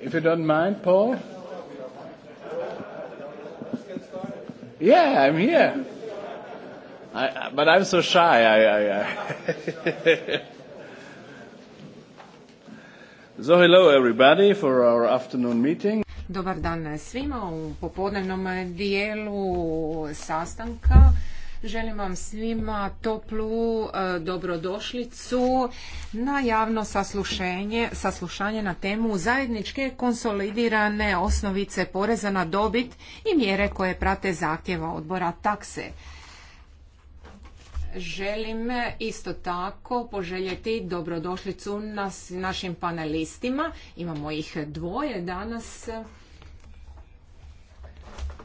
If you don't mind, Paul? Yeah, I'm here. I, but I'm so shy. I, I, I. so hello everybody for our afternoon meeting. Dobar dan svima u popodnevnom dijelu sastanka. Želim vam svima toplu e, dobrodošlicu na javno saslušanje na temu zajedničke konsolidirane osnovice poreza na dobit i mjere koje prate zahtjeva odbora takse. Želim isto tako poželjeti dobrodošlicu našim panelistima. Imamo ih dvoje danas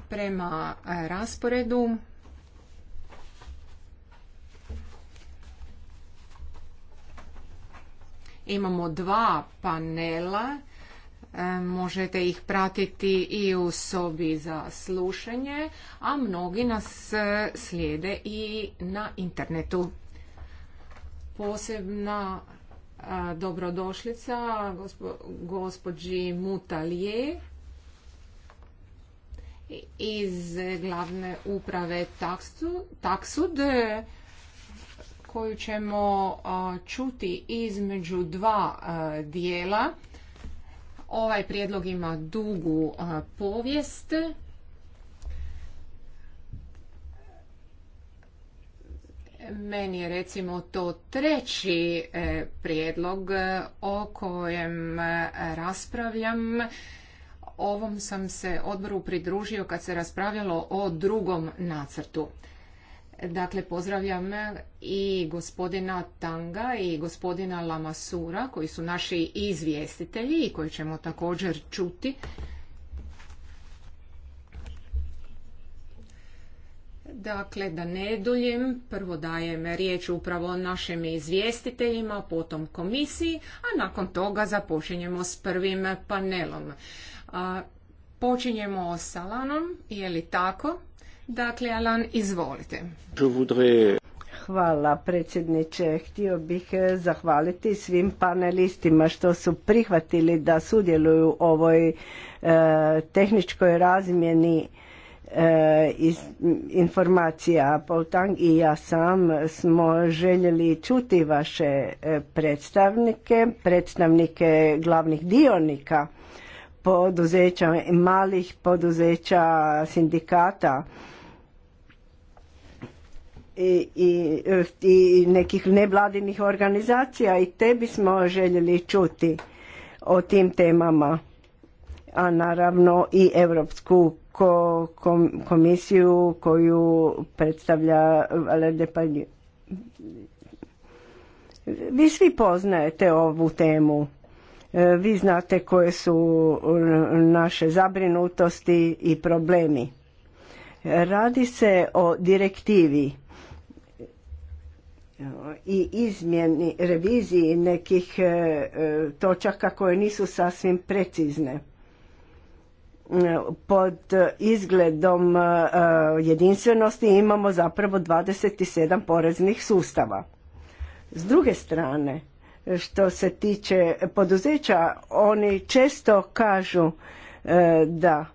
prema e, rasporedu Imamo dva panela, e, možete ih pratiti i u sobi za slušanje, a mnogi nas e, slijede i na internetu. Posebna e, dobrodošlica gospođi Mutalije iz glavne uprave Taksud koju ćemo čuti između dva dijela. Ovaj prijedlog ima dugu povijest. Meni je recimo to treći e, prijedlog e, o kojem e, raspravljam. Ovom sam se odboru pridružio kad se raspravljalo o drugom nacrtu. Dakle, pozdravljam i gospodina Tanga i gospodina Lamasura, koji su naši izvjestitelji i koji ćemo također čuti. Dakle, da ne duljem, prvo dajem riječ upravo našim izvjestiteljima, potom komisiji, a nakon toga započinjemo s prvim panelom. počinjemo s Alanom, je li tako? Dakle, Alan, izvolite. Hvala predsjedniče. Htio bih eh, zahvaliti svim panelistima što su prihvatili da sudjeluju u ovoj eh, tehničkoj razmjeni eh, iz, informacija. Poltang i ja sam smo željeli čuti vaše predstavnike, predstavnike glavnih dionika poduzeća, malih poduzeća, sindikata i, i, nekih nevladinih organizacija i te bismo željeli čuti o tim temama a naravno i Europsku komisiju koju predstavlja Valer Vi svi poznajete ovu temu. Vi znate koje su naše zabrinutosti i problemi. Radi se o direktivi i izmjeni reviziji nekih e, e, točaka koje nisu sasvim precizne e, pod izgledom jedinstvenosti imamo zapravo 27 poreznih sustava. S druge strane, što se tiče poduzeća, oni često kažu da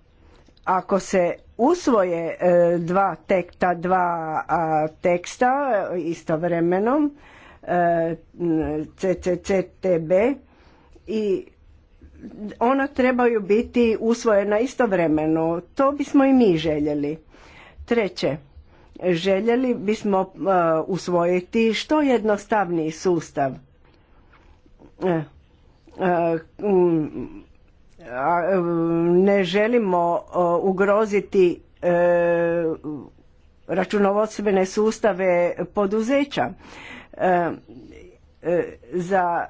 ako se usvoje e, dva tekta, dva teksta istovremeno e, CCCTB i ona trebaju biti usvojena istovremeno. To bismo i mi željeli. Treće, željeli bismo e, usvojiti što jednostavniji sustav ne želimo ugroziti e, računovodstvene sustave poduzeća e, e, za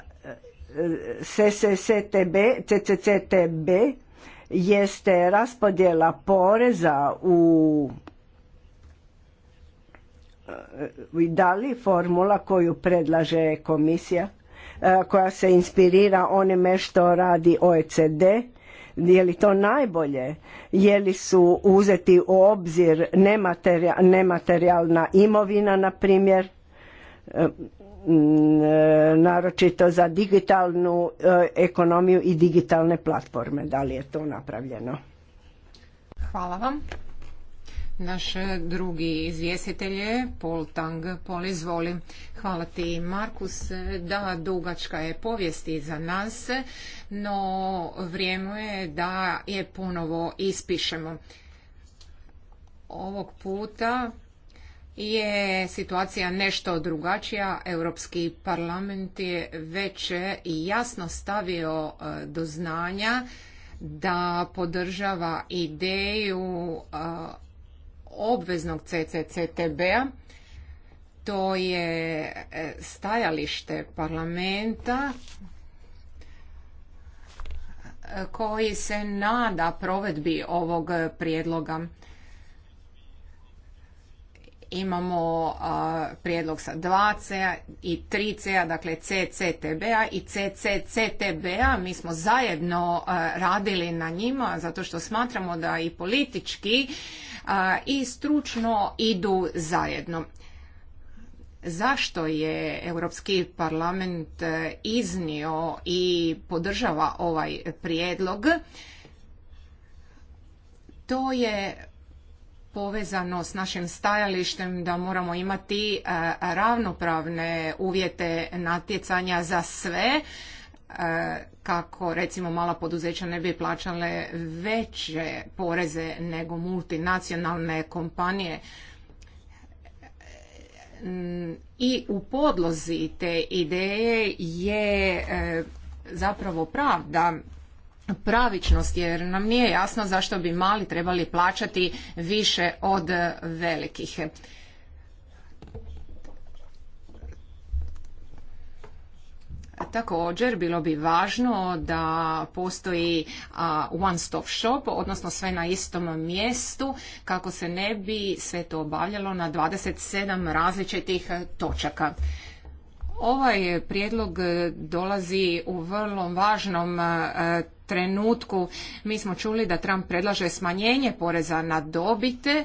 CCCTB, CCCTB jeste raspodjela poreza u da li formula koju predlaže komisija E, koja se inspirira onime što radi OECD je li to najbolje je li su uzeti u obzir nematerijalna imovina na primjer e, e, naročito za digitalnu ekonomiju i digitalne platforme da li je to napravljeno hvala vam naš drugi izvjestitelj je Paul Tang. izvoli. Hvala ti, Markus. Da, dugačka je povijest iza nas, no vrijeme je da je ponovo ispišemo. Ovog puta je situacija nešto drugačija. Europski parlament je već jasno stavio e, do znanja da podržava ideju e, obveznog CCCTB-a. To je e, stajalište parlamenta e, koji se nada provedbi ovog prijedloga. Imamo prijedlog sa 2C i 3C, dakle CCTB-a i CCCTB-a. Mi smo zajedno radili na njima zato što smatramo da i politički i stručno idu zajedno. Zašto je Europski parlament e, iznio i podržava ovaj prijedlog? To je povezano s našim stajalištem da moramo imati e, ravnopravne uvjete natjecanja za sve kako recimo mala poduzeća ne bi plaćale veće poreze nego multinacionalne kompanije i u podlozi te ideje je e, zapravo pravda pravičnost jer nam nije jasno zašto bi mali trebali plaćati više od velikih Također, bilo bi važno da postoji one stop shop, odnosno sve na istom mjestu, kako se ne bi sve to obavljalo na 27 različitih točaka. Ovaj prijedlog dolazi u vrlo važnom e, trenutku. Mi smo čuli da Trump predlaže smanjenje poreza na dobite,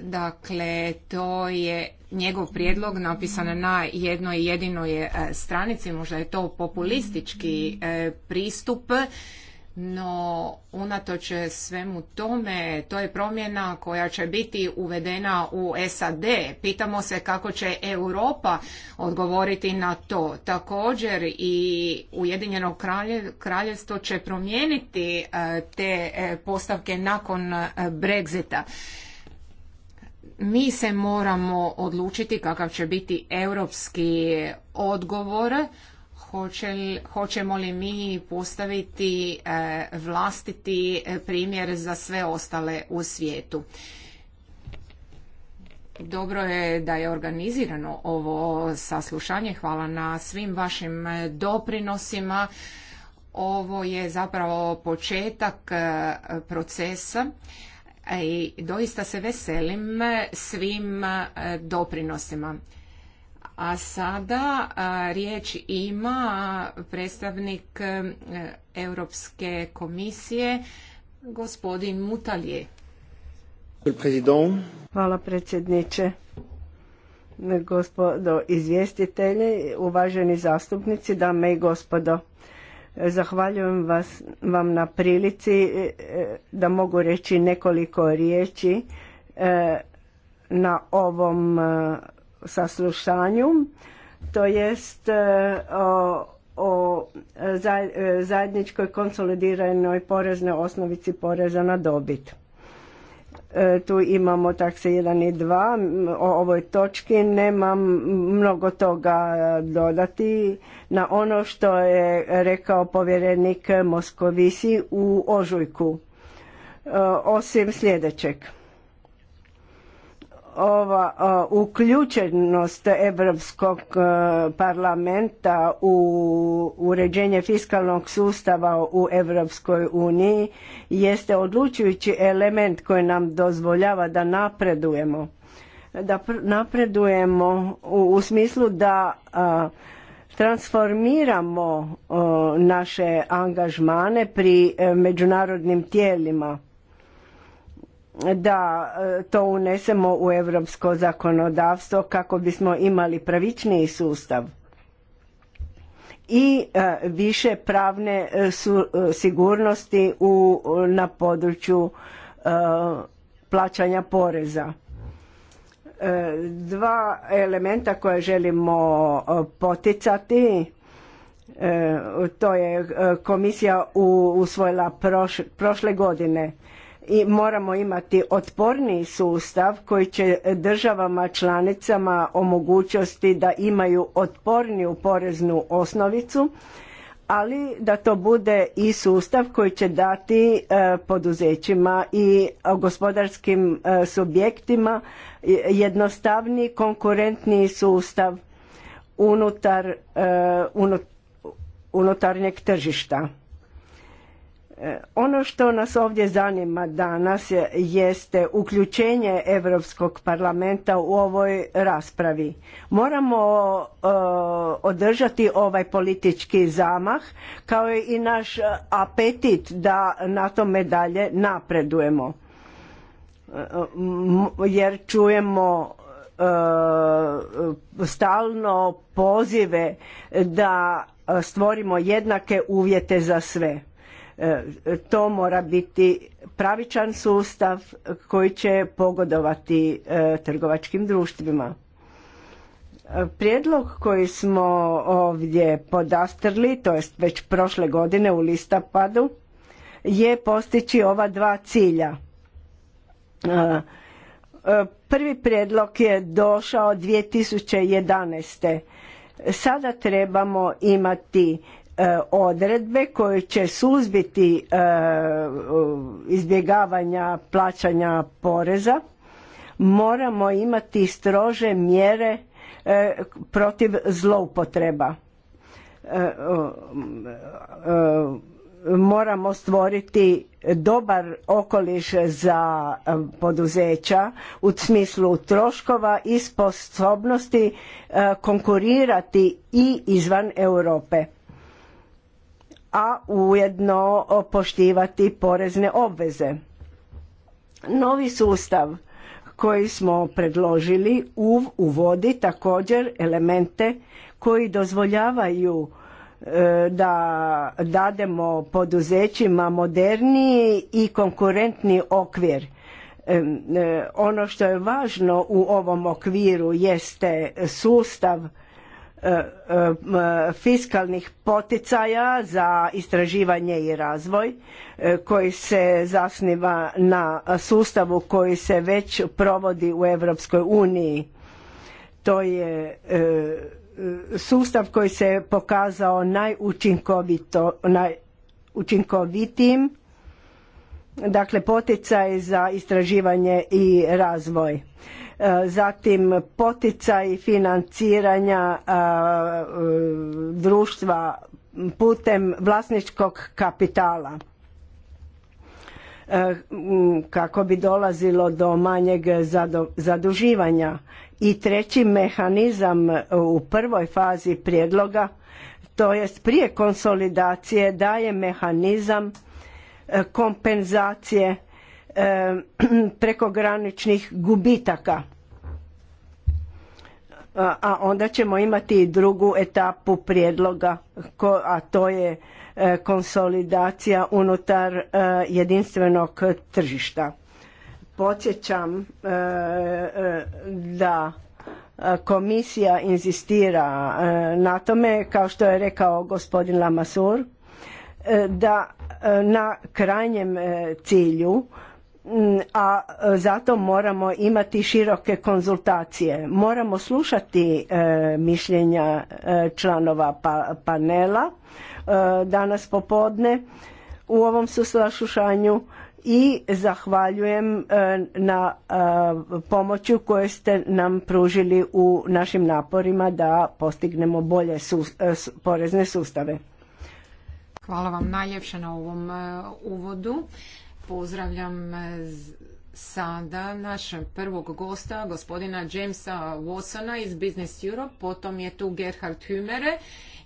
Dakle, to je njegov prijedlog napisan na jednoj jedinoj e, stranici, možda je to populistički e, pristup, no unatoč svemu tome to je promjena koja će biti uvedena u SAD. Pitamo se kako će Europa odgovoriti na to. Također i Ujedinjeno kraljevstvo će promijeniti e, te postavke nakon Brexita mi se moramo odlučiti kakav će biti europski odgovor hoćemo li mi postaviti e, vlastiti primjer za sve ostale u svijetu. Dobro je da je organizirano ovo saslušanje. Hvala na svim vašim doprinosima. Ovo je zapravo početak e, procesa E, i doista se veselim e, svim e, doprinosima. A sada riječ ima predstavnik Europske komisije, gospodin Mutalje. Hvala predsjedniče. Gospodo izvjestitelji, uvaženi zastupnici, dame i gospodo. Zahvaljujem vas, vam na prilici e, da mogu reći nekoliko riječi e, na ovom e, saslušanju, to jest o, o zajedničkoj konsolidiranoj poreznoj osnovici poreza na dobit. E, tu imamo takse 1 i 2, o ovoj točki nemam mnogo toga e, dodati na ono što je rekao povjerenik Moskovisi u ožujku, e, osim sljedećeg ova uključenost Europskog parlamenta u uređenje fiskalnog sustava u Europskoj uniji jeste odlučujući element koji nam dozvoljava da napredujemo da napredujemo u, smislu da transformiramo naše angažmane pri e, međunarodnim tijelima da e, to unesemo u europsko zakonodavstvo kako bismo imali pravičniji sustav i e, više pravne e, sigurnosti na području plaćanja poreza. Dva elementa koje želimo poticati, to je komisija usvojila prošle godine i moramo imati otporniji sustav koji će državama članicama omogućiti da imaju otporniju poreznu osnovicu ali da to bude i sustav koji će dati e, poduzećima i gospodarskim e, subjektima jednostavniji konkurentniji sustav unutar e, unutarnjeg tržišta E, ono što nas ovdje zanima danas jeste uključenje Europskog parlamenta u ovoj raspravi. Moramo e, održati ovaj politički zamah kao i naš apetit da na tome dalje napredujemo. E, jer čujemo stalno pozive da stvorimo jednake uvjete za sve E, to mora biti pravičan sustav koji će pogodovati e, trgovačkim društvima. E, prijedlog koji smo ovdje podastrli, to jest već prošle godine u listopadu, je postići ova dva cilja. Prvi prijedlog je došao 2011. Sada trebamo imati E, odredbe koje će suzbiti e, izbjegavanja plaćanja poreza moramo imati strože mjere e, protiv zloupotreba moramo stvoriti dobar okoliš za poduzeća u smislu troškova i sposobnosti konkurirati i izvan Europe a ujedno poštivati porezne obveze. Novi sustav koji smo predložili uvodi također elemente koji dozvoljavaju e, da dademo poduzećima moderniji i konkurentni okvir. E, e, ono što je važno u ovom okviru jeste sustav E, e, fiskalnih poticaja za istraživanje i razvoj e, koji se zasniva na sustavu koji se već provodi u Europskoj uniji. To je sustav koji se pokazao najučinkovitijim, dakle poticaj za istraživanje i razvoj. E, zatim poticaj financiranja e, e, društva putem vlasničkog kapitala kako bi dolazilo do manjeg zaduživanja. I treći mehanizam u prvoj fazi prijedloga, to jest prije konsolidacije, daje mehanizam kompenzacije prekograničnih gubitaka a onda ćemo imati i drugu etapu prijedloga a to je e, konsolidacija unutar e, jedinstvenog tržišta podsjećam e, da komisija inzistira na tome kao što je rekao gospodin Lamasur da na krajnjem cilju Mm, a e, zato moramo imati široke konzultacije. Moramo slušati e, mišljenja e, članova pa, panela danas popodne u ovom saslušanju i zahvaljujem na pomoću koju ste nam pružili u našim naporima da postignemo bolje porezne sustave. Hvala vam najljepše na ovom uvodu. Pozdravljam e, sada našeg prvog gosta, gospodina Jamesa Watsona iz Business Europe, potom je tu Gerhard Hümere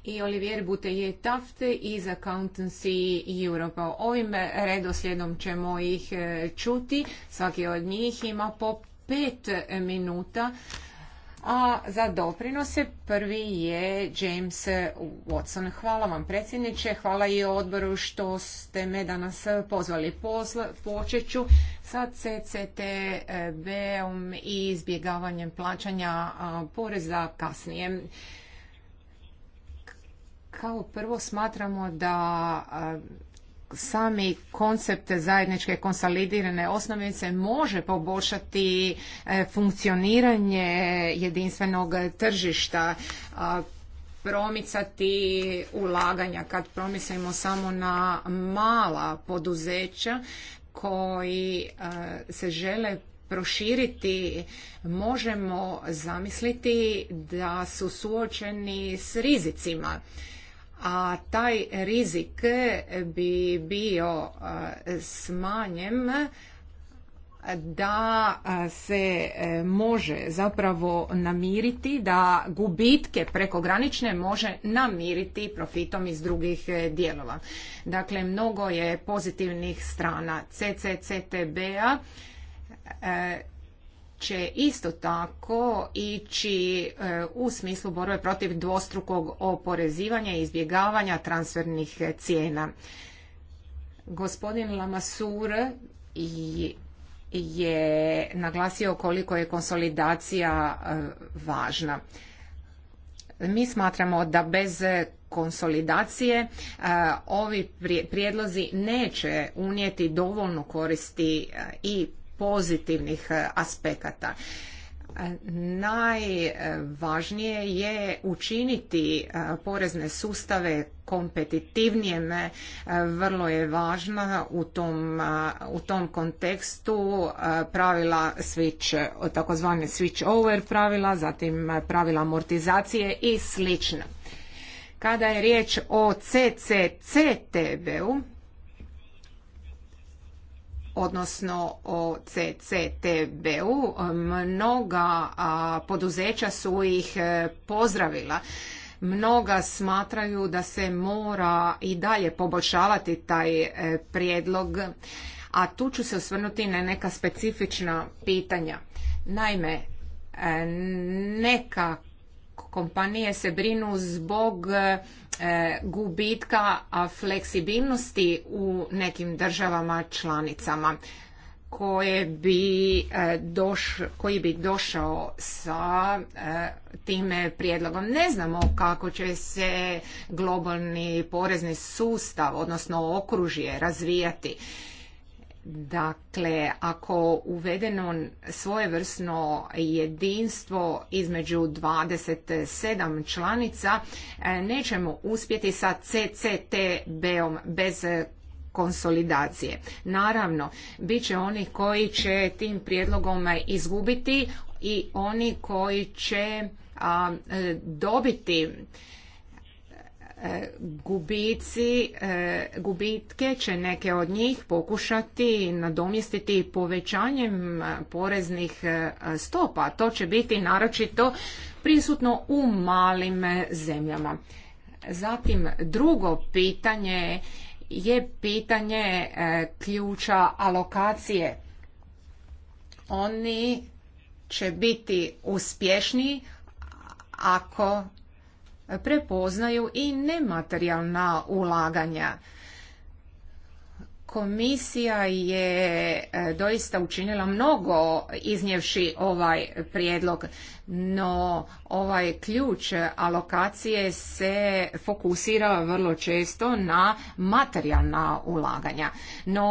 i Olivier Buteje Tafte iz Accountancy Europe. Ovim redoslijedom ćemo ih e, čuti, svaki od njih ima po pet minuta a za doprinose prvi je James Watson. Hvala vam predsjedniče, hvala i odboru što ste me danas pozvali. počet ću sa CCTB-om i izbjegavanjem plaćanja poreza kasnije. Kao prvo smatramo da sami koncept zajedničke konsolidirane osnovice može poboljšati e, funkcioniranje jedinstvenog tržišta promicati ulaganja kad promislimo samo na mala poduzeća koji e, se žele proširiti možemo zamisliti da su suočeni s rizicima a taj rizik bi bio smanjen da se e, može zapravo namiriti, da gubitke prekogranične može namiriti profitom iz drugih e, dijelova. Dakle, mnogo je pozitivnih strana CCCTB-a e, će isto tako ići e, u smislu borbe protiv dvostrukog oporezivanja i izbjegavanja transfernih cijena. Gospodin Lamasur je naglasio koliko je konsolidacija e, važna. Mi smatramo da bez konsolidacije e, ovi prijedlozi neće unijeti dovoljno koristi i pozitivnih e, aspekata. E, najvažnije je učiniti e, porezne sustave kompetitivnije. Vrlo je važna u tom, u tom kontekstu pravila switch, takozvane switch over pravila, zatim pravila amortizacije i slično. Kada je riječ o CCCTB-u, odnosno o CCTB-u. Mnoga poduzeća su ih e, pozdravila. Mnoga smatraju da se mora i dalje poboljšavati taj e, prijedlog, a tu ću se osvrnuti na neka specifična pitanja. Naime, e, neka kompanije se brinu zbog e, gubitka fleksibilnosti u nekim državama članicama koje bi e, doš, koji bi došao sa e, time prijedlogom. Ne znamo kako će se globalni porezni sustav, odnosno okružje, razvijati. Dakle, ako uvedeno svojevrsno jedinstvo između 27 članica, e, nećemo uspjeti sa CCTB-om bez konsolidacije. Naravno, bit će onih koji će tim prijedlogom izgubiti i oni koji će e, dobiti E, gubici, e, gubitke će neke od njih pokušati nadomjestiti povećanjem e, poreznih stopa. To će biti naročito prisutno u malim zemljama. Zatim drugo pitanje je pitanje ključa alokacije. Oni će biti uspješni ako prepoznaju i nematerijalna ulaganja. Komisija je e, doista učinila mnogo iznjevši ovaj prijedlog no ovaj ključ alokacije se fokusira vrlo često na materijalna ulaganja. No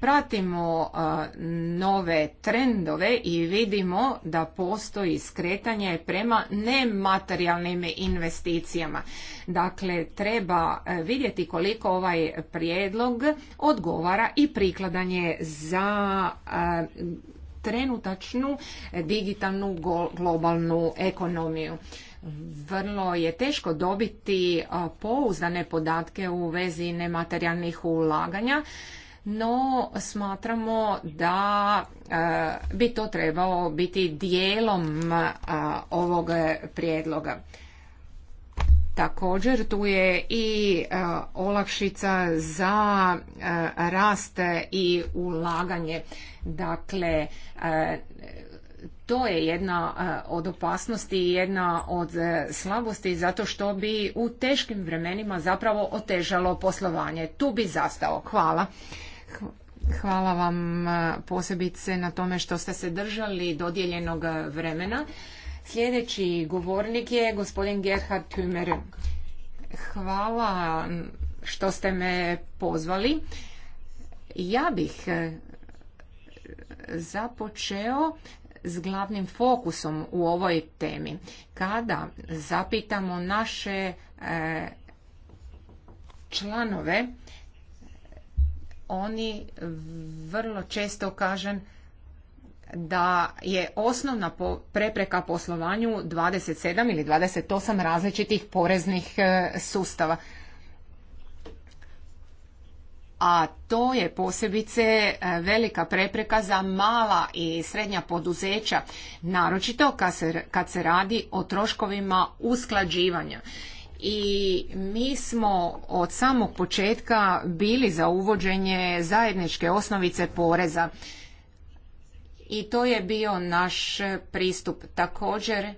pratimo e, nove trendove i vidimo da postoji skretanje prema nematerijalnim investicijama. Dakle, treba e, vidjeti koliko ovaj prijedlog odgovara i prikladanje za e, trenutačnu digitalnu globalnu ekonomiju. Vrlo je teško dobiti pouzdane podatke u vezi nematerijalnih ulaganja, no smatramo da bi to trebao biti dijelom ovog prijedloga. Također tu je i e, olakšica za e, rast i ulaganje. Dakle, e, to je jedna od opasnosti i jedna od slabosti zato što bi u teškim vremenima zapravo otežalo poslovanje. Tu bi zastao. Hvala. Hvala vam posebice na tome što ste se držali dodijeljenog vremena. Sljedeći govornik je gospodin Gerhard Tümer. Hvala što ste me pozvali. Ja bih e, započeo s glavnim fokusom u ovoj temi. Kada zapitamo naše e, članove, oni vrlo često kažem da je osnovna prepreka poslovanju 27 ili 28 različitih poreznih e, sustava. A to je posebice e, velika prepreka za mala i srednja poduzeća, naročito kad se, kad se radi o troškovima usklađivanja i mi smo od samog početka bili za uvođenje zajedničke osnovice poreza i to je bio naš pristup. Također,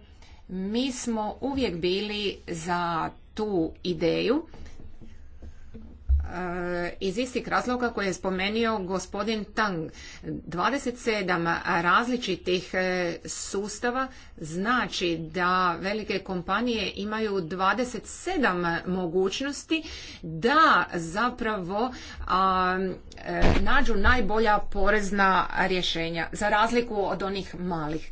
mi smo uvijek bili za tu ideju iz istih razloga koje je spomenio gospodin Tang. 27 različitih e, sustava znači da velike kompanije imaju 27 mogućnosti da zapravo e, nađu najbolja porezna rješenja za razliku od onih malih.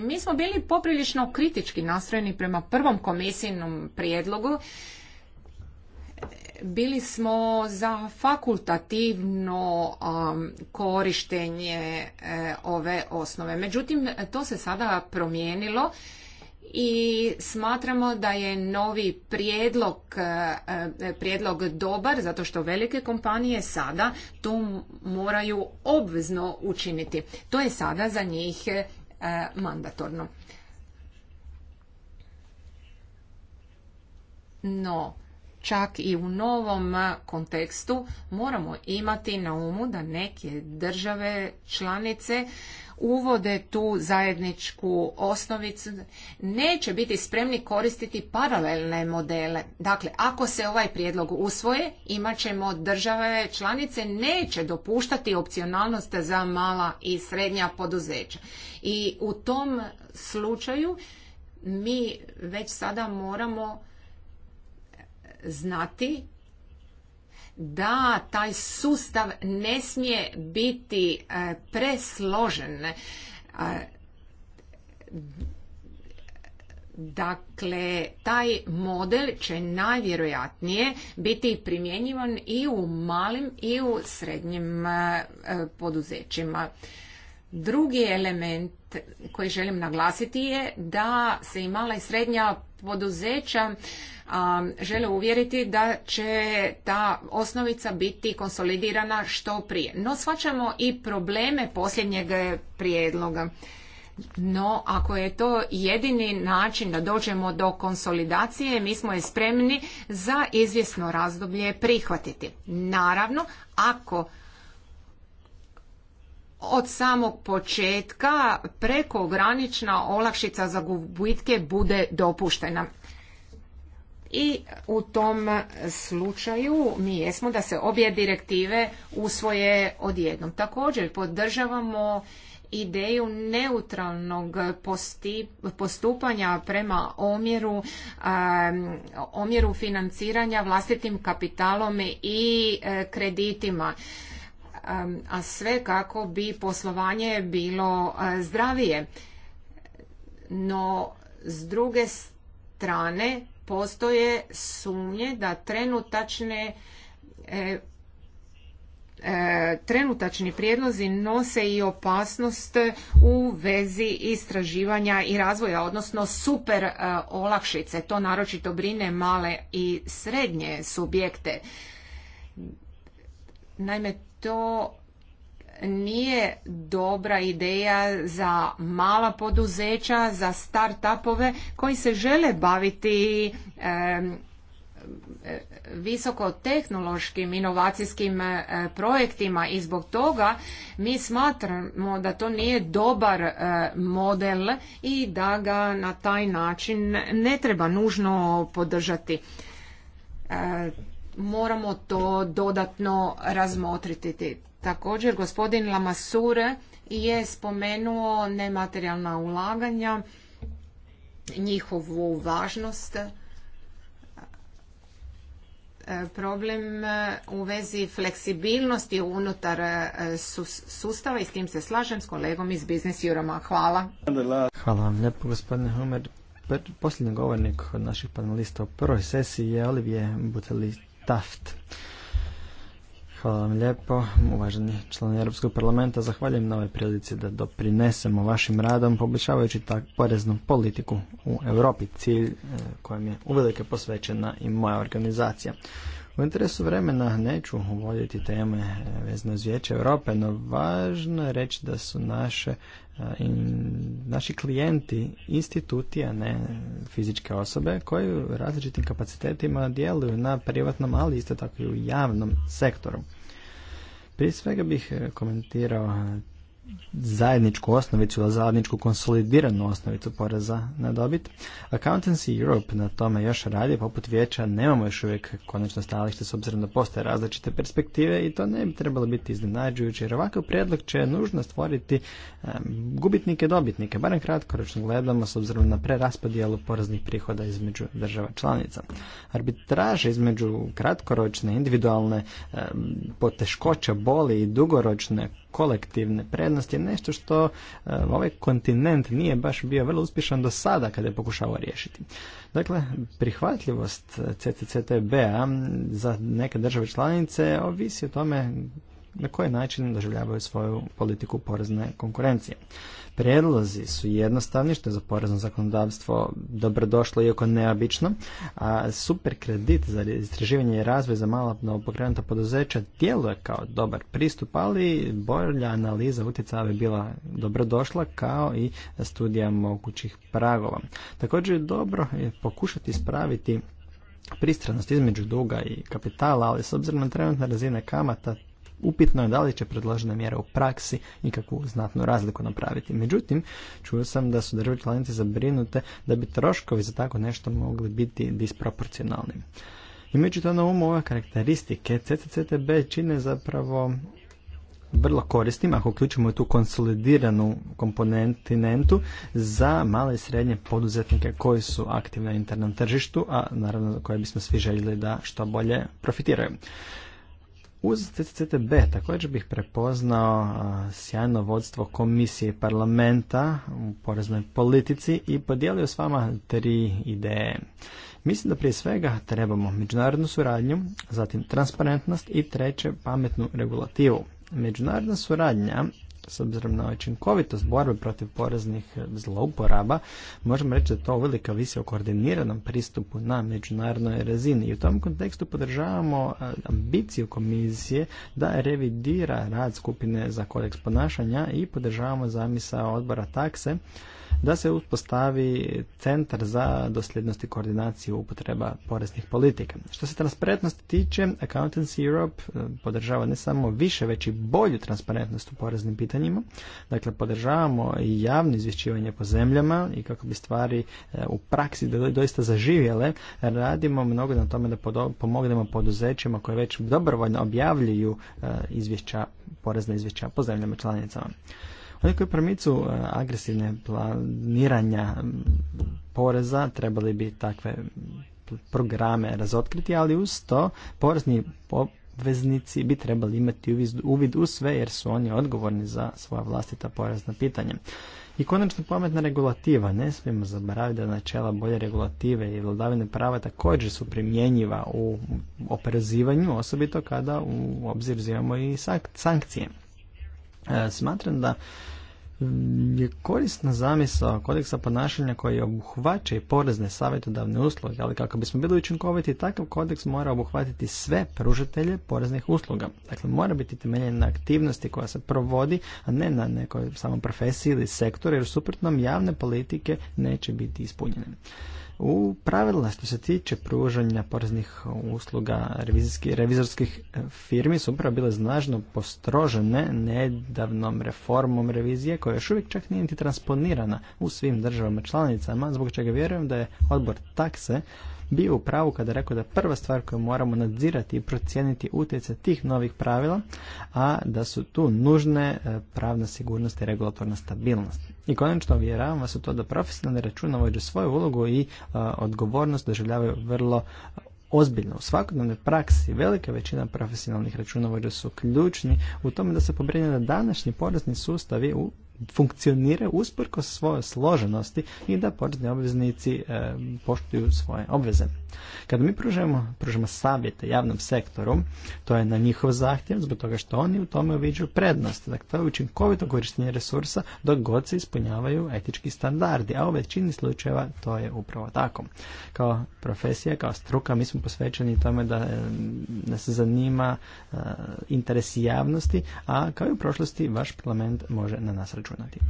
mi smo bili poprilično kritički nastrojeni prema prvom komisijnom prijedlogu. Bili smo za fakultativno um, korištenje eh, ove osnove. Međutim, to se sada promijenilo i smatramo da je novi prijedlog, eh, prijedlog dobar zato što velike kompanije sada to moraju obvezno učiniti. To je sada za njih eh, E, mandatorno. No, čak i u novom kontekstu moramo imati na umu da neke države članice uvode tu zajedničku osnovicu, neće biti spremni koristiti paralelne modele. Dakle, ako se ovaj prijedlog usvoje, imat ćemo države članice neće dopuštati opcionalnost za mala i srednja poduzeća. I u tom slučaju mi već sada moramo znati da taj sustav ne smije biti e, presložen. E, dakle, taj model će najvjerojatnije biti primjenjivan i u malim i u srednjim e, poduzećima. Drugi element koji želim naglasiti je da se i mala i srednja poduzeća žele uvjeriti da će ta osnovica biti konsolidirana što prije. No shvaćamo i probleme posljednjeg prijedloga. No, ako je to jedini način da dođemo do konsolidacije, mi smo je spremni za izvjesno razdoblje prihvatiti. Naravno, ako od samog početka prekogranična olakšica za gubitke bude dopuštena. I u tom slučaju mi jesmo da se obje direktive usvoje odjednom. Također podržavamo ideju neutralnog postupanja prema omjeru, omjeru financiranja vlastitim kapitalom i e, kreditima a sve kako bi poslovanje bilo e, zdravije. No, s druge strane, postoje sumnje da trenutačne e, e, trenutačni prijedlozi nose i opasnost u vezi istraživanja i razvoja, odnosno super olakšice. To naročito brine male i srednje subjekte. Naime, to nije dobra ideja za mala poduzeća, za start-upove koji se žele baviti e, visokotehnološkim inovacijskim e, projektima i zbog toga mi smatramo da to nije dobar e, model i da ga na taj način ne treba nužno podržati. E, moramo to dodatno razmotriti. Također, gospodin Lamasure je spomenuo nematerijalna ulaganja, njihovu važnost, e, problem e, u vezi fleksibilnosti unutar e, sustava i s tim se slažem s kolegom iz Biznis juroma. Hvala. Hvala vam lijepo gospodine Homer. Posljednji govornik od naših panelista u prvoj sesiji je Olivije Butelić Taft. Hvala vam lijepo, uvaženi član Europskog parlamenta. Zahvaljujem na ovoj prilici da doprinesemo vašim radom, poboljšavajući tak poreznu politiku u Europi, cilj eh, kojem je uvelike posvećena i moja organizacija. U interesu vremena neću uvoditi teme e, vezno uz Vijeće Europe, no važno je reći da su naše, e, naši klijenti instituti, a ne fizičke osobe, koji u različitim kapacitetima djeluju na privatnom, ali isto tako i u javnom sektoru. Prije svega bih e, komentirao zajedničku osnovicu ili zajedničku konsolidiranu osnovicu poreza na dobit. Accountancy Europe na tome još radi, poput vijeća nemamo još uvijek konačno stajalište s obzirom da postoje različite perspektive i to ne bi trebalo biti iznenađujuće jer ovakav prijedlog će nužno stvoriti gubitnike dobitnike, barem kratkoročno gledamo s obzirom na preraspodijelu poreznih prihoda između država članica. Arbitraže između kratkoročne, individualne poteškoća, boli i dugoročne kolektivne prednosti je nešto što e, ovaj kontinent nije baš bio vrlo uspješan do sada kada je pokušavao riješiti. Dakle, prihvatljivost CCCTB-a za neke države članice ovisi o tome na koji način doživljavaju svoju politiku porezne konkurencije. Predlozi su jednostavni, što je za porezno zakonodavstvo dobrodošlo iako neobično, a super kredit za istraživanje i razvoj za mala pokrenuta poduzeća djeluje kao dobar pristup, ali bolja analiza utjecaja bi bila dobrodošla kao i studija mogućih pragova. Također je dobro pokušati ispraviti pristranost između duga i kapitala, ali s obzirom na trenutne razine kamata upitno je da li će predložena mjera u praksi ikakvu znatnu razliku napraviti. Međutim, čuo sam da su države članice zabrinute da bi troškovi za tako nešto mogli biti disproporcionalni. Imajući to na umu ove karakteristike, CCCTB čine zapravo vrlo korisnim, ako uključimo tu konsolidiranu komponentinentu za male i srednje poduzetnike koji su aktivni na internom tržištu, a naravno koje bismo svi željeli da što bolje profitiraju. Uz CCTB također bih prepoznao sjajno vodstvo komisije parlamenta u poreznoj politici i podijelio s vama tri ideje. Mislim da prije svega trebamo međunarodnu suradnju, zatim transparentnost i treće pametnu regulativu. Međunarodna suradnja s obzirom na učinkovitost borbe protiv poreznih zlouporaba, možemo reći da to uvelika visi o koordiniranom pristupu na međunarodnoj razini. I u tom kontekstu podržavamo e, ambiciju komisije da revidira rad skupine za kodeks ponašanja i podržavamo zamisa odbora takse da se uspostavi centar za dosljednost i koordinaciju upotreba poreznih politika. Što se transparentnosti tiče, accountants Europe e, podržava ne samo više, već i bolju transparentnost u poreznim pitanjima. Dakle, podržavamo i javno izvješćivanje po zemljama i kako bi stvari e, u praksi doista zaživjele, radimo mnogo na tome da pomognemo poduzećima koje već dobrovoljno objavljuju e, izvješća, porezna izvješća po zemljama članicama. Oni promicu e, agresivne planiranja poreza trebali bi takve programe razotkriti, ali uz to porezni obveznici bi trebali imati uvid u sve jer su oni odgovorni za svoja vlastita porezna pitanja. I konačno pametna regulativa. Ne smijemo zaboraviti da načela bolje regulative i vladavine prava također su primjenjiva u oporezivanju, osobito kada u obzir uzimamo i sankcije. E, smatram da je korisna zamisao kodeksa ponašanja koji obuhvaća i porezne savjetodavne usluge, ali kako bismo bili učinkoviti, takav kodeks mora obuhvatiti sve pružatelje poreznih usluga. Dakle, mora biti temeljen na aktivnosti koja se provodi, a ne na nekoj samo profesiji ili sektoru, jer suprotnom javne politike neće biti ispunjene. U pravila što se tiče pružanja poreznih usluga revizorskih e, firmi su upravo bile znažno postrožene nedavnom reformom revizije koja još uvijek čak nije niti transponirana u svim državama članicama, zbog čega vjerujem da je odbor takse bio u pravu kada rekao da prva stvar koju moramo nadzirati i procijeniti utjecaj tih novih pravila, a da su tu nužne e, pravna sigurnost i regulatorna stabilnost. I konačno uvjeravam vas u to da profesionalni računovođe svoju ulogu i e, odgovornost doživljavaju vrlo ozbiljno. U svakodnevnoj praksi velika većina profesionalnih računovođa su ključni u tome da se pobrine da današnji porezni sustavi u funkcionira usprko svoje složenosti i da porezni obveznici e, poštuju svoje obveze. Kada mi pružemo, pružemo savjete javnom sektoru, to je na njihov zahtjev zbog toga što oni u tome uviđu prednost. Dakle, to je učinkovito korištenje resursa dok god se ispunjavaju etički standardi, a u većini slučajeva to je upravo tako. Kao profesija, kao struka, mi smo posvećeni tome da e, nas zanima e, interes javnosti, a kao i u prošlosti vaš parlament može na nas računati.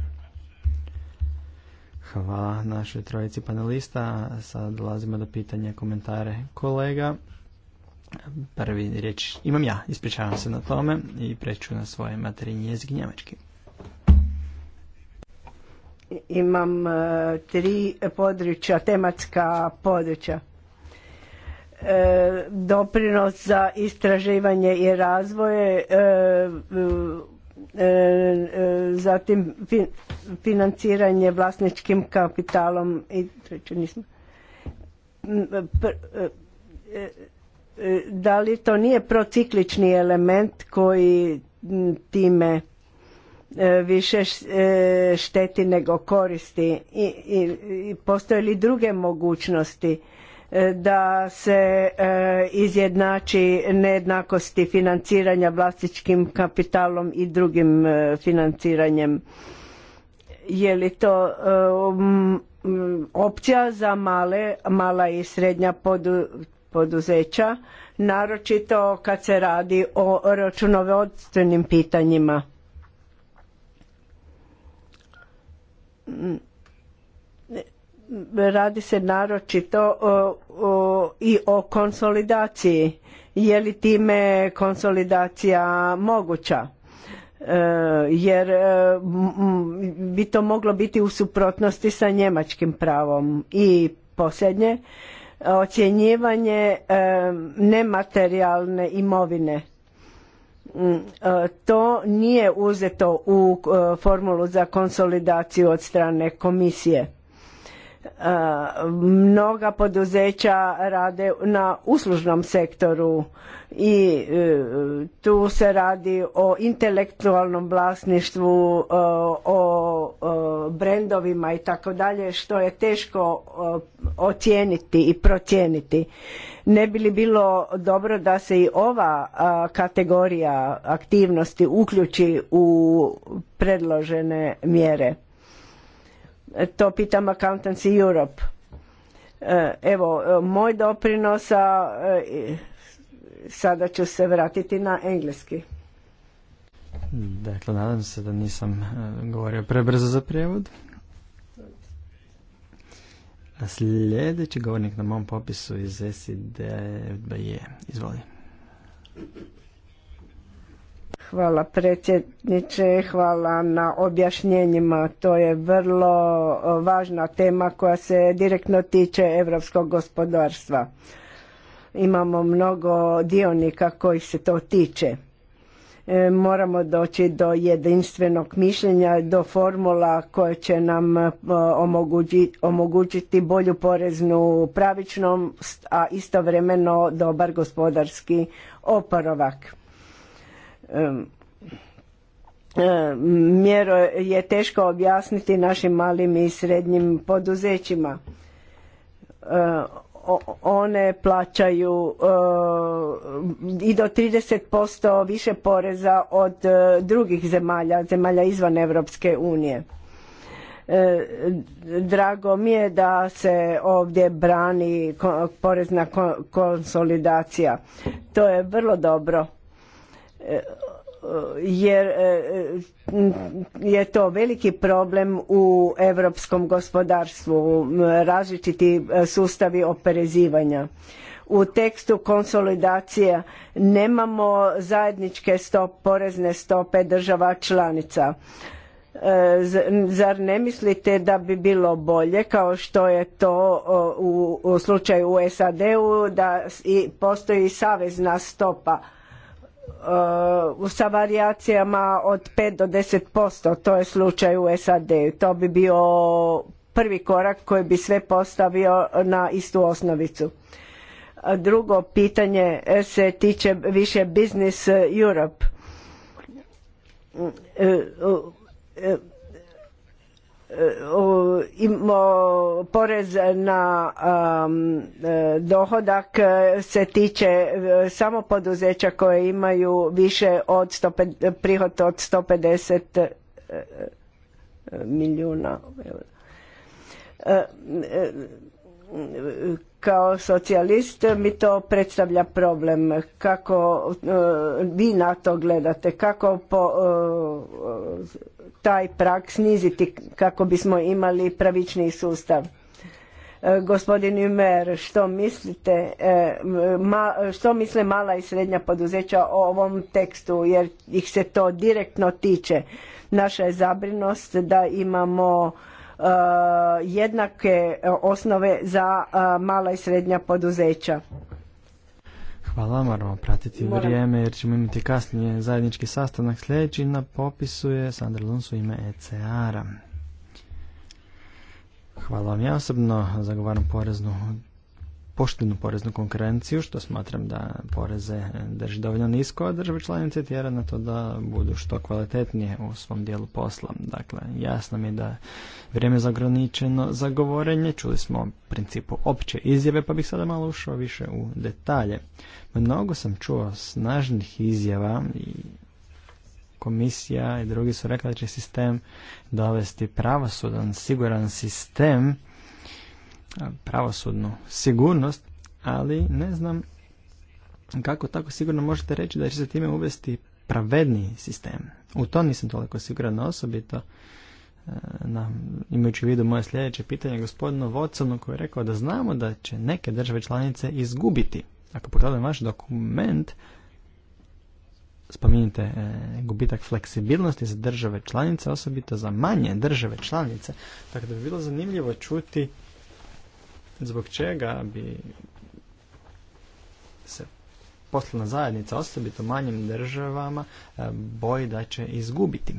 Hvala našoj trojici panelista. Sad dolazimo do pitanja komentare kolega. Prvi riječ imam ja, ispričavam se na tome i preću na svoje materinji jezik njemački. Imam e, tri područja, tematska područja. E, doprinos za istraživanje i razvoje e, E, e, zatim financiranje vlasničkim kapitalom i treće nismo e, da li to nije prociklični element koji time više šteti nego koristi i, i postoje li druge mogućnosti E, da se e, izjednači nejednakosti financiranja vlasničkim kapitalom i drugim e, financiranjem. Je li to um, opcija za male, mala i srednja poduzeća, naročito kad se radi o računovodstvenim pitanjima? radi se naročito o, i o konsolidaciji. Je li time konsolidacija moguća? E, jer e, bi to moglo biti u suprotnosti sa njemačkim pravom. I posljednje, ocjenjivanje e, nematerijalne imovine mm, e, to nije uzeto u formulu za konsolidaciju od strane komisije E, mnoga poduzeća rade na uslužnom sektoru i e, tu se radi o intelektualnom vlasništvu e, o brendovima i tako dalje što je teško ocijeniti i procijeniti ne bi li bilo dobro da se i ova kategorija aktivnosti uključi u predložene mjere to pitam Accountants Europe. E, evo, e, moj doprinos, e, sada ću se vratiti na engleski. Dakle, nadam se da nisam govorio prebrzo za prijevod. A sljedeći govornik na mom popisu iz SID je, izvoli. Hvala predsjedniče, hvala na objašnjenjima. To je vrlo važna tema koja se direktno tiče europskog gospodarstva. Imamo mnogo dionika koji se to tiče. E, moramo doći do jedinstvenog mišljenja, do formula koje će nam omogućiti bolju poreznu pravičnost, a istovremeno dobar gospodarski oporavak mjero je teško objasniti našim malim i srednjim poduzećima. One plaćaju i do 30% više poreza od e, drugih zemalja, zemalja izvan Europske unije. E, drago mi je da se ovdje brani porezna konsolidacija. To je vrlo dobro jer e, je to veliki problem u europskom gospodarstvu različiti e, sustavi oporezivanja u tekstu konsolidacije nemamo zajedničke stop, porezne stope država članica e, zar ne mislite da bi bilo bolje kao što je to u, u slučaju u SAD-u da i postoji savezna stopa Uh, sa varijacijama od 5 do 10%, to je slučaj u SAD. To bi bio prvi korak koji bi sve postavio na istu osnovicu. Drugo pitanje se tiče više Business Europe uh, uh, porez na e, dohodak se tiče e, samo poduzeća koje imaju više od prihod od 150 e, milijuna eura kao socijalist mi to predstavlja problem kako e, vi na to gledate kako po, e, taj prak sniziti kako bismo imali pravični sustav e, gospodin Jumer, što mislite, što misle mala i srednja poduzeća o ovom tekstu, jer ih se to direktno tiče. Naša je zabrinost da imamo E, jednake e, osnove za e, mala i srednja poduzeća. Hvala, moramo pratiti Moram. vrijeme jer ćemo imati kasnije zajednički sastanak. Sljedeći na popisu je Sandra Luns u ime ECR-a. Hvala vam. Ja osobno zagovaram poreznu poštenu poreznu konkurenciju, što smatram da poreze drži dovoljno nisko, a države članice tjera na to da budu što kvalitetnije u svom dijelu posla. Dakle, jasno mi je da vrijeme za ograničeno za govorenje, čuli smo principu opće izjave, pa bih sada malo ušao više u detalje. Mnogo sam čuo snažnih izjava i komisija i drugi su rekli da će sistem dovesti pravosudan, siguran sistem pravosudnu sigurnost, ali ne znam kako tako sigurno možete reći da će se time uvesti pravedni sistem. U to nisam toliko siguran osobito na, imajući u vidu moje sljedeće pitanje gospodinu Watsonu koji je rekao da znamo da će neke države članice izgubiti. Ako pogledam vaš dokument, spominjite e, gubitak fleksibilnosti za države članice, osobito za manje države članice, tako da bi bilo zanimljivo čuti zbog čega bi se poslovna zajednica, osobito manjim državama, e, boji da će izgubiti.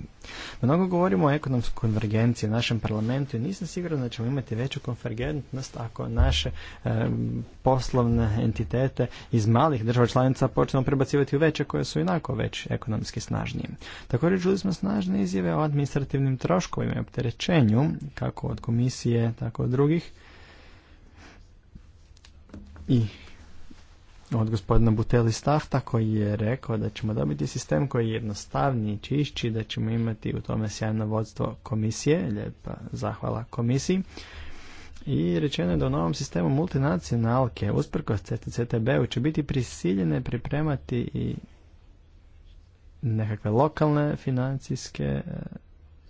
Mnogo govorimo o ekonomskoj konvergenciji u našem parlamentu i nisam siguran da ćemo imati veću konvergentnost ako naše e, poslovne entitete iz malih država članica počnemo prebacivati u veće koje su inako već ekonomski snažnije. Također čuli smo snažne izjave o administrativnim troškovima i opterećenju, kako od komisije, tako od drugih i od gospodina Buteli Stafta koji je rekao da ćemo dobiti sistem koji je jednostavniji, čišći, da ćemo imati u tome sjajno vodstvo komisije, lijepa zahvala komisiji. I rečeno je da u novom sistemu multinacionalke, usprkos CTCTB-u, će biti prisiljene pripremati i nekakve lokalne financijske e,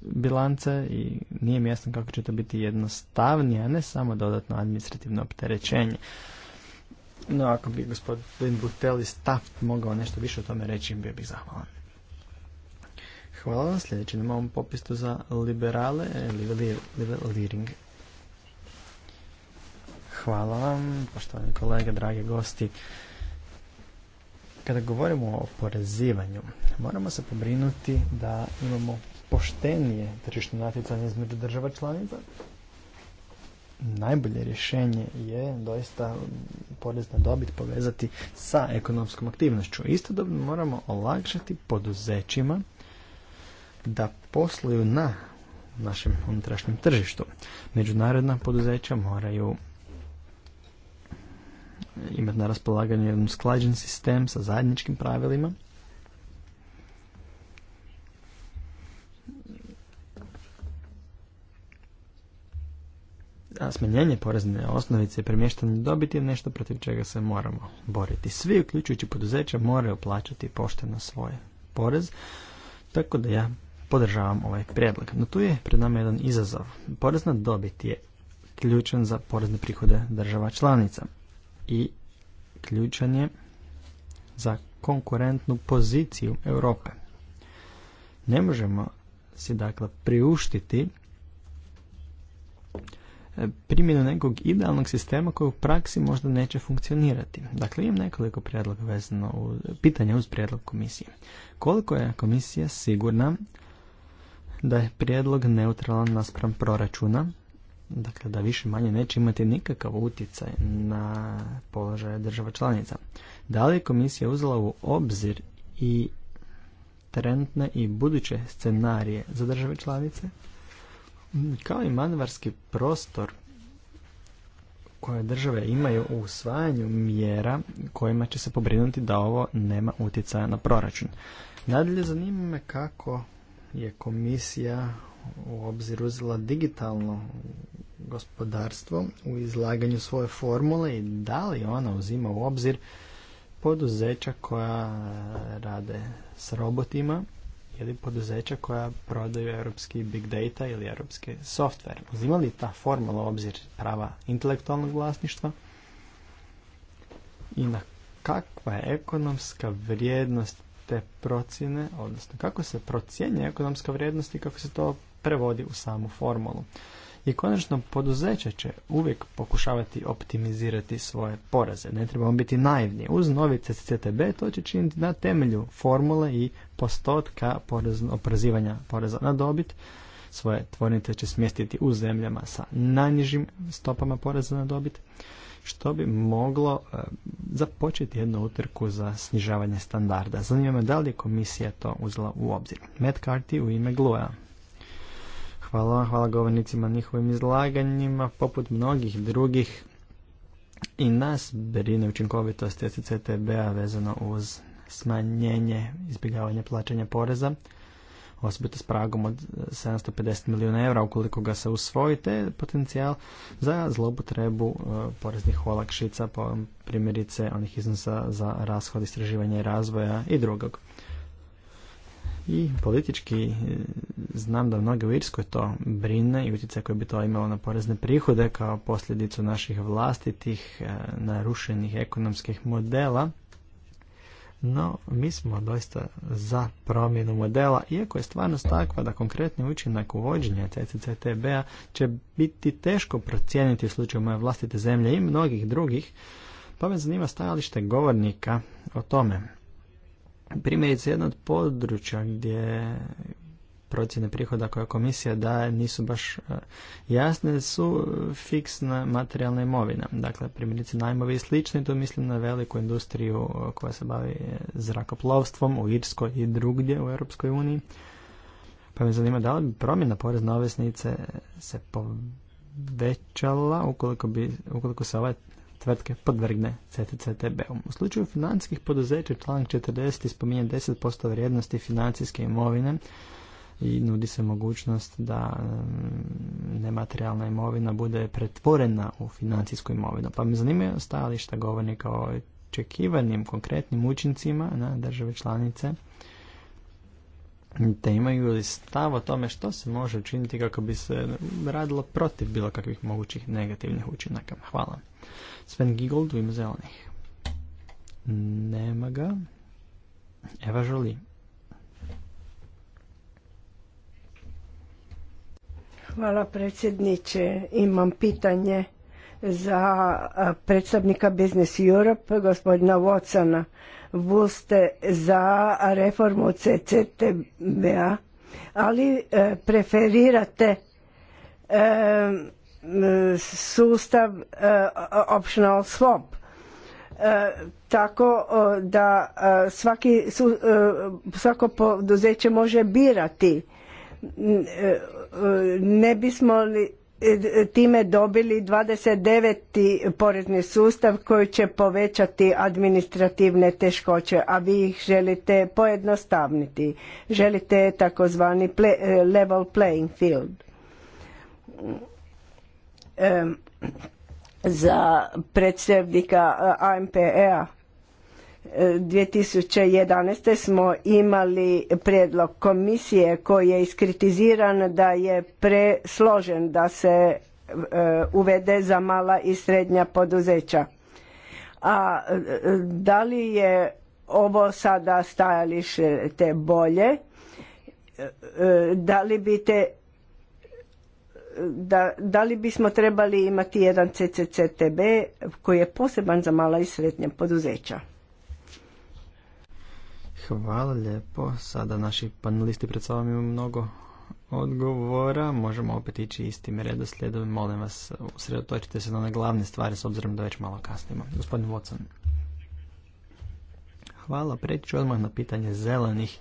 bilance i nije mjesto kako će to biti jednostavnije, a ne samo dodatno administrativno opterećenje. No, ako bi gospodin Buteli Taft mogao nešto više o tome reći, bio bih zahvalan. Hvala vam. Sljedeći na mom popistu za liberale, li, Liring. Hvala vam, poštovani kolege, dragi gosti. Kada govorimo o porezivanju, moramo se pobrinuti da imamo poštenije tržišno natjecanje između država članica, najbolje rješenje je doista porez na dobit povezati sa ekonomskom aktivnošću. Istodobno moramo olakšati poduzećima da posluju na našem unutrašnjem tržištu. Međunarodna poduzeća moraju imati na raspolaganju jedan sklađen sistem sa zajedničkim pravilima A smanjenje porezne osnovice i premještanje dobiti je nešto protiv čega se moramo boriti. Svi, uključujući poduzeća, moraju plaćati pošteno svoj porez, tako da ja podržavam ovaj prijedlog. No tu je pred nama jedan izazov. Porezna na dobit je ključan za porezne prihode država članica i ključan je za konkurentnu poziciju Europe. Ne možemo si dakle priuštiti primjenu nekog idealnog sistema koji u praksi možda neće funkcionirati. Dakle, imam nekoliko prijedloga vezano u, pitanja uz prijedlog komisije. Koliko je komisija sigurna da je prijedlog neutralan naspram proračuna, dakle da više manje neće imati nikakav utjecaj na položaje država članica. Da li je komisija uzela u obzir i trenutne i buduće scenarije za države članice? Kao i manvarski prostor koje države imaju u usvajanju mjera kojima će se pobrinuti da ovo nema utjecaja na proračun. Nadalje zanima me kako je komisija u obzir uzela digitalno gospodarstvo u izlaganju svoje formule i da li ona uzima u obzir poduzeća koja rade s robotima ili poduzeća koja prodaju europski big data ili europski software. Uzima li ta formula u obzir prava intelektualnog vlasništva? I na kakva je ekonomska vrijednost te procjene, odnosno kako se procjenjuje ekonomska vrijednost i kako se to prevodi u samu formulu. I konačno poduzeće će uvijek pokušavati optimizirati svoje poraze. Ne trebamo biti naivni. Uz novi CCTB to će činiti na temelju formule i postotka oprazivanja poreza na dobit. Svoje tvornice će smjestiti u zemljama sa najnižim stopama poreza na dobit što bi moglo e, započeti jednu utrku za snižavanje standarda. Zanima me da li je komisija to uzela u obzir. Matt Carty u ime Gluja. Hvala, hvala govornicima njihovim izlaganjima, poput mnogih drugih i nas brine učinkovitost SCTB-a vezano uz smanjenje izbjegavanje plaćanja poreza, osobito s pragom od 750 milijuna eura ukoliko ga se usvojite, potencijal za zlobotrebu e, poreznih olakšica, primjerice onih iznosa za rashod istraživanja i razvoja i drugog. I politički e, znam da mnoge u Irskoj to brine i utjecaj koji bi to imalo na porezne prihode kao posljedicu naših vlastitih e, narušenih ekonomskih modela. No, mi smo doista za promjenu modela, iako je stvarnost takva da konkretni učinak uvođenja CCCTB-a će biti teško procijeniti u slučaju moje vlastite zemlje i mnogih drugih, pa me zanima stajalište govornika o tome. Primjerice, jedno od područja gdje procjene prihoda koja komisija daje nisu baš e, jasne, su fiksna materijalna imovina. Dakle, primjerice najmovi i slični, to mislim na veliku industriju koja se bavi zrakoplovstvom u Irskoj i drugdje u Europskoj uniji. Pa me zanima da li bi promjena porezne obveznice se povećala ukoliko, bi, ukoliko se ovaj tvrtke podvrgne CTCTB-u. slučaju financijskih poduzeća članak 40. spominje 10% vrijednosti financijske imovine i nudi se mogućnost da mm, nematerijalna imovina bude pretvorena u financijsku imovinu. Pa me zanimaju stajališta govornika o očekivanim konkretnim učincima na države članice te imaju li stav o tome što se može učiniti kako bi se radilo protiv bilo kakvih mogućih negativnih učinaka. Hvala. Sven Gigold u ime zelenih. Nema ga. Eva Žoli. Hvala predsjedniče. Imam pitanje za predstavnika Business Europe, gospodina Vocana ste za reformu CCTBA, ali e, preferirate e, sustav e, optional swap tako da svaki, svako poduzeće može birati ne bismo li time dobili 29. porezni sustav koji će povećati administrativne teškoće, a vi ih želite pojednostavniti. Želite takozvani e, level playing field. za predsjednika AMPE-a 2011. smo imali prijedlog komisije koji je iskritiziran da je presložen da se e, uvede za mala i srednja poduzeća. A e, da li je ovo sada stajalište te bolje? E, da li bite da, da li bismo trebali imati jedan CCCTB koji je poseban za mala i srednja poduzeća? Hvala lijepo. Sada naši panelisti pred sobom imaju mnogo odgovora. Možemo opet ići istim redoslijedom. Molim vas, usredotočite se na one glavne stvari s obzirom da već malo kasnimo. Gospodin Watson. Hvala. Preći odmah na pitanje zelenih.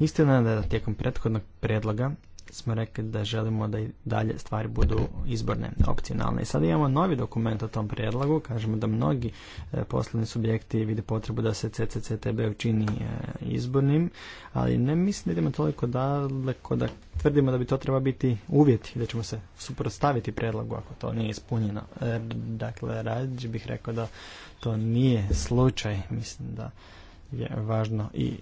Istina je da tijekom prethodnog predloga smo rekli da želimo da i dalje stvari budu izborne, opcionalne. I sada imamo novi dokument o tom prijedlogu, kažemo da mnogi e, poslovni subjekti vide potrebu da se CCCTB učini e, izbornim, ali ne mislim da idemo toliko daleko da tvrdimo da bi to treba biti i da ćemo se suprotstaviti predlagu ako to nije ispunjeno. E, dakle, rađe bih rekao da to nije slučaj, mislim da je važno i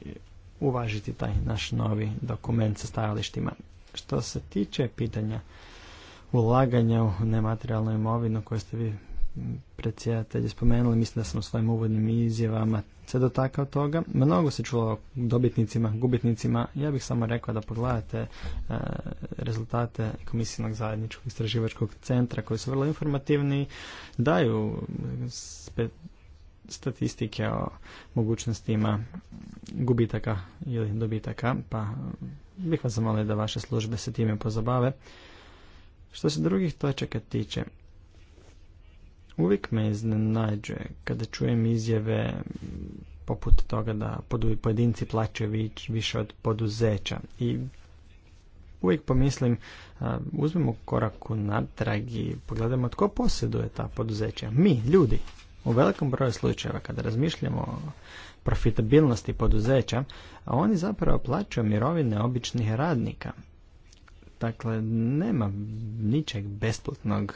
uvažiti taj naš novi dokument sa stajalištima. Što se tiče pitanja ulaganja u nematerijalnu imovinu koje ste vi predsjedatelji spomenuli, mislim da sam u svojim uvodnim izjavama se dotakao toga. Mnogo se čulo o dobitnicima, gubitnicima. Ja bih samo rekao da pogledate e, rezultate Komisijnog zajedničkog istraživačkog centra koji su vrlo informativni, daju statistike o mogućnostima gubitaka ili dobitaka, pa bih vas zamolio da vaše službe se time pozabave. Što se drugih točaka tiče, uvijek me iznenađuje kada čujem izjave poput toga da pojedinci plaćaju više od poduzeća i uvijek pomislim uzmemo koraku natrag i pogledamo tko posjeduje ta poduzeća. Mi, ljudi, u velikom broju slučajeva kada razmišljamo profitabilnosti poduzeća, a oni zapravo plaćaju mirovine običnih radnika. Dakle, nema ničeg besplatnog,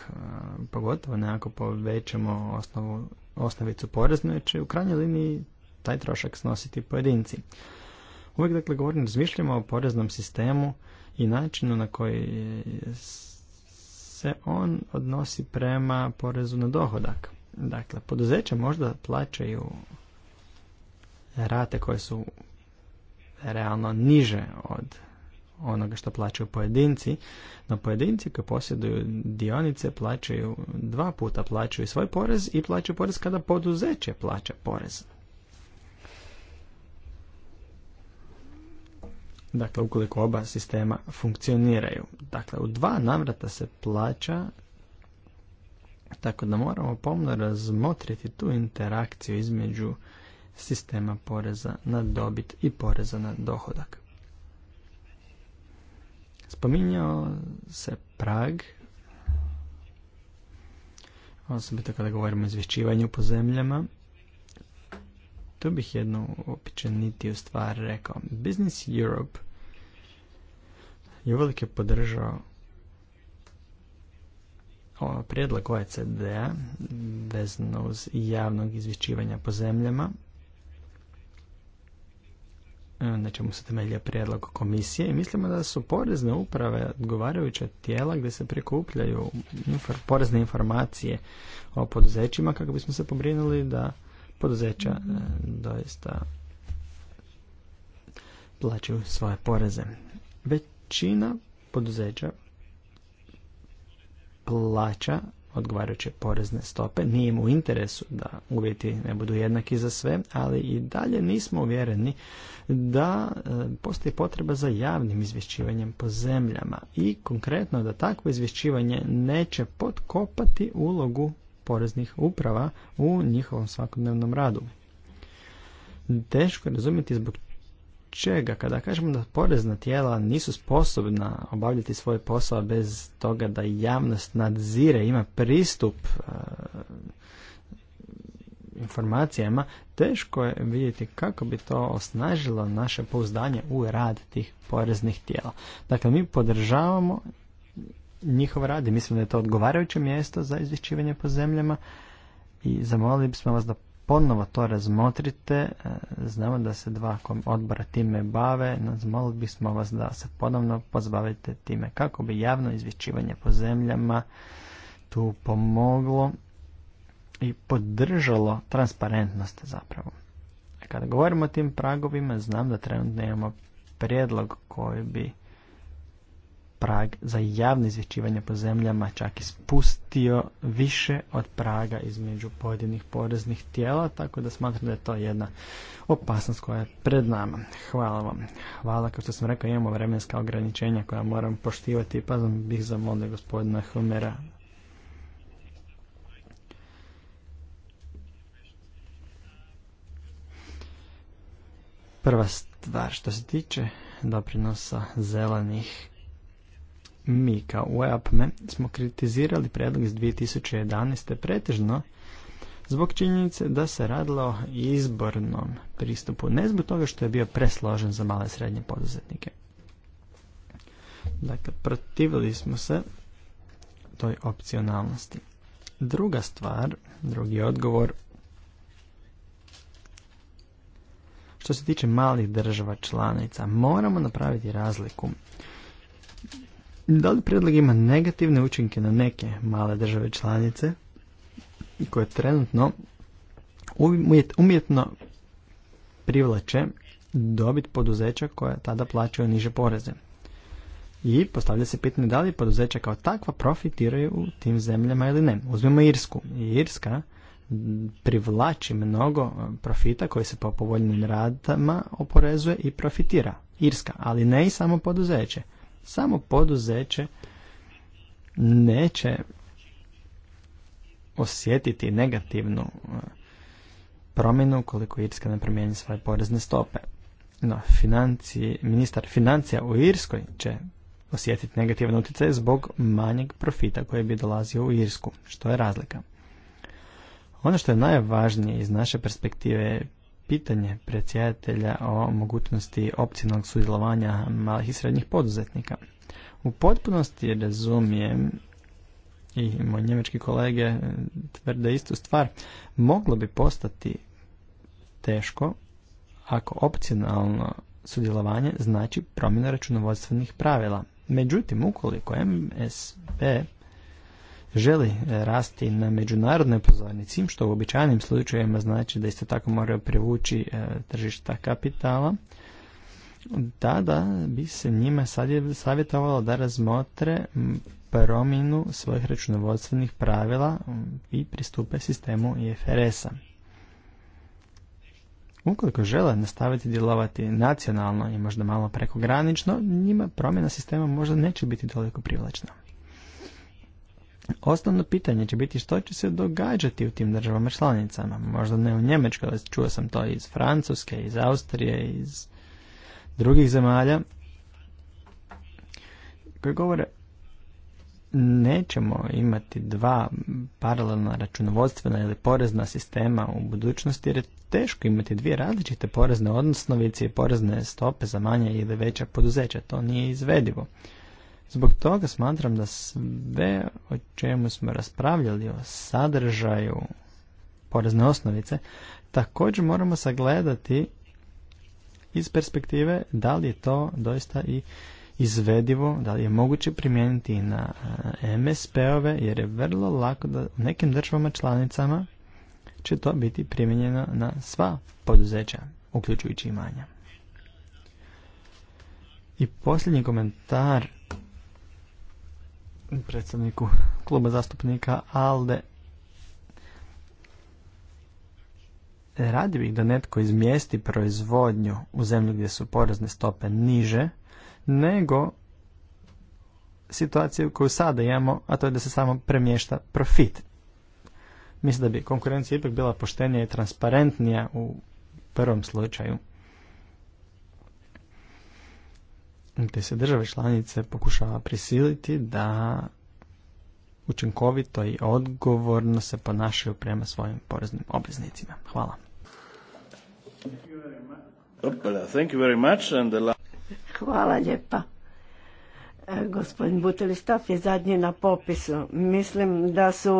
pogotovo nekako povećamo osnovu, osnovicu poreznu, jer će u krajnjoj liniji taj trošak snositi pojedinci. Uvijek, dakle, govorim, razmišljamo o poreznom sistemu i načinu na koji se on odnosi prema porezu na dohodak. Dakle, poduzeća možda plaćaju rate koje su realno niže od onoga što plaćaju pojedinci, no pojedinci koji posjeduju dionice plaćaju dva puta, plaćaju svoj porez i plaćaju porez kada poduzeće plaća porez. Dakle, ukoliko oba sistema funkcioniraju. Dakle, u dva navrata se plaća, tako da moramo pomno razmotriti tu interakciju između sistema poreza na dobit i poreza na dohodak. Spominjao se Prag, osobito kada govorimo o izvješćivanju po zemljama. Tu bih jednu opičenitiju stvar rekao. Business Europe je uvelike podržao prijedlog OECD-a vezano uz javnog izvješćivanja po zemljama na čemu se temelja prijedlog komisije i mislimo da su porezne uprave odgovarajuća tijela gdje se prikupljaju porezne informacije o poduzećima kako bismo se pobrinuli da poduzeća e, doista plaćaju svoje poreze. Većina poduzeća plaća odgovarajuće porezne stope. Nije im u interesu da uvjeti ne budu jednaki za sve, ali i dalje nismo uvjereni da e, postoji potreba za javnim izvješćivanjem po zemljama i konkretno da takvo izvješćivanje neće potkopati ulogu poreznih uprava u njihovom svakodnevnom radu. Teško je razumjeti zbog čega kada kažemo da porezna tijela nisu sposobna obavljati svoj posao bez toga da javnost nadzire, ima pristup e, informacijama, teško je vidjeti kako bi to osnažilo naše pouzdanje u rad tih poreznih tijela. Dakle, mi podržavamo njihov rad i mislim da je to odgovarajuće mjesto za izvješćivanje po zemljama i zamolili bismo vas da ponovo to razmotrite. E, znamo da se dva odbora time bave, no bismo vas da se ponovno pozbavite time kako bi javno izvješćivanje po zemljama tu pomoglo i podržalo transparentnost zapravo. Kada govorimo o tim pragovima, znam da trenutno imamo prijedlog koji bi prag za javno izvješćivanje po zemljama čak i spustio više od praga između pojedinih poreznih tijela, tako da smatram da je to jedna opasnost koja je pred nama. Hvala vam. Hvala, kao što sam rekao, imamo vremenska ograničenja koja moram poštivati, pa bih zamolio gospodina Homera Prva stvar što se tiče doprinosa zelenih mi kao UAPME smo kritizirali predlog iz 2011. pretežno zbog činjenice da se radilo o izbornom pristupu, ne zbog toga što je bio presložen za male srednje poduzetnike. Dakle, protivili smo se toj opcionalnosti. Druga stvar, drugi odgovor, što se tiče malih država članica, moramo napraviti razliku da li predlog ima negativne učinke na neke male države članice koje trenutno umjetno privlače dobit poduzeća koja tada plaćaju niže poreze? I postavlja se pitanje da li poduzeća kao takva profitiraju u tim zemljama ili ne. Uzmimo Irsku. Irska privlači mnogo e, profita koji se po povoljnim radama oporezuje i profitira. Irska, ali ne i samo poduzeće samo poduzeće neće osjetiti negativnu e, promjenu koliko Irska ne promijeni svoje porezne stope. No, financi, ministar financija u Irskoj će osjetiti negativan utjecaj zbog manjeg profita koji bi dolazio u Irsku, što je razlika. Ono što je najvažnije iz naše perspektive je pitanje predsjedatelja o mogućnosti opcijnog sudjelovanja malih i srednjih poduzetnika. U potpunosti razumijem i moji njemački kolege tvrde istu stvar, moglo bi postati teško ako opcionalno sudjelovanje znači promjena računovodstvenih pravila. Međutim, ukoliko MSP želi e, rasti na međunarodnoj pozornici, što u običajnim slučajevima znači da isto tako moraju privući e, tržišta kapitala, tada bi se njima savjetovalo da razmotre promjenu svojih računovodstvenih pravila i pristupe sistemu IFRS-a. Ukoliko žele nastaviti djelovati nacionalno i možda malo prekogranično, njima promjena sistema možda neće biti toliko privlačna. Osnovno pitanje će biti što će se događati u tim državama članicama. Možda ne u Njemačkoj, ali čuo sam to iz Francuske, iz Austrije, iz drugih zemalja koje govore nećemo imati dva paralelna računovodstvena ili porezna sistema u budućnosti jer je teško imati dvije različite porezne odnosnovice i porezne stope za manje ili veća poduzeća. To nije izvedivo. Zbog toga smatram da sve o čemu smo raspravljali o sadržaju porezne osnovice, također moramo sagledati iz perspektive da li je to doista i izvedivo, da li je moguće primijeniti na e, MSP-ove, jer je vrlo lako da u nekim državama članicama će to biti primijenjeno na sva poduzeća, uključujući i manja. I posljednji komentar predsjedniku kluba zastupnika ALDE. Radi bih da netko izmijesti proizvodnju u zemlju gdje su porezne stope niže nego situaciju koju sada imamo, a to je da se samo premješta profit. Mislim da bi konkurencija ipak bila poštenija i transparentnija u prvom slučaju. gdje se države članice pokušava prisiliti da učinkovito i odgovorno se ponašaju prema svojim poreznim obveznicima. Hvala. Hvala lijepa. E, gospodin Butelistav je zadnji na popisu. Mislim da su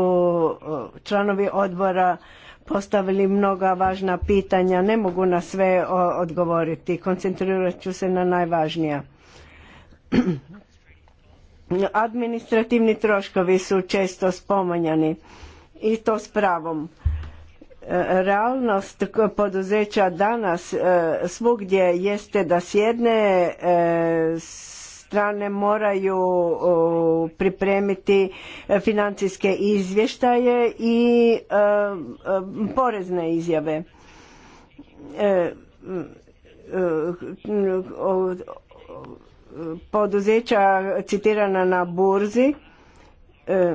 e, članovi odbora postavili mnoga važna pitanja. Ne mogu na sve odgovoriti. Koncentrirat ću se na najvažnija. Administrativni troškovi su često spomanjani i to s pravom. E, realnost poduzeća danas e, svugdje jeste da s jedne e, strane moraju pripremiti financijske izvještaje i porezne izjave poduzeća citirana na burzi e,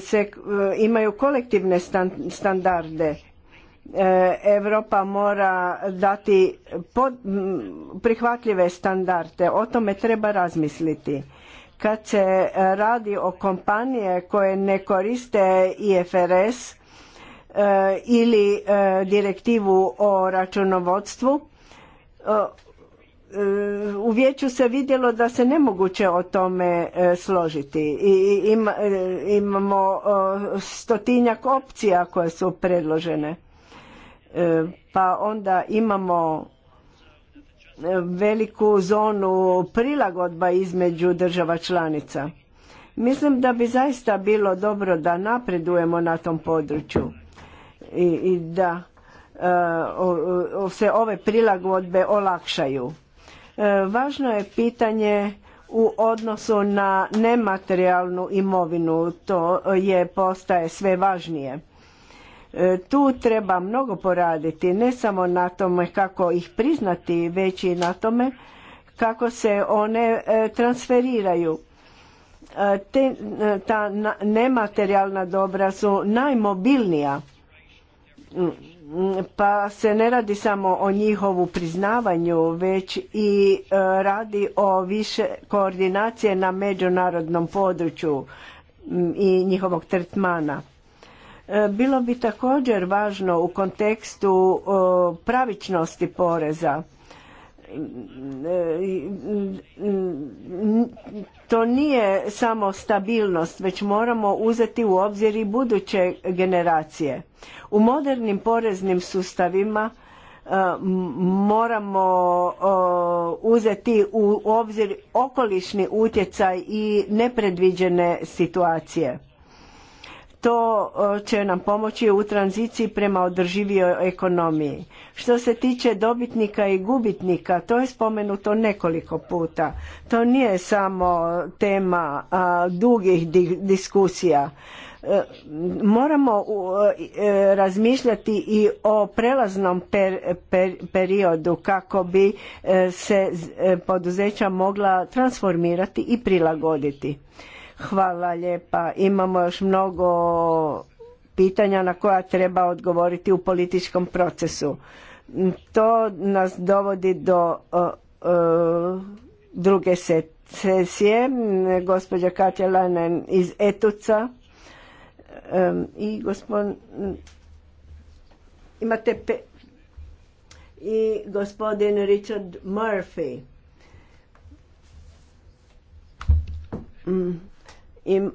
se e, imaju kolektivne standarde Europa mora dati prihvatljive standarde o tome treba razmisliti kad se radi o kompanije koje ne koriste IFRS e, ili direktivu o računovodstvu E, u vijeću se vidjelo da se nemoguće o tome e, složiti i e, imamo stotinjak opcija koje su predložene pa onda imamo veliku zonu prilagodba između država članica mislim da bi zaista bilo dobro da napredujemo na tom području i da se ove prilagodbe olakšaju E, važno je pitanje u odnosu na nematerijalnu imovinu, to je postaje sve važnije. E, tu treba mnogo poraditi, ne samo na tome kako ih priznati, već i na tome kako se one e, transferiraju. Te, ta nematerijalna dobra su najmobilnija pa se ne radi samo o njihovu priznavanju već i e, radi o više koordinacije na međunarodnom području i njihovog tretmana e, bilo bi također važno u kontekstu pravičnosti poreza to nije samo stabilnost, već moramo uzeti u obzir i buduće generacije. U modernim poreznim sustavima e, moramo uzeti u obzir okolišni utjecaj i nepredviđene situacije to e, će nam pomoći u tranziciji prema održivijoj ekonomiji. Što se tiče dobitnika i gubitnika, to je spomenuto nekoliko puta. To nije samo tema dugih diskusija. E, moramo e, razmišljati i o prelaznom periodu kako bi se poduzeća mogla transformirati i prilagoditi. Hvala lijepa. Imamo još mnogo pitanja na koja treba odgovoriti u političkom procesu. To nas dovodi do druge sesije. Gospođa Katja iz Etuca i gospodin imate i gospodin Richard Murphy. Mm.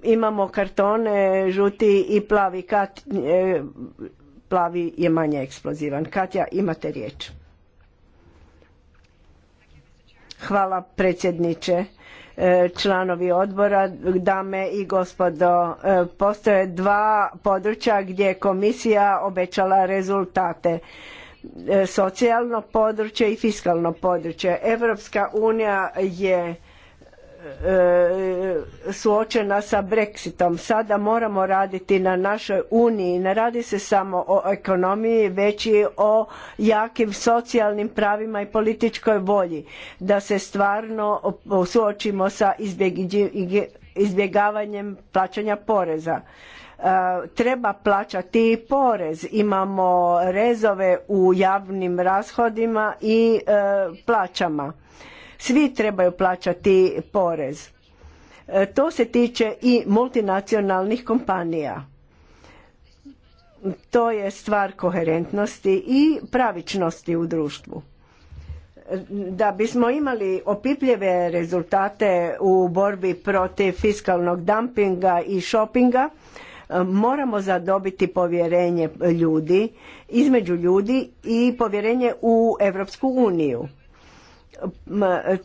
Imamo kartone žuti i plavi, kat, e, plavi je manje eksplozivan. Katja, imate riječ. Hvala predsjedniče e, članovi odbora, dame i gospodo. E, postoje dva područja gdje je komisija obećala rezultate. Socijalno područje i fiskalno područje. Europska unija je E, suočena sa Brexitom. Sada moramo raditi na našoj uniji. Ne radi se samo o ekonomiji, već i o jakim socijalnim pravima i političkoj volji. Da se stvarno suočimo sa izbjegavanjem plaćanja poreza. E, treba plaćati porez. Imamo rezove u javnim rashodima i e, plaćama svi trebaju plaćati porez. E, to se tiče i multinacionalnih kompanija. To je stvar koherentnosti i pravičnosti u društvu. E, da bismo imali opipljive rezultate u borbi protiv fiskalnog dumpinga i shoppinga, e, moramo zadobiti povjerenje ljudi, između ljudi i povjerenje u Europsku uniju E,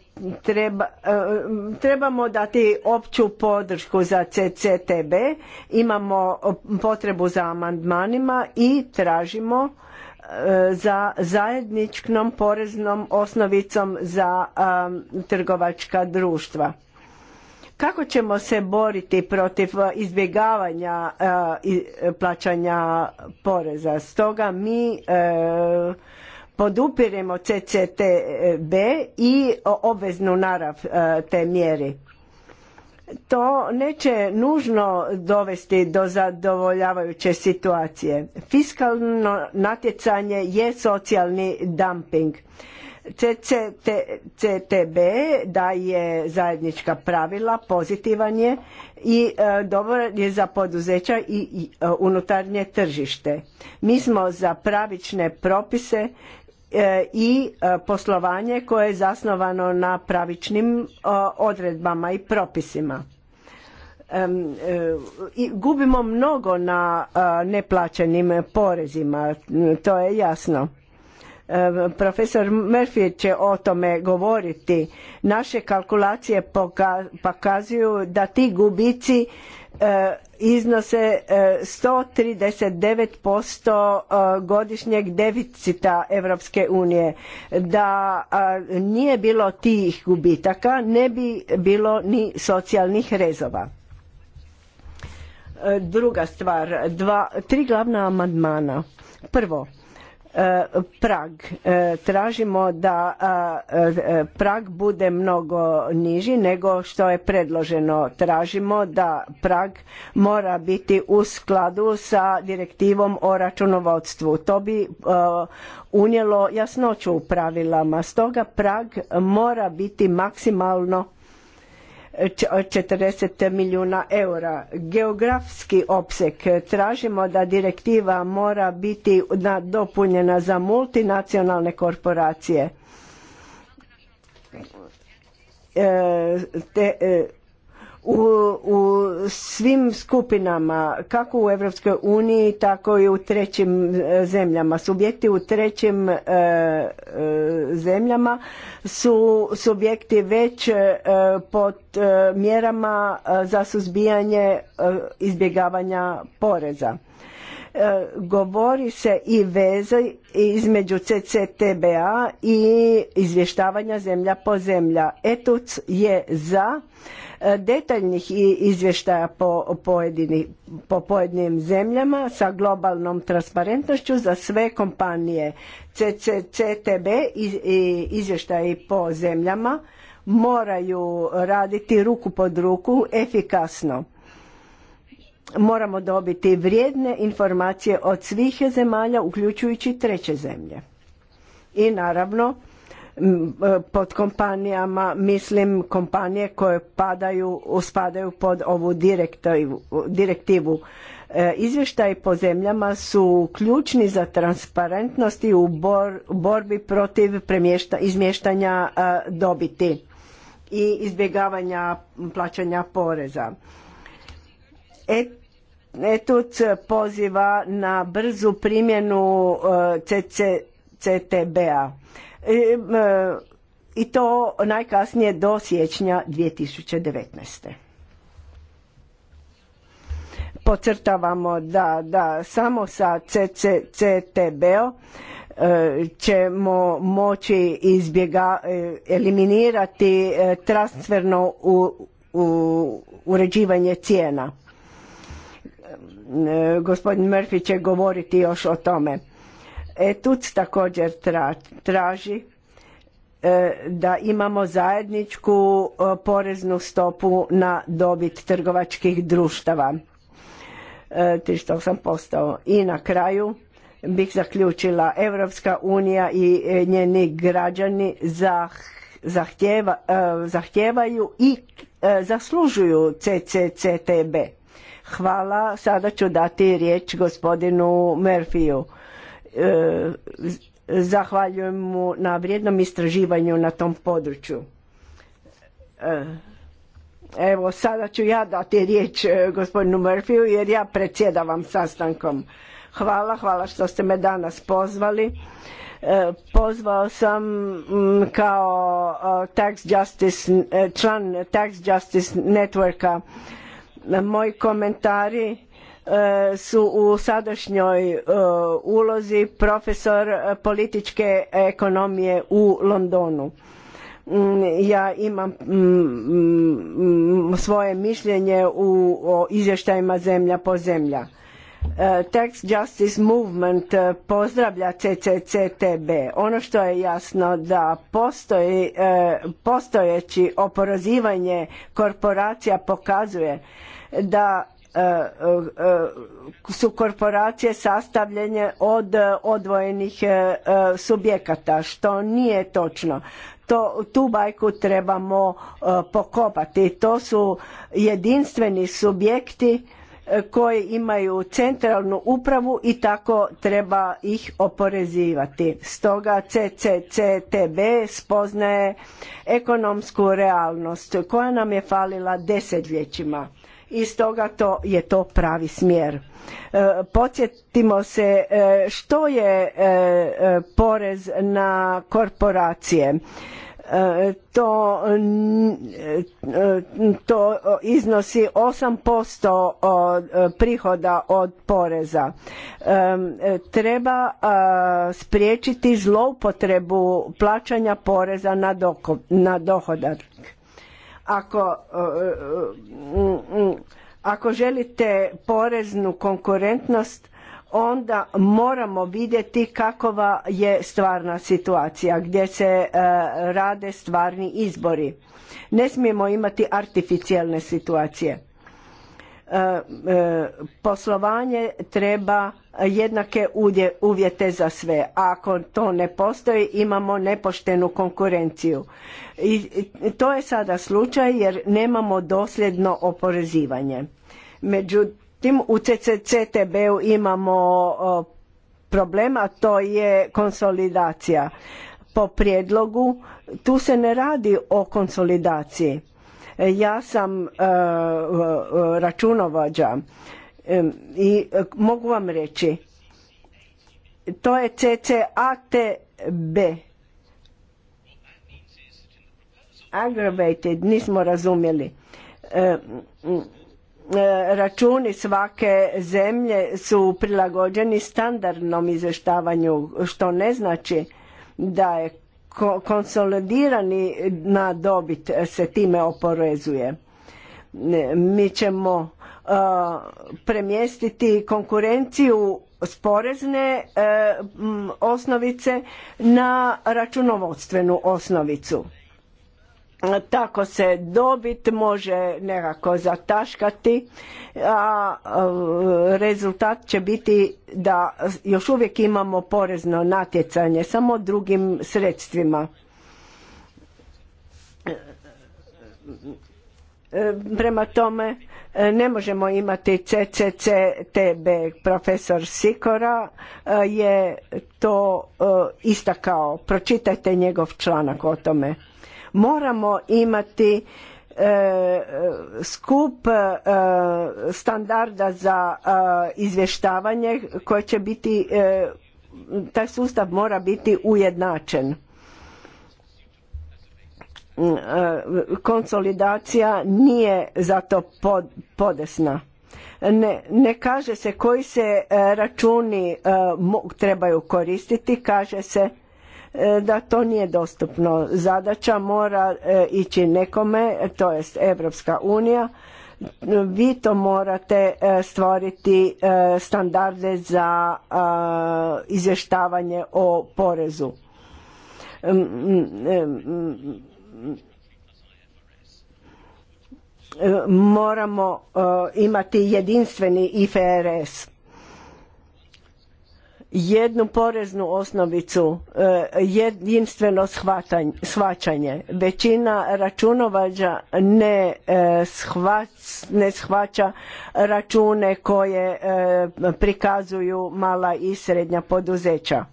trebamo dati opću podršku za CCTB, imamo potrebu za amandmanima i tražimo e, za zajedničkom poreznom osnovicom za e, trgovačka društva. Kako ćemo se boriti protiv izbjegavanja plaćanja poreza? Stoga mi podupiremo CCTB i obveznu narav e, te mjeri. To neće nužno dovesti do zadovoljavajuće situacije. Fiskalno natjecanje je socijalni dumping. CCTB daje zajednička pravila, pozitivan je i e, dobro je za poduzeća i e, unutarnje tržište. Mi smo za pravične propise E, i e, poslovanje koje je zasnovano na pravičnim odredbama i propisima. E, gubimo mnogo na neplaćenim porezima, to je jasno. Profesor Murphy će o tome govoriti. Naše kalkulacije pokazuju da ti gubici E, iznose 139% e, e, godišnjeg deficita Europske unije. Da nije bilo tih gubitaka ne bi bilo ni socijalnih rezova. Druga stvar, dva, tri glavna amandmana. Prvo, E, prag. E, tražimo da e, prag bude mnogo niži nego što je predloženo. Tražimo da prag mora biti u skladu sa direktivom o računovodstvu. To bi unijelo jasnoću u pravilama. Stoga prag mora biti maksimalno 40 milijuna eura. Geografski opseg tražimo da direktiva mora biti dopunjena za multinacionalne korporacije. E, te, e, u, svim skupinama, kako u Europskoj uniji, tako i u trećim e, zemljama. Subjekti u trećim e, e, zemljama su subjekti već pod mjerama za suzbijanje izbjegavanja poreza. E, govori se i veze između CCTBA i izvještavanja zemlja po zemlja. ETUC je za e, detaljnih izvještaja po, po pojedinim zemljama sa globalnom transparentnošću za sve kompanije. CCTB i izvještaji po zemljama moraju raditi ruku pod ruku efikasno moramo dobiti vrijedne informacije od svih zemalja, uključujući treće zemlje. I naravno, e, pod kompanijama mislim kompanije koje padaju, spadaju pod ovu direktivu. direktivu. E, po zemljama su ključni za transparentnost i u borbi protiv izmještanja e, dobiti i izbjegavanja plaćanja poreza. Et, Etuc poziva na brzu primjenu e, CTB-a e, e, i to najkasnije do siječnja 2019. Pocrtavamo da, da samo sa ccctb ćemo moći izbjega, eliminirati transferno u, u uređivanje cijena E, gospodin Murphy će govoriti još o tome. ETUC također traži e, da imamo zajedničku e, poreznu stopu na dobit trgovačkih društava. postao I na kraju bih zaključila Evropska unija i njeni građani zahtjeva, zahtjevaju i zaslužuju CCCTB Hvala. Sada ću dati riječ gospodinu Murphyu. E, zahvaljujem mu na vrijednom istraživanju na tom području. E, evo, sada ću ja dati riječ e, gospodinu Murphyu jer ja predsjedavam sastankom. Hvala, hvala što ste me danas pozvali. pozvao sam kao tax član Tax Justice Networka Moji komentari e, su u sadašnjoj e, ulozi profesor e, političke ekonomije u Londonu. Mm, ja imam mm, mm, svoje mišljenje u, o izvještajima zemlja po zemlja. Tax Justice Movement pozdravlja CCCTB. Ono što je jasno da postoji, postojeći oporezivanje korporacija pokazuje da e, e, su korporacije sastavljene od odvojenih e, subjekata što nije točno to, tu bajku trebamo pokopati to su jedinstveni subjekti koji imaju centralnu upravu i tako treba ih oporezivati. Stoga CCCTB spoznaje ekonomsku realnost koja nam je falila desetljećima i stoga to je to pravi smjer. E, podsjetimo se e, što je e, porez na korporacije. To, to iznosi 8% prihoda od poreza. Treba spriječiti zloupotrebu plaćanja poreza na dohodak ako, e, e, ako želite poreznu konkurentnost, onda moramo vidjeti kakova je stvarna situacija gdje se e, rade stvarni izbori. Ne smijemo imati artificijalne situacije. E, poslovanje treba jednake uvjete za sve a ako to ne postoji imamo nepoštenu konkurenciju i to je sada slučaj jer nemamo dosljedno oporezivanje međutim u CCCTB-u imamo problema to je konsolidacija po prijedlogu tu se ne radi o konsolidaciji ja sam e, e, računovođa i e, mogu vam reći to je CCATB aggravated nismo razumjeli računi svake zemlje su prilagođeni standardnom izvještavanju što ne znači da je konsolidirani na dobit se time oporezuje. Mi ćemo uh, premjestiti konkurenciju s porezne uh, osnovice na računovodstvenu osnovicu tako se dobit može nekako zataškati, a rezultat će biti da još uvijek imamo porezno natjecanje samo drugim sredstvima. Prema tome ne možemo imati CCCTB. Profesor Sikora je to istakao. Pročitajte njegov članak o tome moramo imati e, skup e, standarda za e, izvještavanje koje će biti taj sustav mora biti ujednačen mm, konsolidacija nije zato podesna ne, ne kaže se koji se računi trebaju koristiti kaže se E, da to nije dostupno. Zadaća mora e, ići nekome, to jest Evropska unija. Vi to morate e, stvoriti standarde za izvještavanje o porezu. Moramo imati jedinstveni IFRS jednu poreznu osnovicu, e, jedinstveno shvaćanje. Većina računovađa ne, e, ne shvaća račune koje e, prikazuju mala i srednja poduzeća.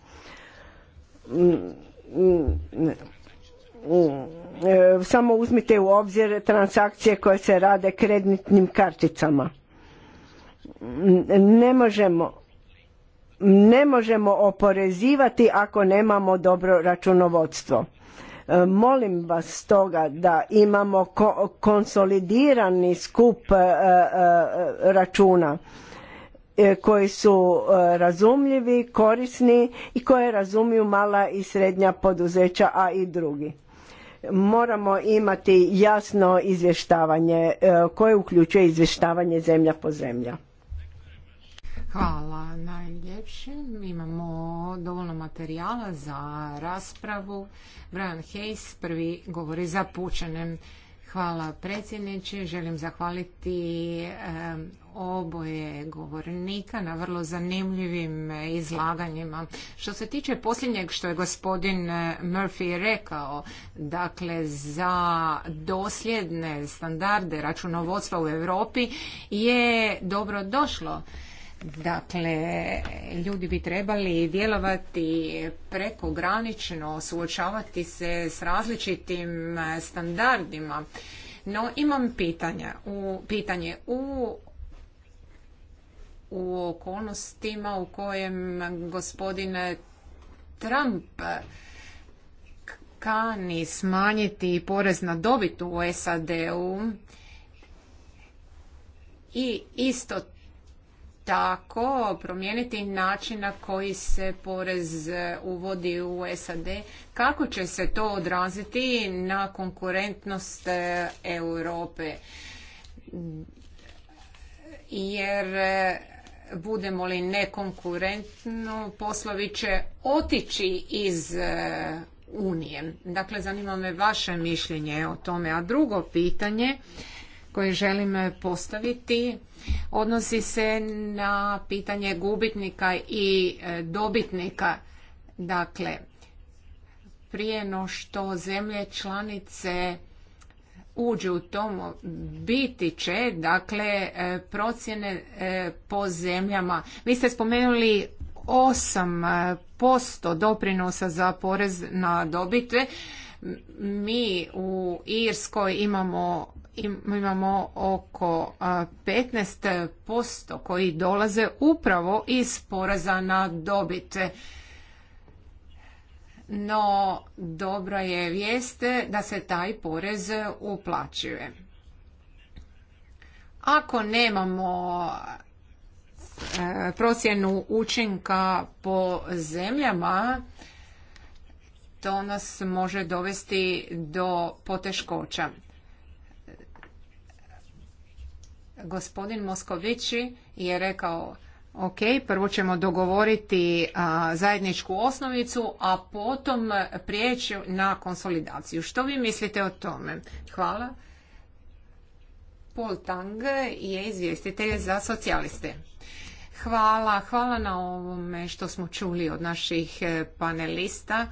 Samo uzmite u obzir transakcije koje se rade kreditnim karticama. Ne možemo ne možemo oporezivati ako nemamo dobro računovodstvo. E, molim vas stoga da imamo konsolidirani skup e, e, računa koji su razumljivi, korisni i koje razumiju mala i srednja poduzeća, a i drugi. Moramo imati jasno izvještavanje koje uključuje izvještavanje zemlja po zemlja. Hvala najljepše. Imamo dovoljno materijala za raspravu. Brian Hayes prvi govori za pučanem. Hvala predsjedniče. Želim zahvaliti oboje govornika na vrlo zanimljivim e, izlaganjima. Što se tiče posljednjeg što je gospodin e, Murphy rekao, dakle za dosljedne standarde računovodstva u Europi je dobro došlo Dakle, ljudi bi trebali djelovati prekogranično, suočavati se s različitim e, standardima. No, imam pitanje. U, pitanje u u okolnostima u kojem gospodin Trump kani smanjiti porez na dobit u SAD-u i isto tako promijeniti način na koji se porez uvodi u SAD? Kako će se to odraziti na konkurentnost e, Europe? Jer e, budemo li nekonkurentno, poslovi će otići iz e, Unije. Dakle, zanima me vaše mišljenje o tome. A drugo pitanje koje želim e, postaviti odnosi se na pitanje gubitnika i e, dobitnika. Dakle, prije no što zemlje članice uđu u tom biti će dakle e, procjene po zemljama. Vi ste spomenuli 8% doprinosa za porez na dobitve. Mi u Irskoj imamo imamo oko 15% koji dolaze upravo iz poreza na dobit. No, dobra je vijest da se taj porez uplaćuje. Ako nemamo e, procjenu učinka po zemljama, to nas može dovesti do poteškoća. Gospodin Moskovići je rekao Ok, prvo ćemo dogovoriti zajedničku osnovicu, a potom prijeći na konsolidaciju. Što vi mislite o tome? Hvala. Paul Tang je izvjestitelj za socijaliste. Hvala, hvala na ovome što smo čuli od naših e, panelista.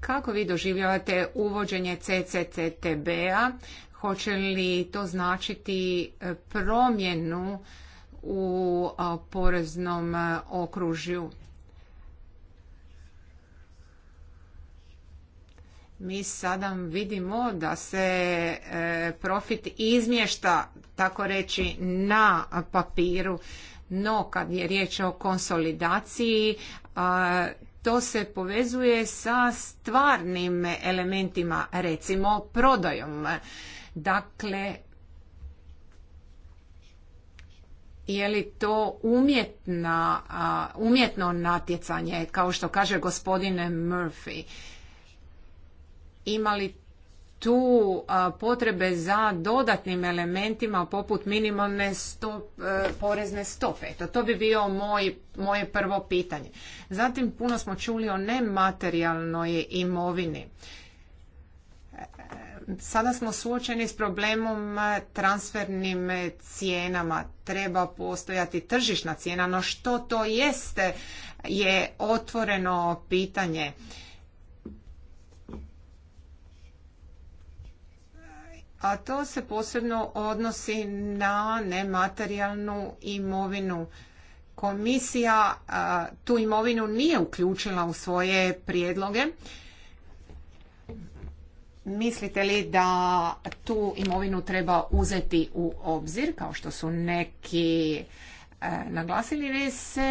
Kako vi doživljavate uvođenje CCCTB-a Hoće li to značiti e, promjenu u poreznom e, okružju? Mi sada vidimo da se e, profit izmješta, tako reći, na papiru, no kad je riječ o konsolidaciji, to se povezuje sa stvarnim elementima, recimo prodajom. Dakle, je li to umjetna, umjetno natjecanje, kao što kaže gospodine Murphy? Ima li tu potrebe za dodatnim elementima poput minimalne e, porezne stope. to bi bio moje prvo pitanje. Zatim puno smo čuli o nematerijalnoj imovini. Sada smo suočeni s problemom transfernim cijenama. Treba postojati tržišna cijena, no što to jeste je otvoreno pitanje. A to se posebno odnosi na nematerijalnu imovinu. Komisija tu imovinu nije uključila u svoje prijedloge Mislite li da tu imovinu treba uzeti u obzir, kao što su neki e, naglasili, ili se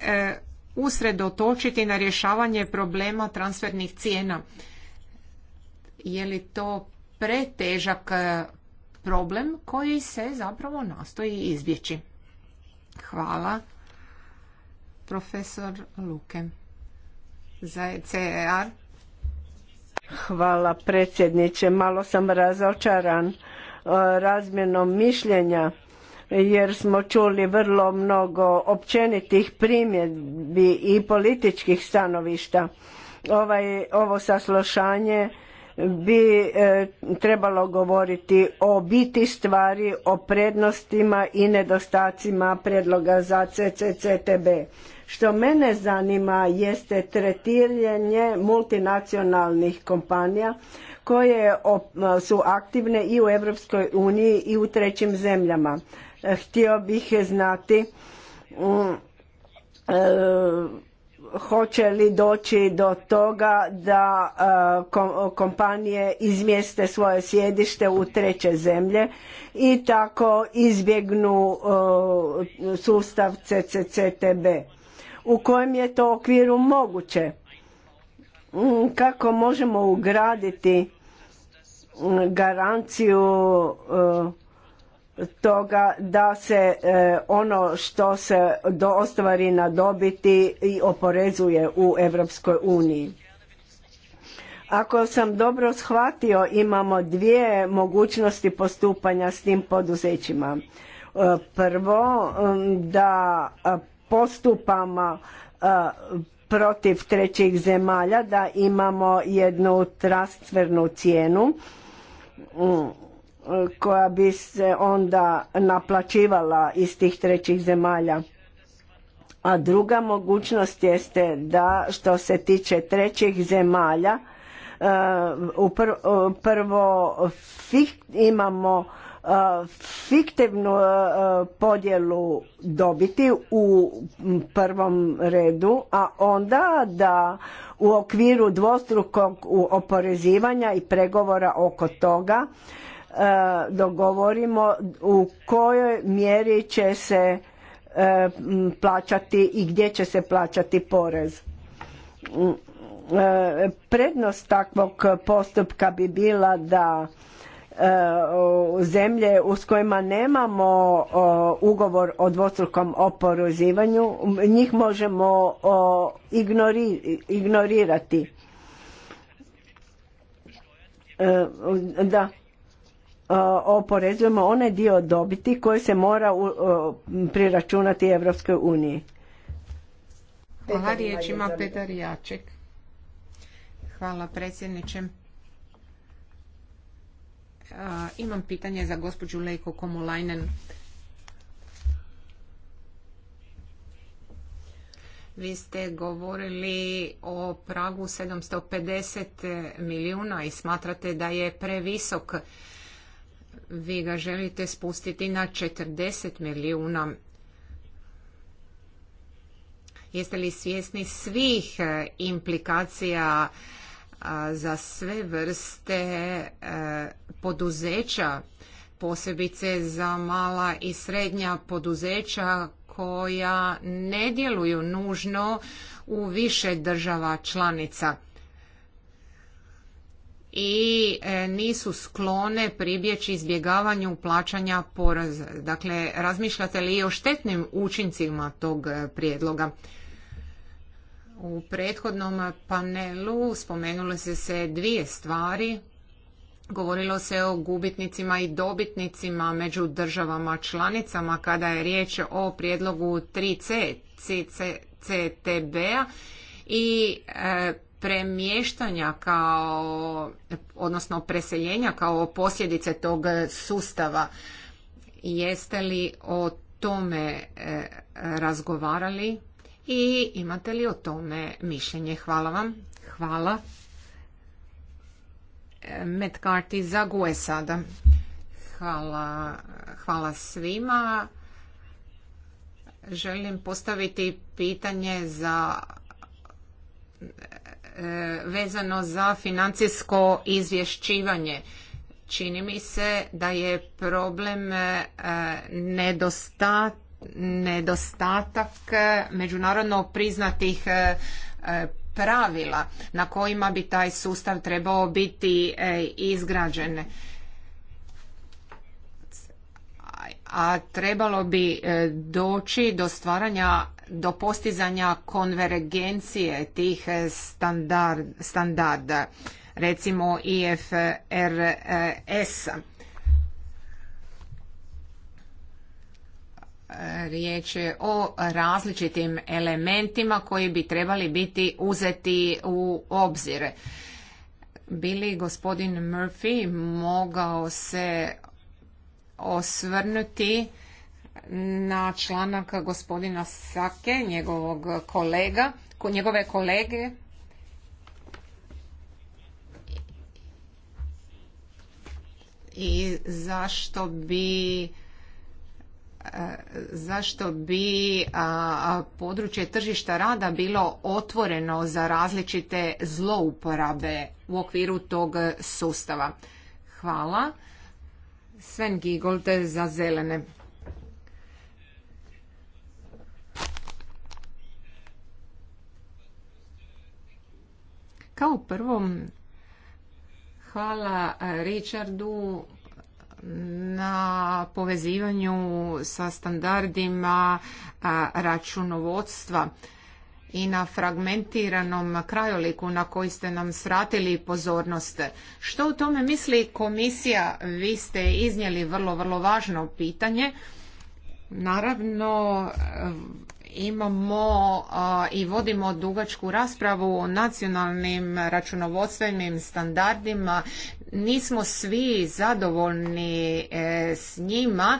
e, usredotočiti na rješavanje problema transfernih cijena? Je li to pretežak e, problem koji se zapravo nastoji izbjeći? Hvala. Profesor Luke za ECR. Hvala predsjedniče, malo sam razočaran e, razmjenom mišljenja jer smo čuli vrlo mnogo općenitih primjedbi i političkih stanovišta. Ovaj, ovo saslošanje bi e, trebalo govoriti o biti stvari, o prednostima i nedostacima predloga za CCCTB. Što mene zanima jeste tretiranje multinacionalnih kompanija koje su aktivne i u Europskoj uniji i u trećim zemljama. Htio bih znati mm, e, hoće li doći do toga da e, kompanije izmjeste svoje sjedište u treće zemlje i tako izbjegnu e, sustav CCCTB u kojem je to okviru moguće. Mm, kako možemo ugraditi mm, garanciju e, toga da se e, ono što se ostvari na dobiti i oporezuje u Europskoj uniji. Ako sam dobro shvatio, imamo dvije mogućnosti postupanja s tim poduzećima. E, prvo, da postupama e, protiv trećih zemalja da imamo jednu transfernu cijenu mm, koja bi se onda naplaćivala iz tih trećih zemalja. A druga mogućnost jeste da što se tiče trećih zemalja e, prvo imamo fiktivnu podjelu dobiti u prvom redu, a onda da u okviru dvostrukog oporezivanja i pregovora oko toga dogovorimo u kojoj mjeri će se plaćati i gdje će se plaćati porez. Prednost takvog postupka bi bila da E, zemlje s kojima nemamo ugovor o dvostrukom oporezivanju njih možemo ignorirati e, da oporezujemo onaj dio dobiti koji se mora priračunati Evropskoj uniji. Hvala, riječ ima Petar Jaček. Hvala predsjedniče. Imam pitanje za gospođu Lejko Komulajnen. Vi ste govorili o pragu 750 milijuna i smatrate da je previsok. Vi ga želite spustiti na 40 milijuna. Jeste li svjesni svih implikacija za sve vrste e, poduzeća, posebice za mala i srednja poduzeća koja ne djeluju nužno u više država članica i e, nisu sklone pribjeći izbjegavanju plaćanja poreza. Dakle, razmišljate li i o štetnim učincima tog e, prijedloga? U prethodnom panelu spomenule se se dvije stvari. Govorilo se o gubitnicima i dobitnicima među državama članicama kada je riječ o prijedlogu 3C CCTB-a i e, premještanja kao, odnosno preseljenja kao posljedice tog sustava. Jeste li o tome e, razgovarali? i imate li o tome mišljenje? Hvala vam. Hvala. Matt Carty za GUE sada. Hvala, hvala svima. Želim postaviti pitanje za e, vezano za financijsko izvješćivanje. Čini mi se da je problem e, nedostat nedostatak e, međunarodno priznatih e, e, pravila na kojima bi taj sustav trebao biti izgrađen. A trebalo bi doći do stvaranja do postizanja konvergencije tih standarda, recimo IFRS-a. riječ je o različitim elementima koji bi trebali biti uzeti u obzir. Bili gospodin Murphy mogao se osvrnuti na članak gospodina Sake, njegovog kolega, njegove kolege i zašto bi zašto bi područje tržišta rada bilo otvoreno za različite zlouporabe u okviru tog sustava. Hvala. Sven Gigolde za zelene. Kao prvom, hvala Richardu na povezivanju sa standardima računovodstva i na fragmentiranom krajoliku na koji ste nam sratili pozornost. Što u tome misli komisija? Vi ste iznijeli vrlo, vrlo važno pitanje. Naravno, imamo i vodimo dugačku raspravu o nacionalnim računovodstvenim standardima nismo svi zadovoljni e, s njima,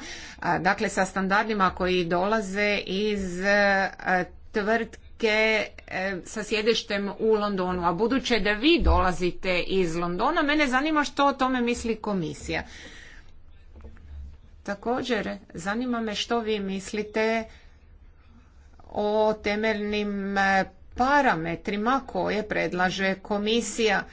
dakle sa standardima koji dolaze iz e, tvrtke e, sa sjedištem u Londonu. A buduće da vi dolazite iz Londona, mene zanima što o tome misli komisija. Također, zanima me što vi mislite o temeljnim parametrima koje predlaže komisija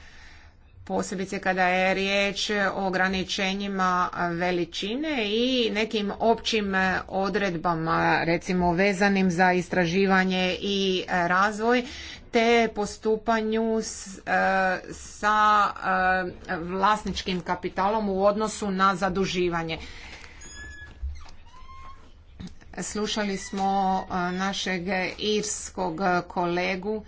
posebice kada je riječ o ograničenjima veličine i nekim općim odredbama, recimo vezanim za istraživanje i razvoj, te postupanju e, sa e, vlasničkim kapitalom u odnosu na zaduživanje. Slušali smo e, našeg irskog kolegu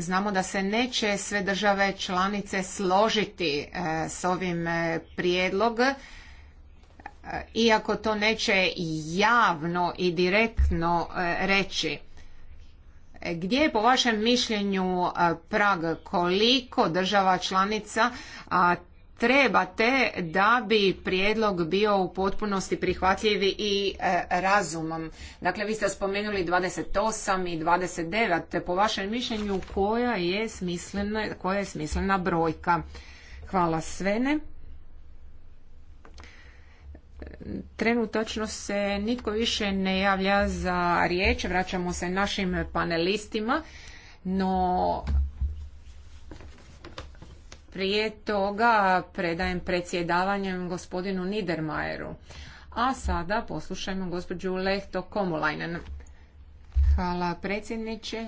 znamo da se neće sve države članice složiti e, s ovim e, prijedlog, e, iako to neće javno i direktno reći. Gdje je po vašem mišljenju prag koliko država članica trebate da bi prijedlog bio u potpunosti prihvatljiv i e, razumom. Dakle, vi ste spomenuli 28 i 29. Po vašem mišljenju, koja je smislena, koja je smislena brojka? Hvala Svene. Trenutačno se nitko više ne javlja za riječ. Vraćamo se našim panelistima, no prije toga predajem predsjedavanjem gospodinu Niedermayeru. A sada poslušajmo gospođu Lehto Komulajnen. Hvala predsjedniče.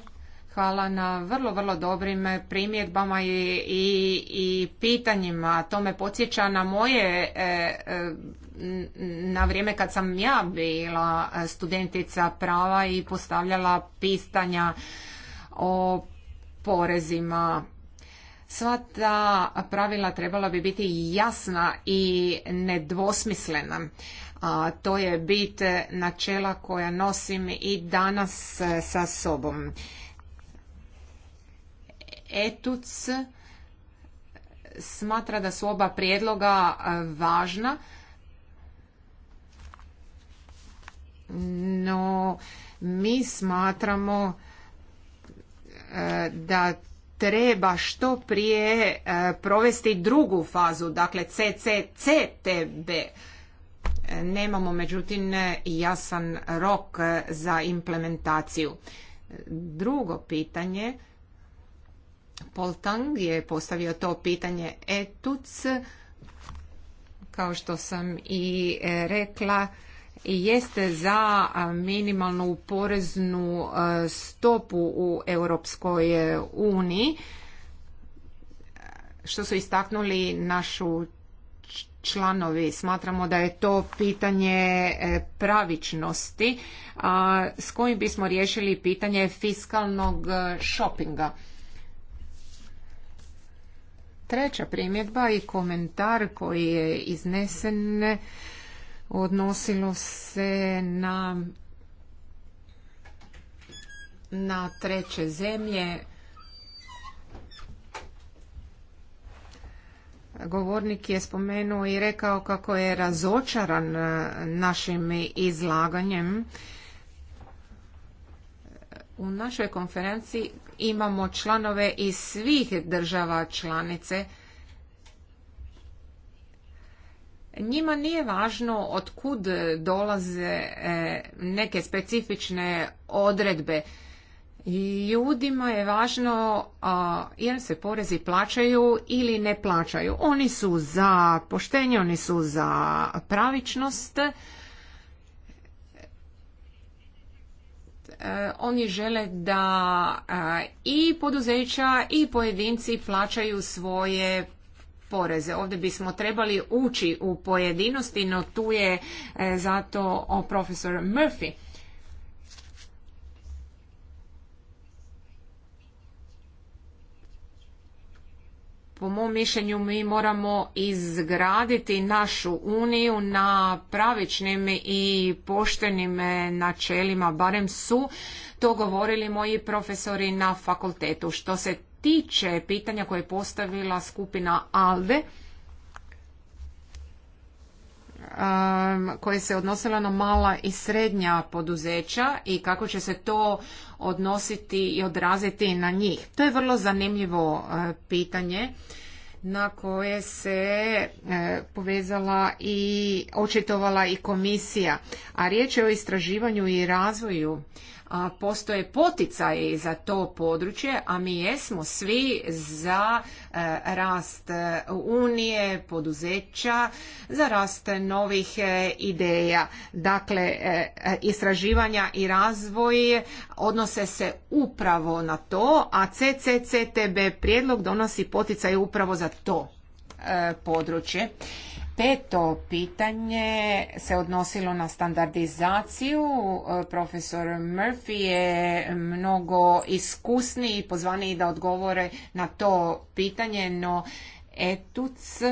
Hvala na vrlo, vrlo dobrim primjedbama i, i, pitanjima. To me podsjeća na moje, e, e, na vrijeme kad sam ja bila studentica prava i postavljala pitanja o porezima Sva ta pravila trebala bi biti jasna i nedvosmislena. A, to je bit načela koja nosim i danas e, sa sobom. Etuc smatra da su oba prijedloga e, važna, no mi smatramo e, da treba što prije e, provesti drugu fazu, dakle CCCTB. E, nemamo međutim jasan rok za implementaciju. Drugo pitanje, Tang je postavio to pitanje ETUC, kao što sam i rekla, jeste za minimalnu poreznu stopu u Europskoj e, uniji, što su istaknuli našu članovi. Smatramo da je to pitanje e, pravičnosti s kojim bismo riješili pitanje fiskalnog e, šopinga. Treća primjedba i komentar koji je iznesen odnosilo se na na treće zemlje govornik je spomenuo i rekao kako je razočaran našim izlaganjem u našoj konferenciji imamo članove iz svih država članice njima nije važno otkud dolaze e, neke specifične odredbe. Ljudima je važno jel se porezi plaćaju ili ne plaćaju. Oni su za poštenje, oni su za pravičnost. E, oni žele da e, i poduzeća i pojedinci plaćaju svoje poreze. Ovdje bismo trebali ući u pojedinosti, no tu je e, zato o profesor Murphy. po mom mišljenju mi moramo izgraditi našu uniju na pravičnim i poštenim e, načelima, barem su to govorili moji profesori na fakultetu. Što se tiče pitanja koje je postavila skupina ALDE, um, koje se odnosila na mala i srednja poduzeća i kako će se to odnositi i odraziti na njih. To je vrlo zanimljivo uh, pitanje na koje se uh, povezala i očitovala i komisija. A riječ je o istraživanju i razvoju postoje poticaji za to područje, a mi jesmo svi za e, rast e, unije, poduzeća, za rast novih e, ideja. Dakle, istraživanja i razvoj odnose se upravo na to, a CCCTB prijedlog donosi poticaje upravo za to područje. Peto pitanje se odnosilo na standardizaciju. Profesor Murphy je mnogo iskusniji i pozvaniji da odgovore na to pitanje, no etuc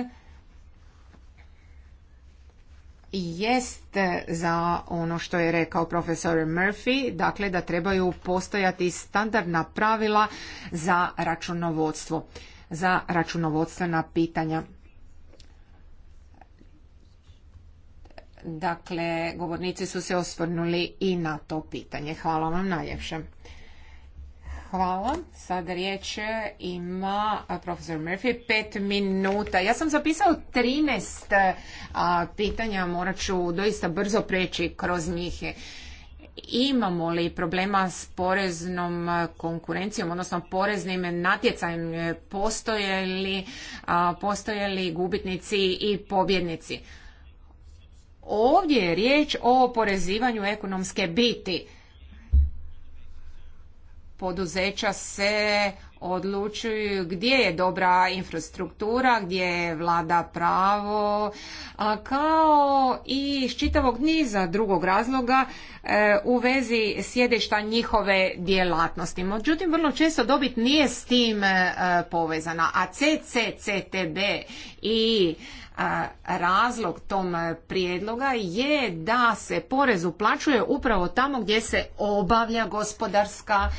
jest za ono što je rekao profesor Murphy, dakle da trebaju postojati standardna pravila za računovodstvo, za računovodstvena pitanja. Dakle, govornici su se osvrnuli i na to pitanje. Hvala vam najljepše. Hvala. Sada riječ ima profesor Murphy. Pet minuta. Ja sam zapisao 13 pitanja. Morat ću doista brzo preći kroz njih. Imamo li problema s poreznom konkurencijom, odnosno poreznim natjecajem? Postoje li, postoje li gubitnici i pobjednici? Ovdje je riječ o oporezivanju ekonomske biti. Poduzeća se odlučuju gdje je dobra infrastruktura, gdje vlada pravo, a kao i iz čitavog niza drugog razloga e, u vezi sjedišta njihove djelatnosti. Međutim, vrlo često dobit nije s tim e, povezana, a CCCTB i e, razlog tom prijedloga je da se porez uplaćuje upravo tamo gdje se obavlja gospodarska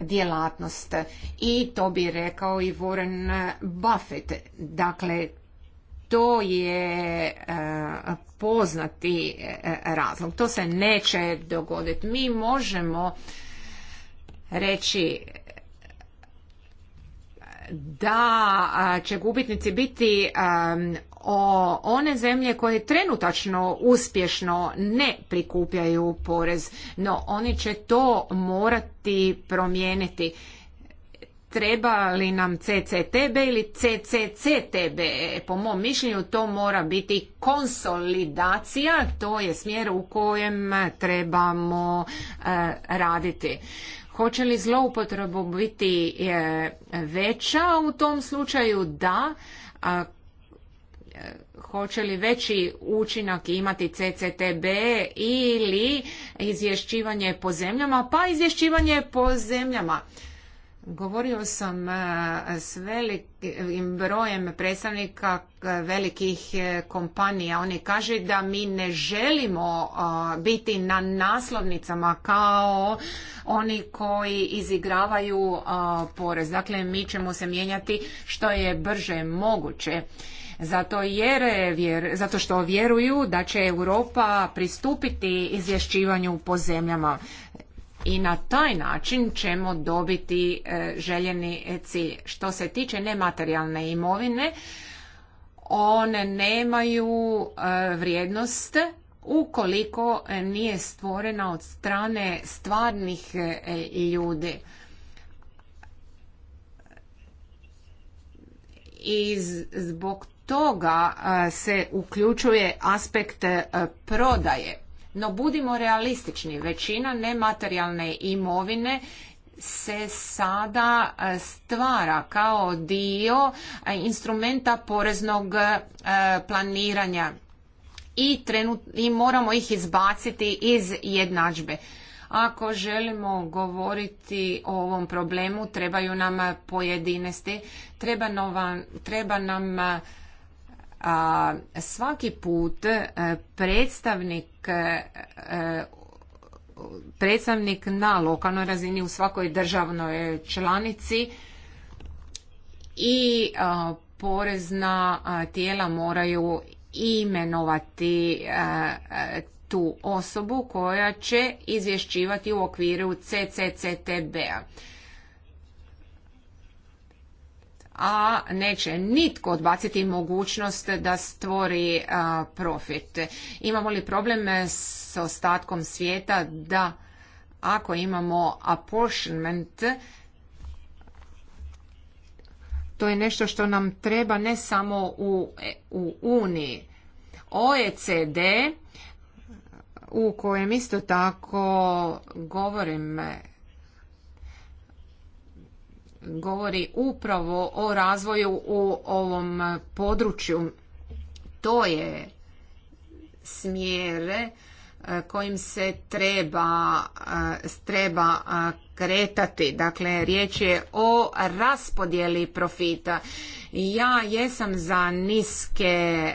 djelatnost. I to bi rekao i Warren Buffett. Dakle, to je e, poznati e, razlog. To se neće dogoditi. Mi možemo reći e, da će gubitnici biti one zemlje koje trenutačno uspješno ne prikupljaju porez, no oni će to morati promijeniti. Treba li nam CCTB ili CCCTB? Po mom mišljenju to mora biti konsolidacija, to je smjer u kojem trebamo e, raditi. Hoće li zloupotrebu biti e, veća u tom slučaju? Da hoće li veći učinak imati CCTB ili izvješćivanje po zemljama, pa izvješćivanje po zemljama. Govorio sam e, s velikim brojem predstavnika velikih e, kompanija. Oni kaže da mi ne želimo e, biti na naslovnicama kao oni koji izigravaju porez. Dakle, mi ćemo se mijenjati što je brže moguće zato, jer, zato što vjeruju da će Europa pristupiti izvješćivanju po zemljama i na taj način ćemo dobiti e, željeni cilj. Što se tiče nematerijalne imovine, one nemaju e, vrijednost ukoliko nije stvorena od strane stvarnih e, ljudi. I zbog toga e, se uključuje aspekt e, prodaje. No budimo realistični, većina nematerijalne imovine se sada e, stvara kao dio instrumenta poreznog planiranja i, i moramo ih izbaciti iz jednadžbe. Ako želimo govoriti o ovom problemu, trebaju nam pojedinosti, treba nam svaki put e, predstavnik e, e, predstavnik na lokalnoj razini u svakoj državnoj članici i porezna tijela moraju imenovati tu osobu koja će izvješćivati u okviru CCCTB-a a neće nitko odbaciti mogućnost da stvori profit. Imamo li probleme s ostatkom svijeta da ako imamo apportionment, to je nešto što nam treba ne samo u, u Uniji. OECD u kojem isto tako govorim govori upravo o razvoju u ovom području. To je smjere eh, kojim se treba, eh, treba eh, kretati. Dakle, riječ je o raspodjeli profita. Ja jesam za niske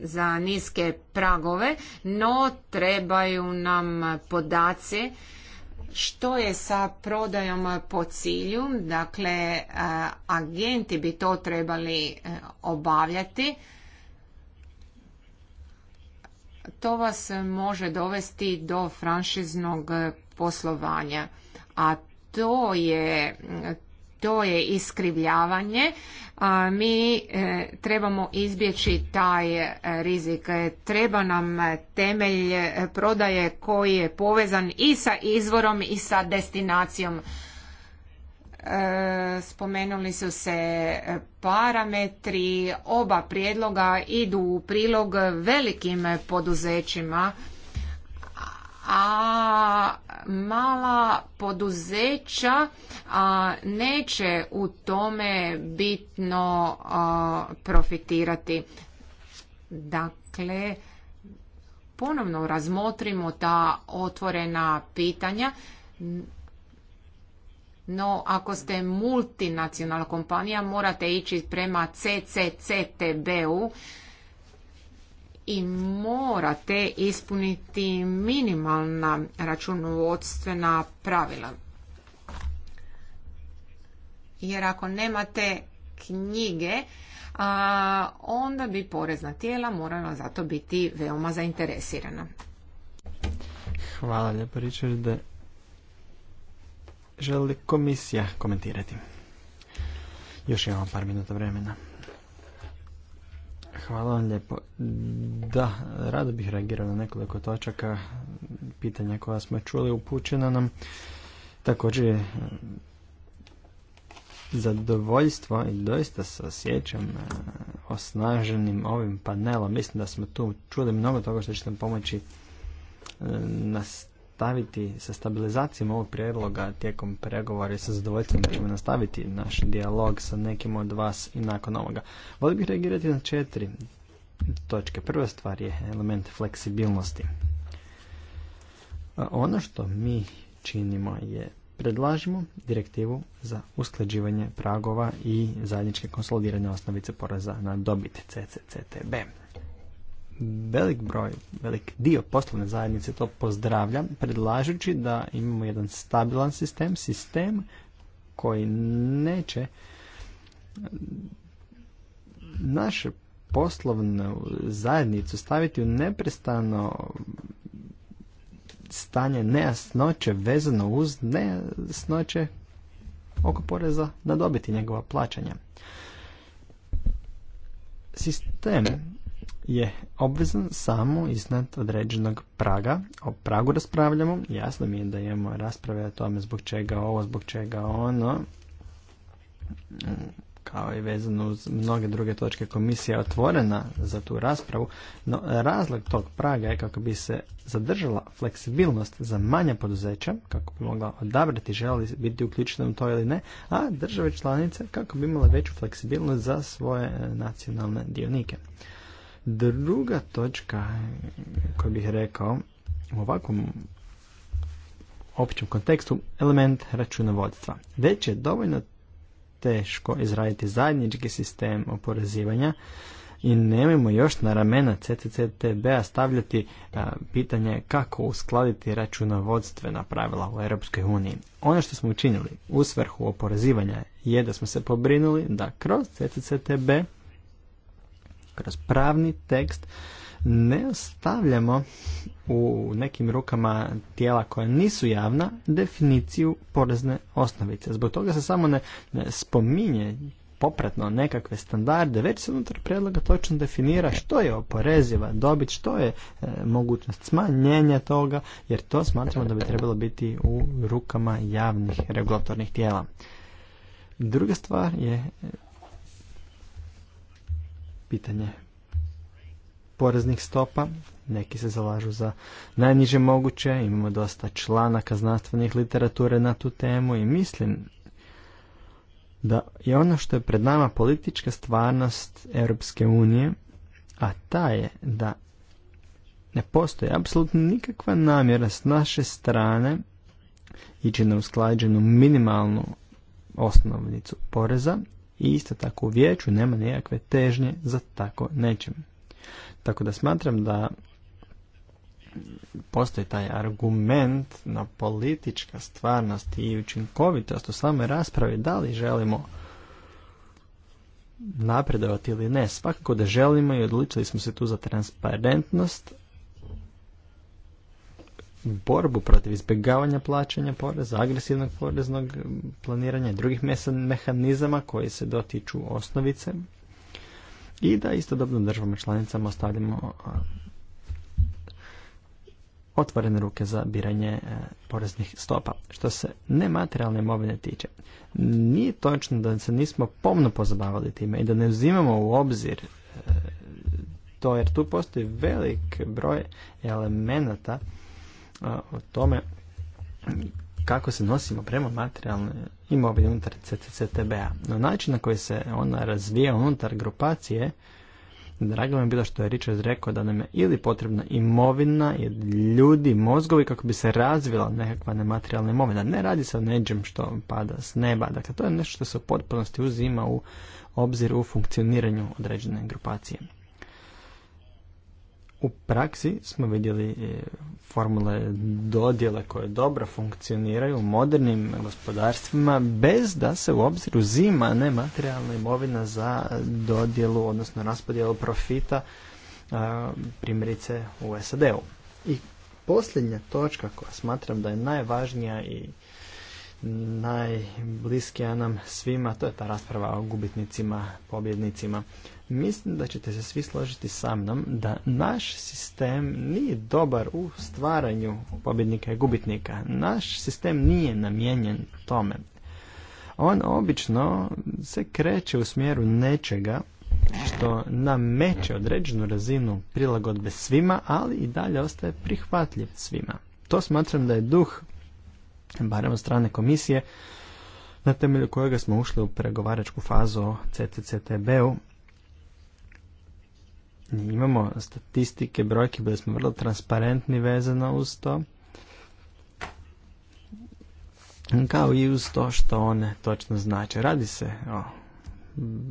za niske pragove, no trebaju nam podaci što je sa prodajom po cilju, dakle e, agenti bi to trebali e, obavljati. To vas može dovesti do franšiznog poslovanja, a to je to je iskrivljavanje. mi e, trebamo izbjeći taj e, rizik. Treba nam temelj e, prodaje koji je povezan i sa izvorom i sa destinacijom spomenuli su se parametri, oba prijedloga idu u prilog velikim poduzećima a mala poduzeća neće u tome bitno profitirati. Dakle, ponovno razmotrimo ta otvorena pitanja. No, ako ste multinacionalna kompanija, morate ići prema CCCTB-u i morate ispuniti minimalna računovodstvena pravila. Jer ako nemate knjige, a, onda bi porezna tijela morala zato biti veoma zainteresirana. Hvala lijepo, da Želi komisija komentirati? Još imamo par minuta vremena. Hvala vam lijepo. Da, rado bih reagirao na nekoliko točaka pitanja koja smo čuli upućena nam. Također zadovoljstvo i doista se osjećam e, osnaženim ovim panelom. Mislim da smo tu čuli mnogo toga što će nam pomoći e, nas nastaviti sa stabilizacijom ovog prijedloga tijekom pregovora i sa zadovoljstvom da ćemo nastaviti naš dijalog sa nekim od vas i nakon ovoga. Volio bih reagirati na četiri točke. Prva stvar je element fleksibilnosti. Ono što mi činimo je predlažimo direktivu za usklađivanje pragova i zajedničke konsolidirane osnovice poreza na dobit CCCTB velik broj, velik dio poslovne zajednice to pozdravlja, predlažući da imamo jedan stabilan sistem, sistem koji neće naše poslovnu zajednicu staviti u neprestano stanje nejasnoće vezano uz nejasnoće oko poreza na dobiti njegova plaćanja. Sistem je obvezan samo iznad određenog praga. O pragu raspravljamo, jasno mi je da imamo rasprave o tome zbog čega ovo, zbog čega ono, kao i vezano uz mnoge druge točke komisija otvorena za tu raspravu, no razlog tog praga je kako bi se zadržala fleksibilnost za manja poduzeća, kako bi mogla odabrati želi biti uključena u to ili ne, a države članice kako bi imala veću fleksibilnost za svoje nacionalne dionike. Druga točka koju bih rekao u ovakvom općem kontekstu element računovodstva. Već je dovoljno teško izraditi zajednički sistem oporezivanja i nemojmo još na ramena CCCTB-a stavljati pitanje kako uskladiti računovodstvena pravila u Europskoj uniji. Ono što smo učinili u svrhu oporezivanja je da smo se pobrinuli da kroz CCCTB kroz pravni tekst ne ostavljamo u nekim rukama tijela koja nisu javna definiciju porezne osnovice. Zbog toga se samo ne, spominje popratno nekakve standarde, već se unutar predloga točno definira što je oporeziva dobit, što je e, mogućnost smanjenja toga, jer to smatramo da bi trebalo biti u rukama javnih regulatornih tijela. Druga stvar je e, pitanje poreznih stopa. Neki se zalažu za najniže moguće. Imamo dosta članaka znanstvenih literature na tu temu i mislim da je ono što je pred nama politička stvarnost Europske unije, a ta je da ne postoji apsolutno nikakva namjera s naše strane ići na usklađenu minimalnu osnovnicu poreza i isto tako u vijeću nema nekakve težnje za tako nečim. Tako da smatram da postoji taj argument na politička stvarnost i učinkovitost u samoj raspravi da li želimo napredovati ili ne. Svakako da želimo i odlučili smo se tu za transparentnost, borbu protiv izbjegavanja plaćanja poreza, agresivnog poreznog planiranja i drugih mehanizama koji se dotiču osnovice i da istodobno državama članicama ostavimo otvorene ruke za biranje e, poreznih stopa. Što se nematerijalne imovine tiče, nije točno da se nismo pomno pozabavili time i da ne uzimamo u obzir e, to jer tu postoji velik broj elemenata o tome kako se nosimo prema materijalne imovine unutar CCCTB-a. No način na koji se ona razvija unutar grupacije, drago mi je bilo što je Richard rekao da nam je ili potrebna imovina, ljudi, mozgovi kako bi se razvila nekakva nematerijalna imovina. Ne radi se o neđem što pada s neba. Dakle, to je nešto što se u potpunosti uzima u obzir u funkcioniranju određene grupacije. U praksi smo vidjeli e, formule dodjele koje dobro funkcioniraju u modernim gospodarstvima bez da se u obzir uzima nematerijalna imovina za dodjelu, odnosno raspodjelu profita primjerice u SAD-u. I posljednja točka koja smatram da je najvažnija i najbliskija nam svima, to je ta rasprava o gubitnicima, pobjednicima. Mislim da ćete se svi složiti sa mnom da naš sistem nije dobar u stvaranju pobjednika i gubitnika. Naš sistem nije namijenjen tome. On obično se kreće u smjeru nečega što nameće određenu razinu prilagodbe svima, ali i dalje ostaje prihvatljiv svima. To smatram da je duh, barem od strane komisije, na temelju kojega smo ušli u pregovaračku fazu o CCCTB-u imamo statistike, brojke, bili smo vrlo transparentni vezano uz to. Kao i uz to što one točno znače. Radi se o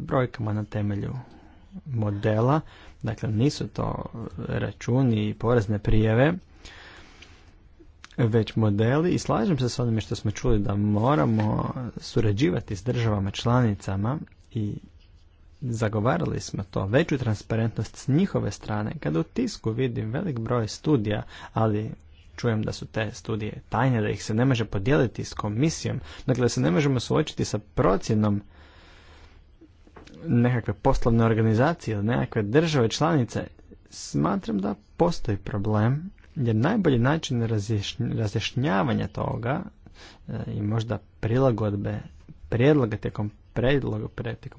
brojkama na temelju modela, dakle nisu to računi i porezne prijeve, već modeli i slažem se s onime što smo čuli da moramo surađivati s državama članicama i zagovarali smo to, veću transparentnost s njihove strane, kada u tisku vidim velik broj studija, ali čujem da su te studije tajne, da ih se ne može podijeliti s komisijom, dakle da se ne možemo suočiti sa procjenom nekakve poslovne organizacije ili nekakve države članice, smatram da postoji problem, jer najbolji način razjašnjavanja toga e, i možda prilagodbe prijedloga tijekom predloga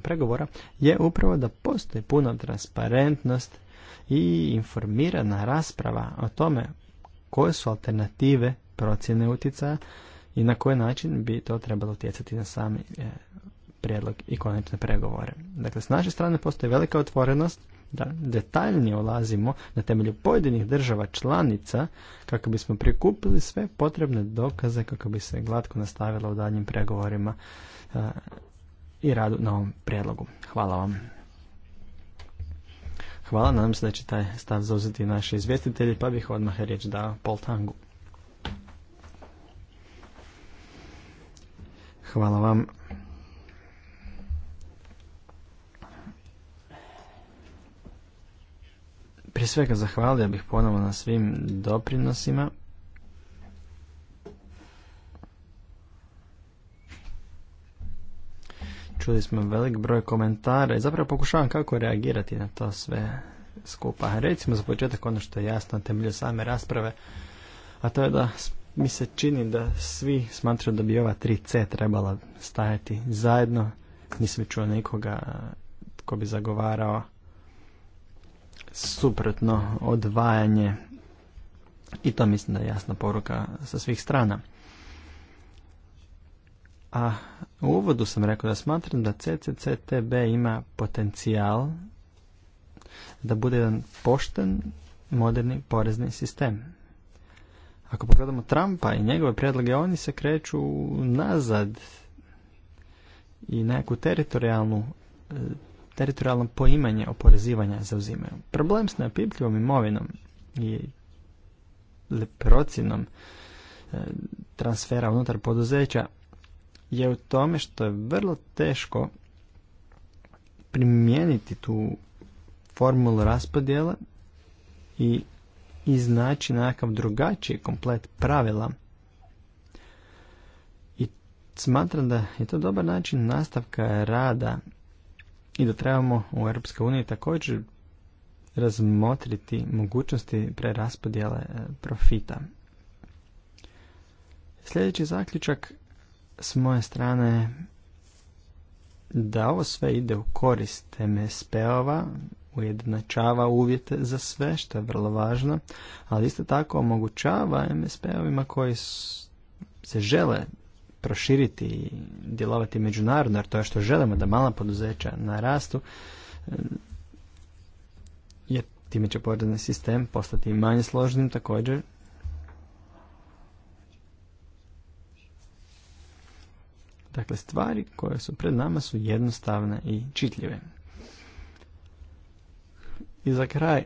pregovora je upravo da postoji puna transparentnost i informirana rasprava o tome koje su alternative procjene utjecaja i na koji način bi to trebalo utjecati na sami e, prijedlog i konačne pregovore. Dakle, s naše strane postoji velika otvorenost da detaljnije ulazimo na temelju pojedinih država članica kako bismo prikupili sve potrebne dokaze kako bi se glatko nastavilo u daljnjim pregovorima e, i radu na ovom prijedlogu. Hvala vam. Hvala, nadam se da će taj stav zauzeti naši izvjestitelji, pa bih odmah riječ dao Paul Hvala vam. Prije svega zahvalio bih ponovno na svim doprinosima. Čuli smo velik broj komentara i zapravo pokušavam kako reagirati na to sve skupa. Recimo za početak ono što je jasno na temelju same rasprave, a to je da mi se čini da svi smatraju da bi ova 3C trebala stajati zajedno. Nisam čuo nikoga tko bi zagovarao suprotno odvajanje i to mislim da je jasna poruka sa svih strana. A u uvodu sam rekao da smatram da CCCTB ima potencijal da bude jedan pošten, moderni porezni sistem. Ako pogledamo Trumpa i njegove prijedloge, oni se kreću nazad i neku teritorijalnu teritorijalno poimanje oporezivanja zauzimaju. Problem s neopipljivom imovinom i procjenom e, transfera unutar poduzeća je u tome što je vrlo teško primijeniti tu formulu raspodjela i iznaći nekakav drugačiji komplet pravila. I smatram da je to dobar način nastavka rada i da trebamo u Uniji također razmotriti mogućnosti preraspodjele eh, profita. Sljedeći zaključak s moje strane da ovo sve ide u korist MSP-ova, ujednačava uvjete za sve, što je vrlo važno, ali isto tako omogućava MSP-ovima koji se žele proširiti i djelovati međunarodno, jer to je što želimo da mala poduzeća narastu, eh, jer time će porezni sistem postati manje složnim također Dakle, stvari koje su pred nama su jednostavne i čitljive. I za kraj,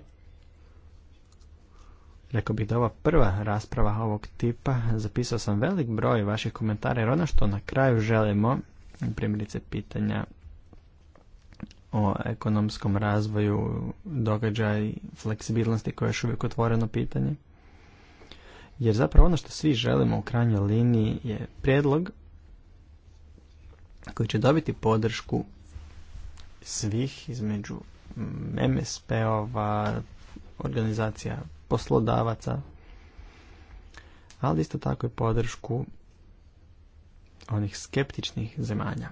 rekao bih da ova prva rasprava ovog tipa, zapisao sam velik broj vaših komentara, jer ono što na kraju želimo, primjerice pitanja o ekonomskom razvoju, događaj, fleksibilnosti koje je još uvijek otvoreno pitanje. Jer zapravo ono što svi želimo u krajnjoj liniji je prijedlog koji će dobiti podršku svih između MSP-ova, organizacija poslodavaca, ali isto tako i podršku onih skeptičnih zemalja,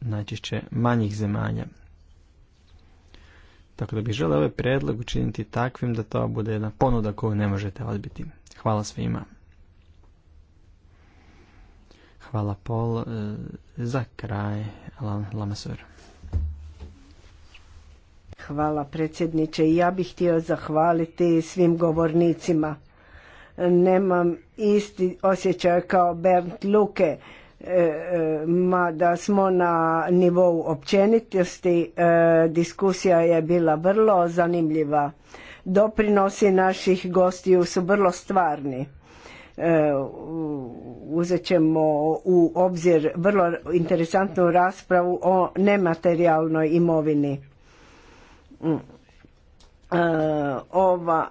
najčešće manjih zemalja. Tako da bih želeo ovaj predlog učiniti takvim da to bude jedna ponuda koju ne možete odbiti. Hvala svima. Hvala Paul. E, za kraj, Lamasur. Hvala predsjedniče. Ja bih htio zahvaliti svim govornicima. Nemam isti osjećaj kao Bernd Luke, e, e, mada smo na nivou općenitosti. Diskusija je bila vrlo zanimljiva. Doprinosi naših gostiju su vrlo stvarni E, uzet ćemo u obzir vrlo interesantnu raspravu o nematerijalnoj imovini. Mm. E, ova,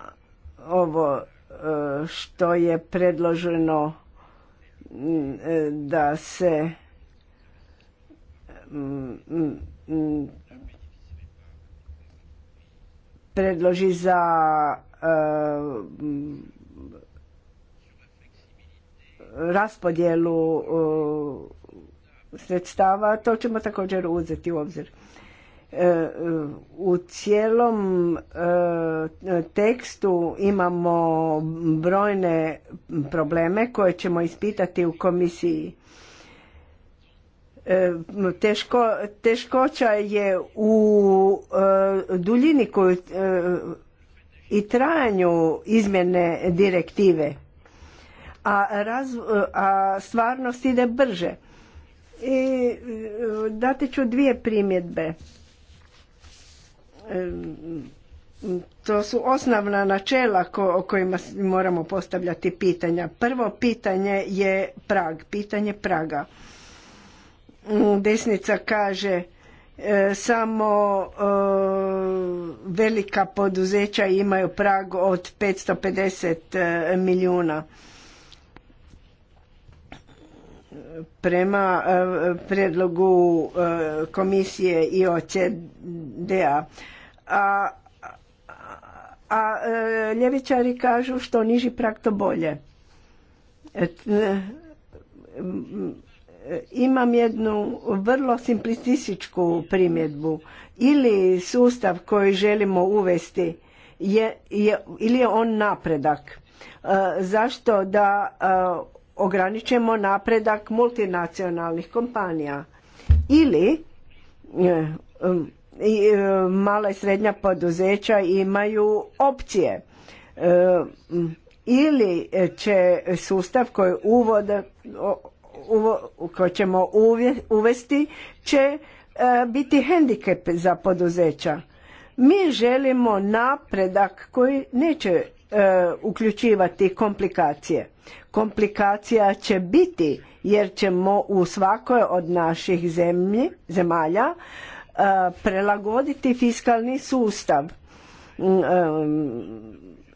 ovo e, što je predloženo mm, da se mm, predloži za raspodjelu sredstava, to ćemo također uzeti u obzir. E, u cijelom e, tekstu imamo brojne probleme koje ćemo ispitati u komisiji. E, teško, teškoća je u duljini koju, i trajanju izmjene direktive a, a stvarnost ide brže. I e, dati ću dvije primjedbe. E, to su osnovna načela o kojima moramo postavljati pitanja. Prvo pitanje je prag, pitanje praga. Mm, desnica kaže e, samo velika poduzeća imaju prag od 550 milijuna prema e, predlogu e, komisije i OCD-a. A, e, ljevičari kažu što niži prakto to bolje. Imam jednu vrlo simplističku primjedbu. Ili sustav koji želimo uvesti je, ili je on napredak. zašto da ograničimo napredak multinacionalnih kompanija ili e, um, e, mala i srednja poduzeća imaju opcije e, ili će sustav koji uvode koji ćemo uvesti će biti hendikep za poduzeća. Mi želimo napredak koji neće E, uključivati komplikacije. Komplikacija će biti jer ćemo u svakoj od naših zemlji, zemalja e, prelagoditi fiskalni sustav. Mm,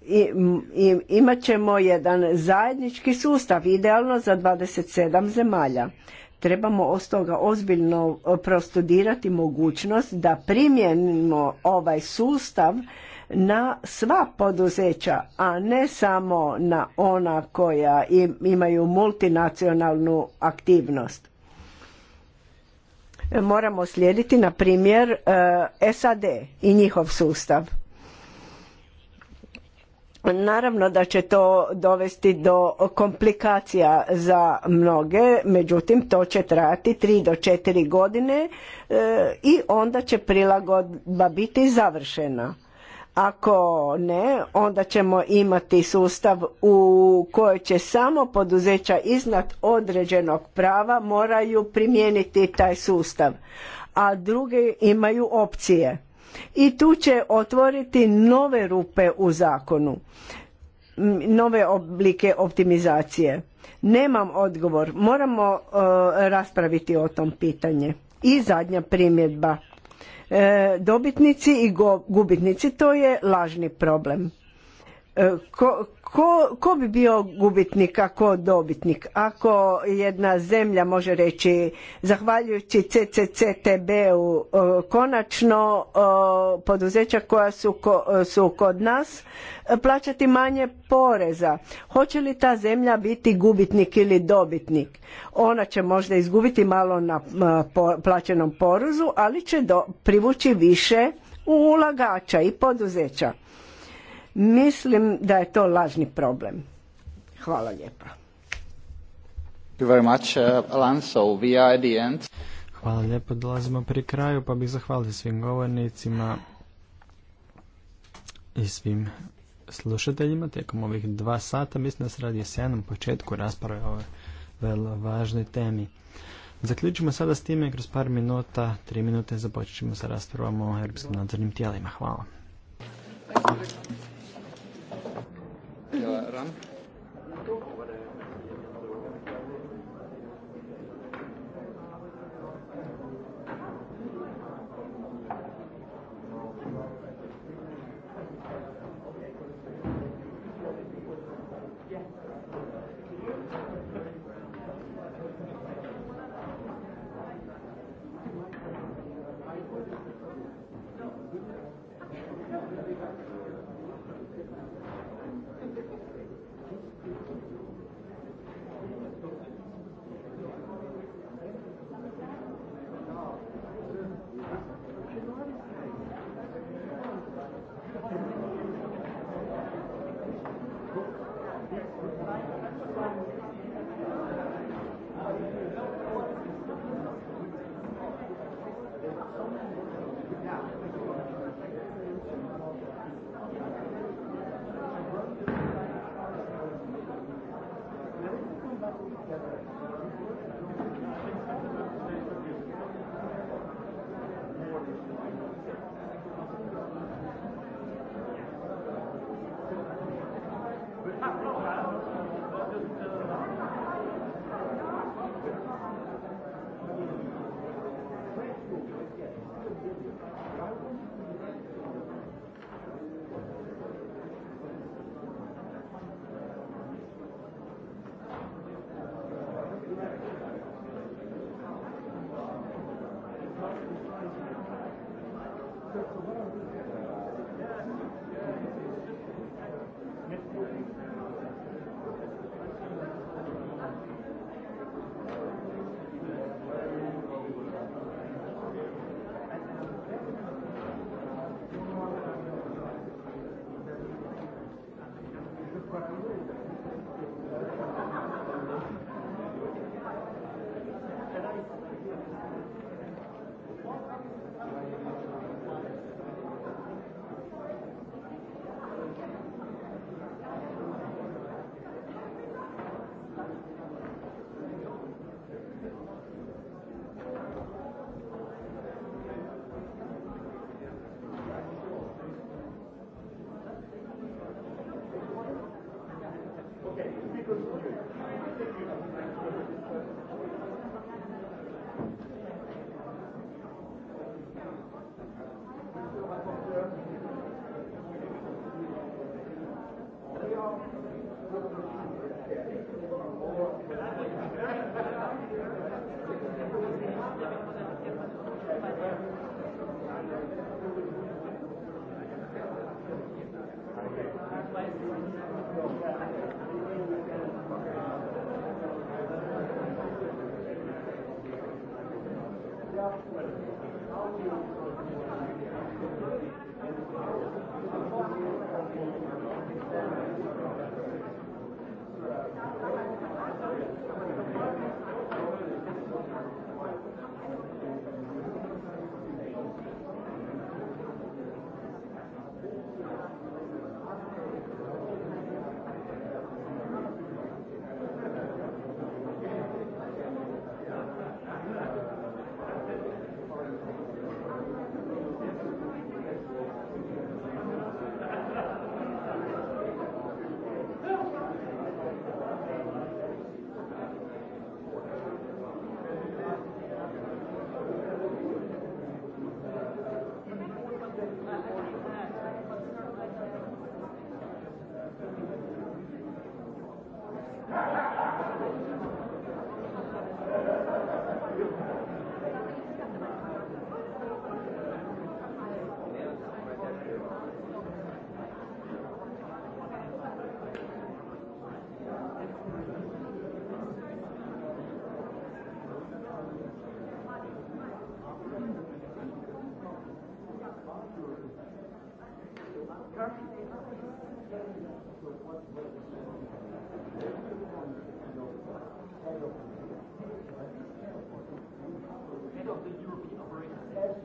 e, I, imat ćemo jedan zajednički sustav, idealno za 27 zemalja. Trebamo toga ozbiljno prostudirati mogućnost da primijenimo ovaj sustav na sva poduzeća, a ne samo na ona koja imaju multinacionalnu aktivnost. E, moramo slijediti, na primjer, e, SAD i njihov sustav. Naravno da će to dovesti do komplikacija za mnoge, međutim to će trajati 3 do 4 godine e, i onda će prilagodba biti završena ako ne, onda ćemo imati sustav u kojoj će samo poduzeća iznad određenog prava moraju primijeniti taj sustav, a druge imaju opcije. I tu će otvoriti nove rupe u zakonu, nove oblike optimizacije. Nemam odgovor, moramo e, raspraviti o tom pitanje. I zadnja primjedba E, dobitnici i gubitnici to je lažni problem e, Ko, Ko, ko bi bio gubitnik, a dobitnik? Ako jedna zemlja može reći, zahvaljujući CCCTB-u, e, konačno e, poduzeća koja su, su kod nas, e, plaćati manje poreza. Hoće li ta zemlja biti gubitnik ili dobitnik? Ona će možda izgubiti malo na plaćenom porezu, ali će do, privući više ulagača i poduzeća. Mislim da je to lažni problem. Hvala lijepa. Uh, Hvala lijepo, dolazimo pri kraju pa bih zahvalio svim govornicima i svim slušateljima tijekom ovih dva sata. Mislim da se radi o početku rasprave o ovoj vrlo važnoj temi. Zaključimo sada s time kroz par minuta, tri minute započet ćemo sa raspravom o europskim nadzornim tijelima. Hvala. Ran.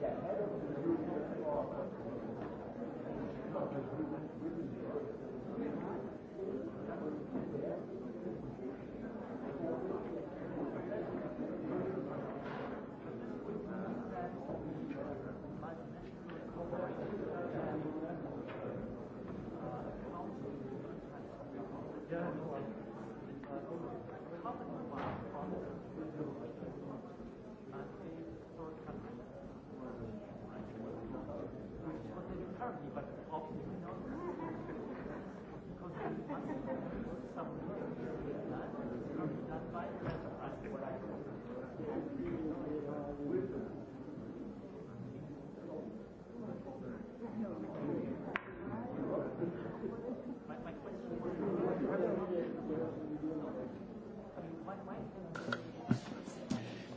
Hvala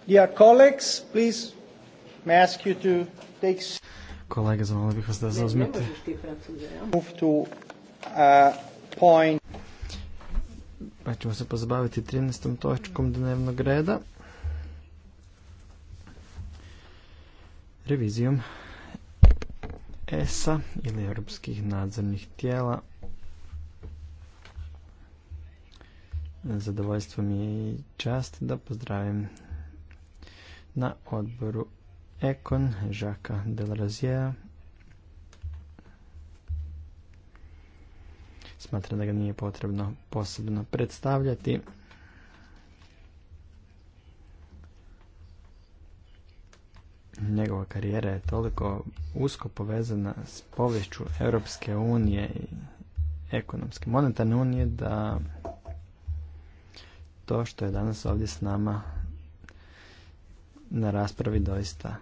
Dear colleagues, please, may I ask you to take... Kolege, zamolio bih vas da zauzmete. to uh, point. Pa ćemo se pozabaviti 13. točkom dnevnog reda. Revizijom ESA ili Europskih nadzornih tijela Zadovoljstvo mi je i čast da pozdravim na odboru Ekon Žaka Delarazija. Smatram da ga nije potrebno posebno predstavljati. Njegova karijera je toliko usko povezana s povješću Europske unije i ekonomske monetarne unije da to što je danas ovdje s nama na raspravi doista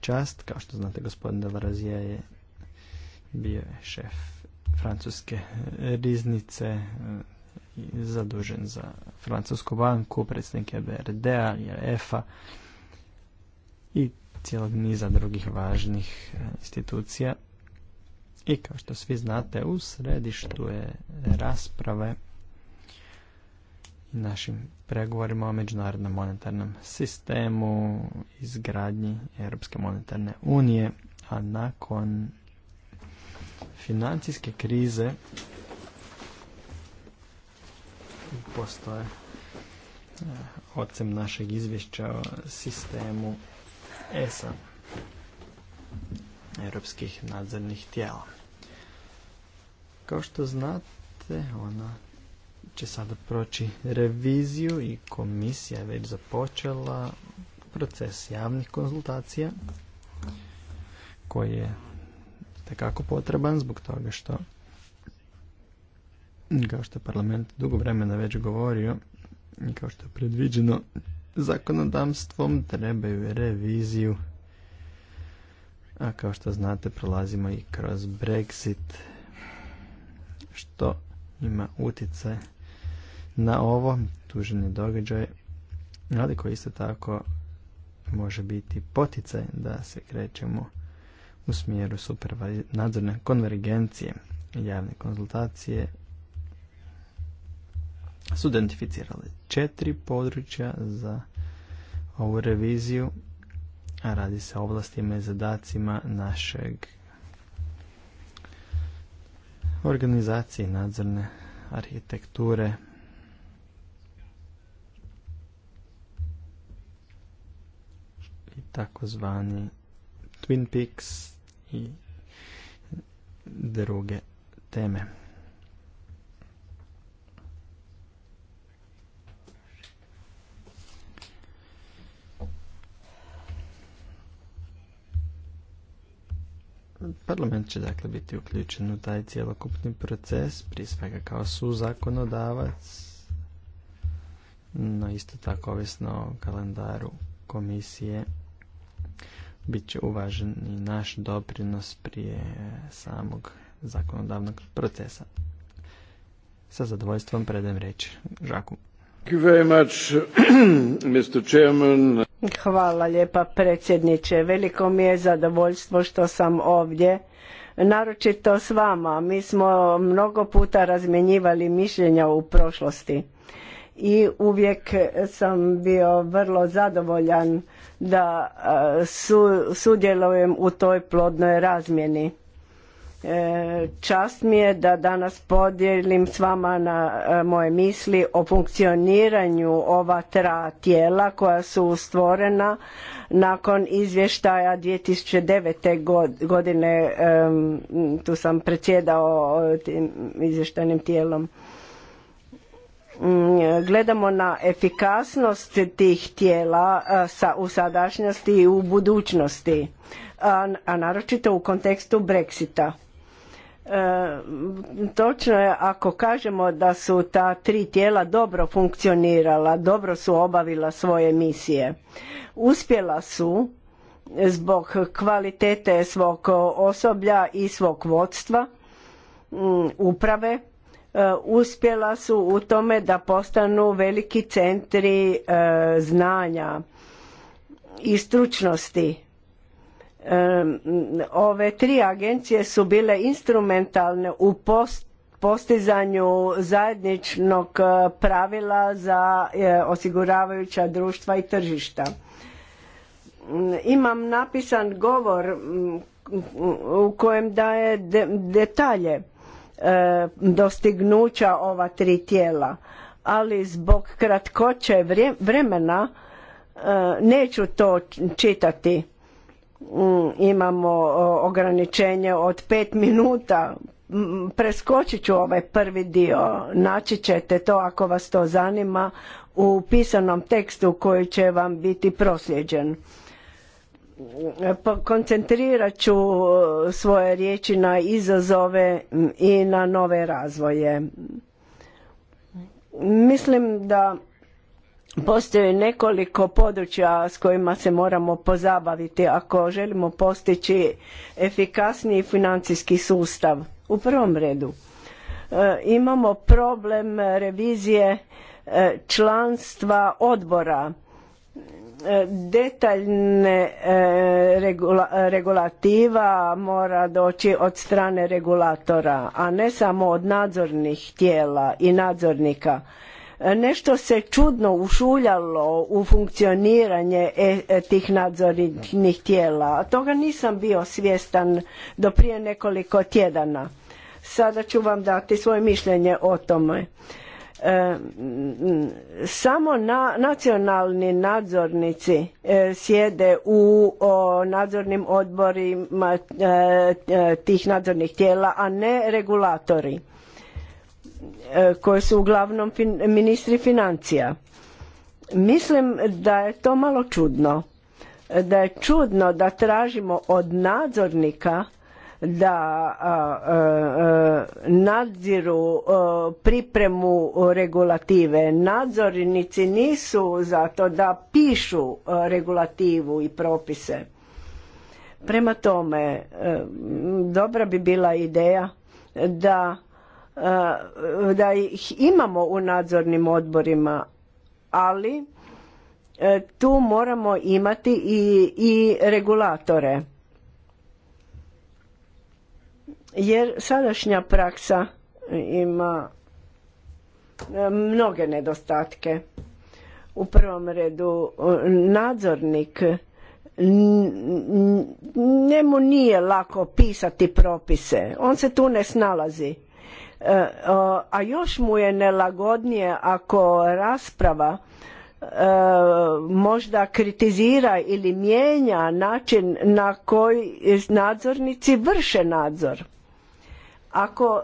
čast. Kao što znate, gospodin Delarazija je bio je šef francuske riznice e, zadužen za francusku banku, predsjednik brd e a je i cijelog niza drugih važnih e, institucija. I kao što svi znate, u središtu je rasprave našim pregovorima o međunarodnom monetarnom sistemu, izgradnji Europske monetarne unije, a nakon financijske krize postoje eh, ocem našeg izvješća o sistemu ESA, europskih nadzornih tijela. Kao što znate, ona će sada proći reviziju i komisija je već započela proces javnih konzultacija koji je tekako potreban zbog toga što kao što je parlament dugo vremena već govorio i kao što je predviđeno zakonodavstvom trebaju reviziju a kao što znate prolazimo i kroz Brexit što ima utjecaj na ovo tuženi događaj, ali koji isto tako može biti poticaj da se krećemo u smjeru nadzorne konvergencije javne konzultacije su identificirali četiri područja za ovu reviziju, a radi se o ovlastima i zadacima našeg organizaciji nadzorne arhitekture i takozvani Twin Peaks i druge teme. Parlament će dakle biti uključen u taj cjelokupni proces, prije svega kao suzakonodavac, no isto tako ovisno o kalendaru komisije bit će uvažen i naš doprinos prije samog zakonodavnog procesa. Sa zadovoljstvom predam reći Žaku. Thank you very much, Mr. Chairman. Hvala lijepa predsjedniče. Veliko mi je zadovoljstvo što sam ovdje. Naročito s vama. Mi smo mnogo puta razmjenjivali mišljenja u prošlosti i uvijek sam bio vrlo zadovoljan da sudjelujem u toj plodnoj razmjeni. E, čast mi je da danas podijelim s vama na e, moje misli o funkcioniranju ova tra tijela koja su stvorena nakon izvještaja 2009. godine. Tu sam predsjedao tim izvještajnim tijelom. Mm, gledamo na efikasnost tih tijela e, u sadašnjosti i u budućnosti, a naročito u kontekstu Brexita E, točno je ako kažemo da su ta tri tijela dobro funkcionirala, dobro su obavila svoje misije. Uspjela su zbog kvalitete svog osoblja i svog vodstva uprave e, uspjela su u tome da postanu veliki centri e, znanja i stručnosti Ove tri agencije su bile instrumentalne u postizanju zajedničnog e, pravila za e, osiguravajuća društva i tržišta. Mm, imam napisan govor mm, u kojem daje detalje e, dostignuća ova tri tijela, ali zbog kratkoće vremena neću to čitati Mm, imamo ograničenje od pet minuta. Mm, preskočit ću ovaj prvi dio, naći ćete to ako vas to zanima u pisanom tekstu koji će vam biti prosljeđen. Koncentrirat ću svoje riječi na izazove mm, i na nove razvoje. Mislim da Postoji nekoliko područja s kojima se moramo pozabaviti ako želimo postići efikasniji financijski sustav. U prvom redu e, imamo problem revizije e, članstva odbora e, detaljne regulativa mora doći od strane regulatora a ne samo od nadzornih tijela i nadzornika Nešto se čudno ušuljalo u funkcioniranje e, e, tih nadzornih tijela. Toga nisam bio svjestan do prije nekoliko tjedana. Sada ću vam dati svoje mišljenje o tome. E, samo na nacionalni nadzornici sjede u nadzornim odborima tih nadzornih tijela, a ne regulatori. E, koje su uglavnom ministri financija. Mislim da je to malo čudno. Da je čudno da tražimo od nadzornika da nadziru pripremu regulative. Nadzornici nisu zato da pišu regulativu i propise. Prema tome, e, dobra bi bila ideja da Eh, da ih imamo u nadzornim odborima, ali eh, tu moramo imati i, i regulatore. Jer sadašnja praksa ima eh, mnoge nedostatke. U prvom redu nadzornik njemu nije lako pisati propise. On se tu ne snalazi E, a još mu je nelagodnije ako rasprava e, možda kritizira ili mijenja način na koji nadzornici vrše nadzor. Ako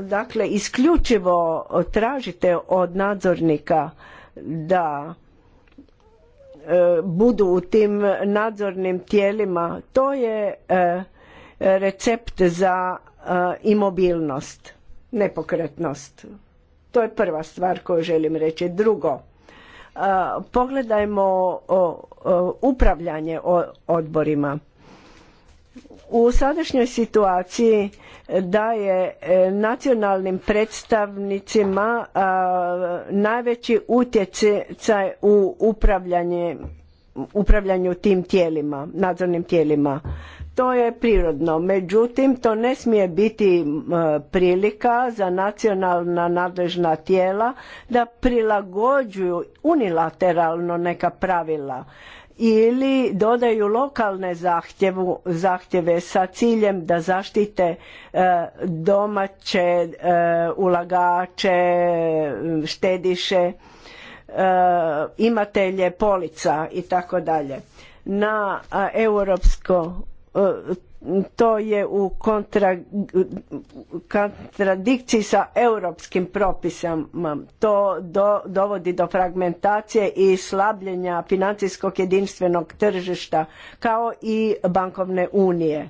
e, dakle isključivo tražite od nadzornika da budu u tim nadzornim tijelima, to je recept za imobilnost nepokretnost. To je prva stvar koju želim reći. Drugo, pogledajmo upravljanje odborima. U sadašnjoj situaciji da je e, nacionalnim predstavnicima najveći utjecaj u upravljanje, upravljanju tim tijelima, nadzornim tijelima to je prirodno međutim to ne smije biti e, prilika za nacionalna nadležna tijela da prilagođuju unilateralno neka pravila ili dodaju lokalne zahtjevu, zahtjeve sa ciljem da zaštite e, domaće e, ulagače štediše imatelje polica i tako dalje na europsko E, to je u kontra, kontradikciji sa europskim propisama. To dovodi do fragmentacije i slabljenja financijskog jedinstvenog tržišta kao i bankovne unije.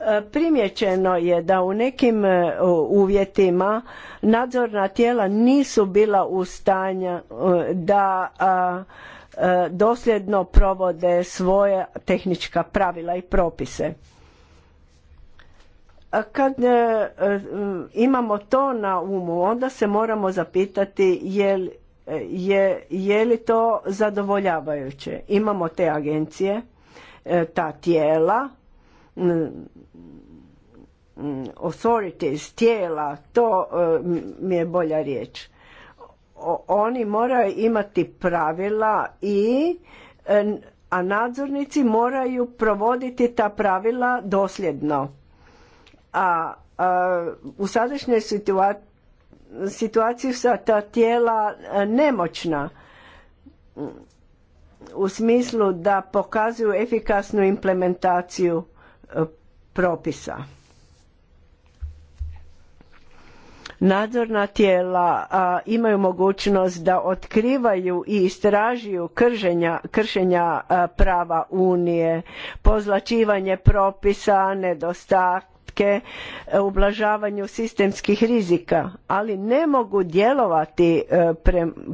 E, primjećeno je da u nekim e, uvjetima nadzorna tijela nisu bila u stanju da E, dosljedno provode svoja tehnička pravila i propise. Kad e, e, imamo to na umu, onda se moramo zapitati je, je, je li to zadovoljavajuće. Imamo te agencije, ta tijela, authorities, tijela, to mi je bolja riječ oni moraju imati pravila i e, a nadzornici moraju provoditi ta pravila dosljedno. A, u sadašnjoj situa situaciji su ta tijela e, nemoćna u smislu da pokazuju efikasnu implementaciju e, propisa. Nadzorna tijela imaju mogućnost da otkrivaju i istražuju kršenja, prava Unije, pozlačivanje propisa, nedostatke, e, ublažavanju sistemskih rizika, ali ne mogu djelovati e,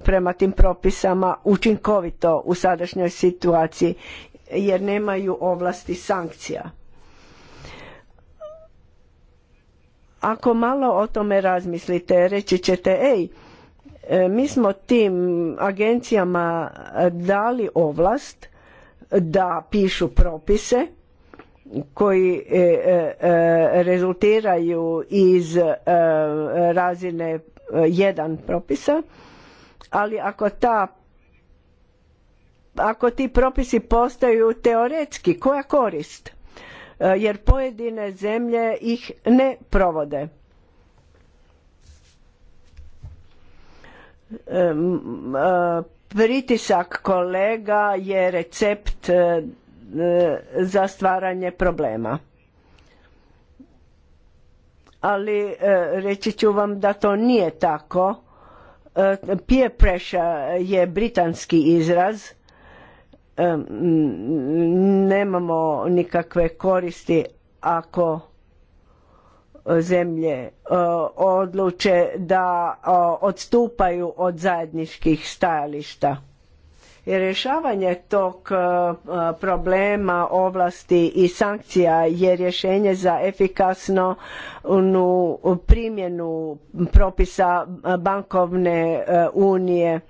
prema tim propisama učinkovito u sadašnjoj situaciji jer nemaju ovlasti sankcija. Ako malo o tome razmislite, reći ćete, ej, e, mi smo tim agencijama dali ovlast da pišu propise koji e, e, rezultiraju iz razine jedan propisa, ali ako ta ako ti propisi postaju teoretski, koja korist? E, jer pojedine zemlje ih ne provode. E, e, pritisak kolega je recept za stvaranje problema. Ali reći ću vam da to nije tako. Peer pressure je britanski izraz nemamo nikakve koristi ako zemlje e, odluče da e, odstupaju od zajedničkih stajališta. I rješavanje tog e, problema ovlasti i sankcija je rješenje za efikasnu primjenu propisa bankovne unije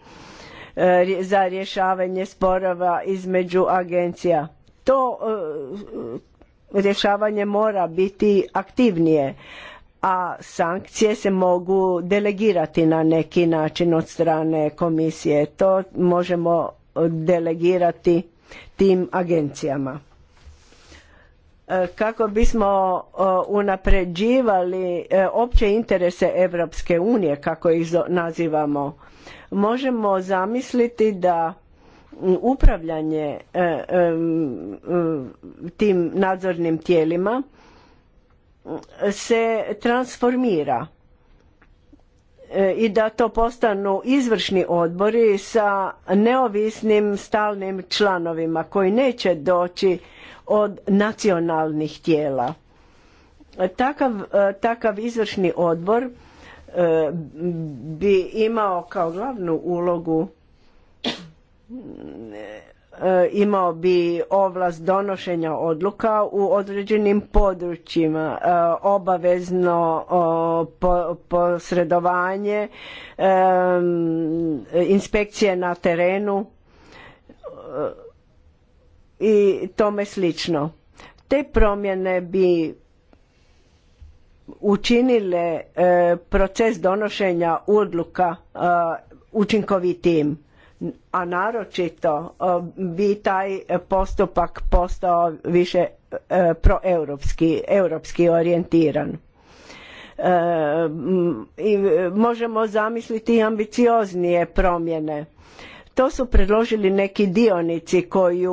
E, za rješavanje sporova između agencija. To e, rješavanje mora biti aktivnije, a sankcije se mogu delegirati na neki način od strane komisije. To možemo delegirati tim agencijama e, kako bismo unapređivali opće interese Europske unije kako ih nazivamo Možemo zamisliti da upravljanje e, e, e, tim nadzornim tijelima se transformira i da to postanu izvršni odbori sa neovisnim stalnim članovima koji neće doći od nacionalnih tijela. Takav, takav izvršni odbor E, bi imao kao glavnu ulogu e, imao bi ovlast donošenja odluka u određenim područjima e, obavezno posredovanje inspekcije na terenu i tome slično te promjene bi učinile e, proces donošenja odluka e, učinkovitim, a naročito e, bi taj postupak postao više proeuropski europski orijentiran možemo zamisliti ambicioznije promjene to su predložili neki dionici koji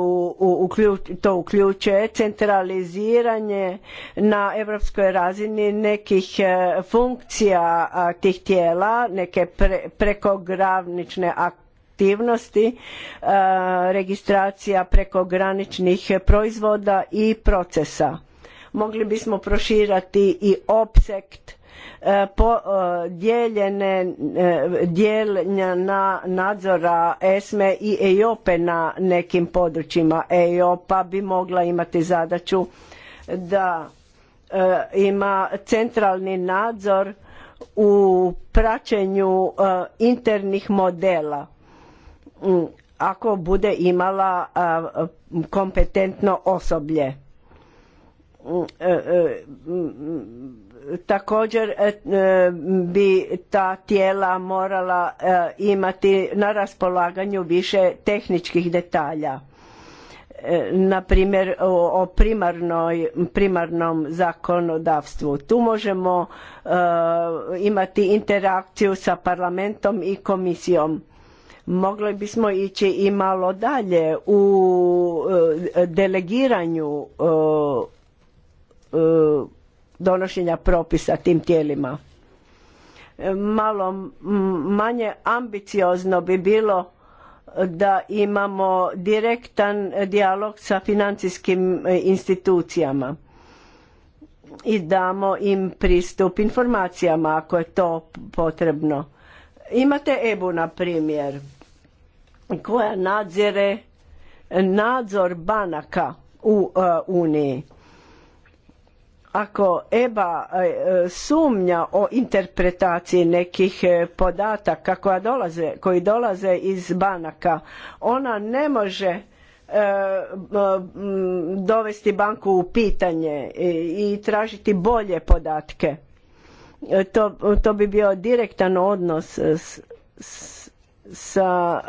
to uključuje centraliziranje na europskoj razini nekih e, funkcija tih tijela, neke pre, aktivnosti, e, registracija prekograničnih proizvoda i procesa. Mogli bismo proširati i opsekt E, po, e, dijeljene e, dijeljenja na nadzora ESME i EIOPE na nekim područjima. EIOPA bi mogla imati zadaću da ima centralni nadzor u praćenju internih modela mm, ako bude imala kompetentno osoblje mm, također e, e, bi ta tijela morala e, imati na raspolaganju više tehničkih detalja na primjer o primarnoj, primarnom zakonodavstvu. Tu možemo imati interakciju sa parlamentom i komisijom. Mogli bismo ići i malo dalje u delegiranju donošenja propisa tim tijelima. E, malo manje ambiciozno bi bilo da imamo direktan dijalog sa financijskim e, institucijama i damo im pristup informacijama ako je to potrebno. Imate EBU na primjer koja nadzire nadzor banaka u e, Uniji ako EBA e, sumnja o interpretaciji nekih e, podataka koja dolaze, koji dolaze iz banaka, ona ne može e, dovesti banku u pitanje i tražiti bolje podatke. To, bi bio direktan odnos s, sa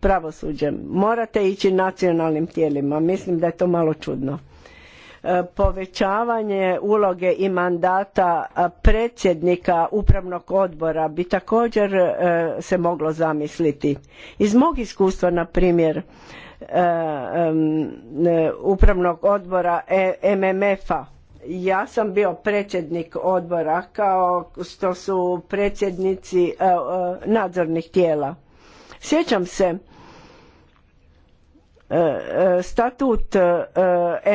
pravosuđem. Morate ići nacionalnim tijelima. Mislim da je to malo čudno. E, povećavanje uloge i mandata e, predsjednika upravnog odbora bi također e, se moglo zamisliti. Iz mog iskustva, na primjer, upravnog odbora MMF-a, ja sam bio predsjednik odbora kao što su predsjednici nadzornih tijela. Sjećam se E, e, statut e,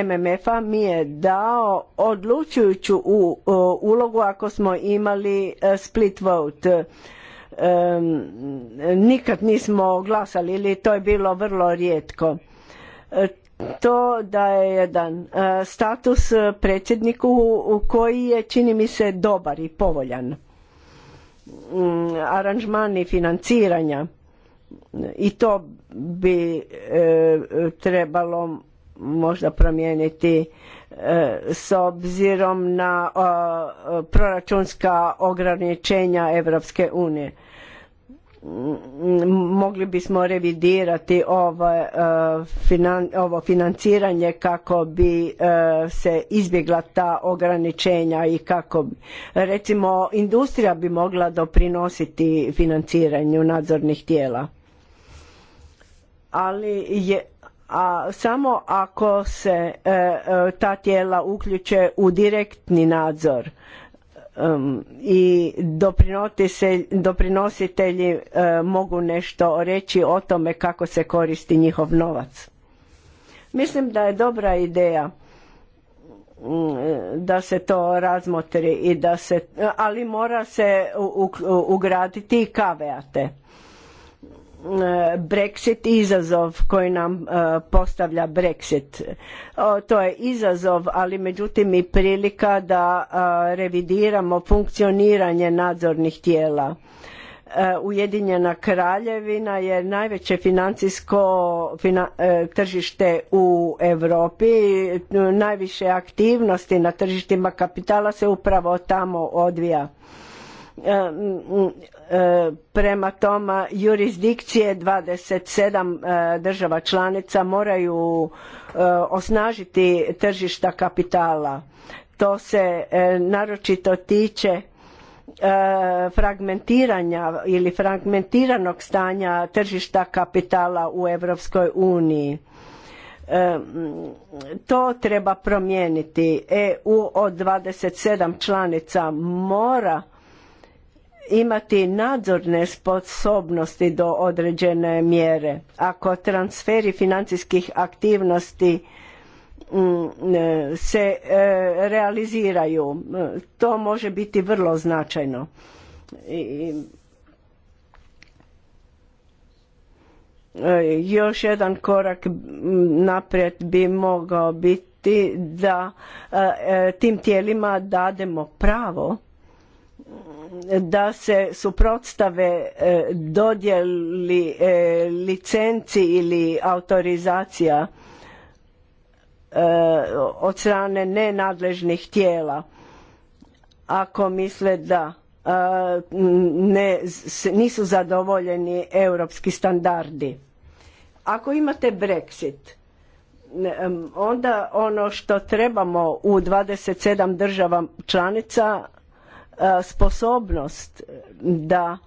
MMF-a mi je dao odlučujuću ulogu ako smo imali split vote. Nikad nismo glasali ili to je bilo vrlo rijetko. To da je jedan status predsjedniku koji je čini mi se dobar i povoljan. Mm, aranžmani financiranja i to bi e, trebalo možda promijeniti e, s obzirom na proračunska ograničenja Europske unije. Mogli bismo revidirati ovo e, financiranje kako bi se izbjegla ta ograničenja i kako recimo industrija bi mogla doprinositi financiranju nadzornih tijela ali je a samo ako se e, e, ta tijela uključe u direktni nadzor i doprinositelji e, mogu nešto reći o tome kako se koristi njihov novac mislim da je dobra ideja mm, da se to razmotri i da se ali mora se ugraditi i kaveate Brexit izazov koji nam e, postavlja Brexit. To je izazov, ali međutim i prilika da e, revidiramo funkcioniranje nadzornih tijela. E, Ujedinjena kraljevina je najveće financijsko tržište u Europi. Najviše aktivnosti na tržištima kapitala se upravo tamo odvija E, prema tome, jurisdikcije 27 e, država članica moraju e, osnažiti tržišta kapitala. To se naročito tiče fragmentiranja ili fragmentiranog stanja tržišta kapitala u Europskoj uniji. To treba promijeniti. EU od 27 članica mora imati nadzorne sposobnosti do određene mjere. Ako transferi financijskih aktivnosti mm, e, se e, realiziraju, to može biti vrlo značajno. E, još jedan korak naprijed bi mogao biti da tim tijelima dademo pravo da se suprotstave e, dodjeli e, licenci ili autorizacija e, od strane nenadležnih tijela ako misle da nisu zadovoljeni europski standardi. Ako imate Brexit, onda ono što trebamo u 27 država članica E, sposobnost e, da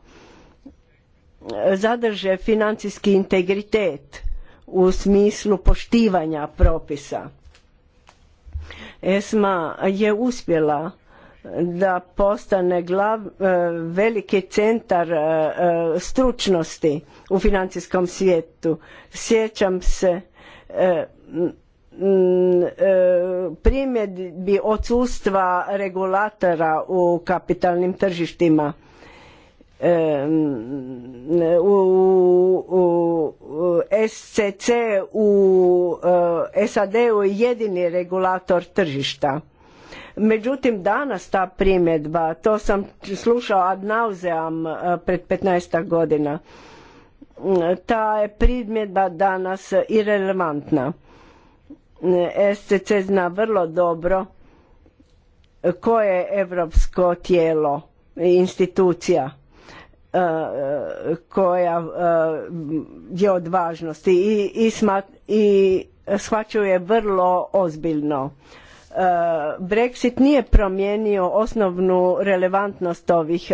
e, zadrže financijski integritet u smislu poštivanja propisa. ESMA je uspjela da postane glav, veliki centar stručnosti u financijskom svijetu. Sjećam se Mm, e, primjedbi odsustva regulatora u kapitalnim tržištima e, mm, u SCC u SAD-u e, je jedini regulator tržišta. Međutim, danas ta primjedba, to sam slušao ad nauseam pred 15 godina, mm, ta je primjedba danas irelevantna SCC zna vrlo dobro koje je europsko tijelo institucija e, koja e, je od važnosti i, i, shvaćuje vrlo ozbiljno. E, Brexit nije promijenio osnovnu relevantnost ovih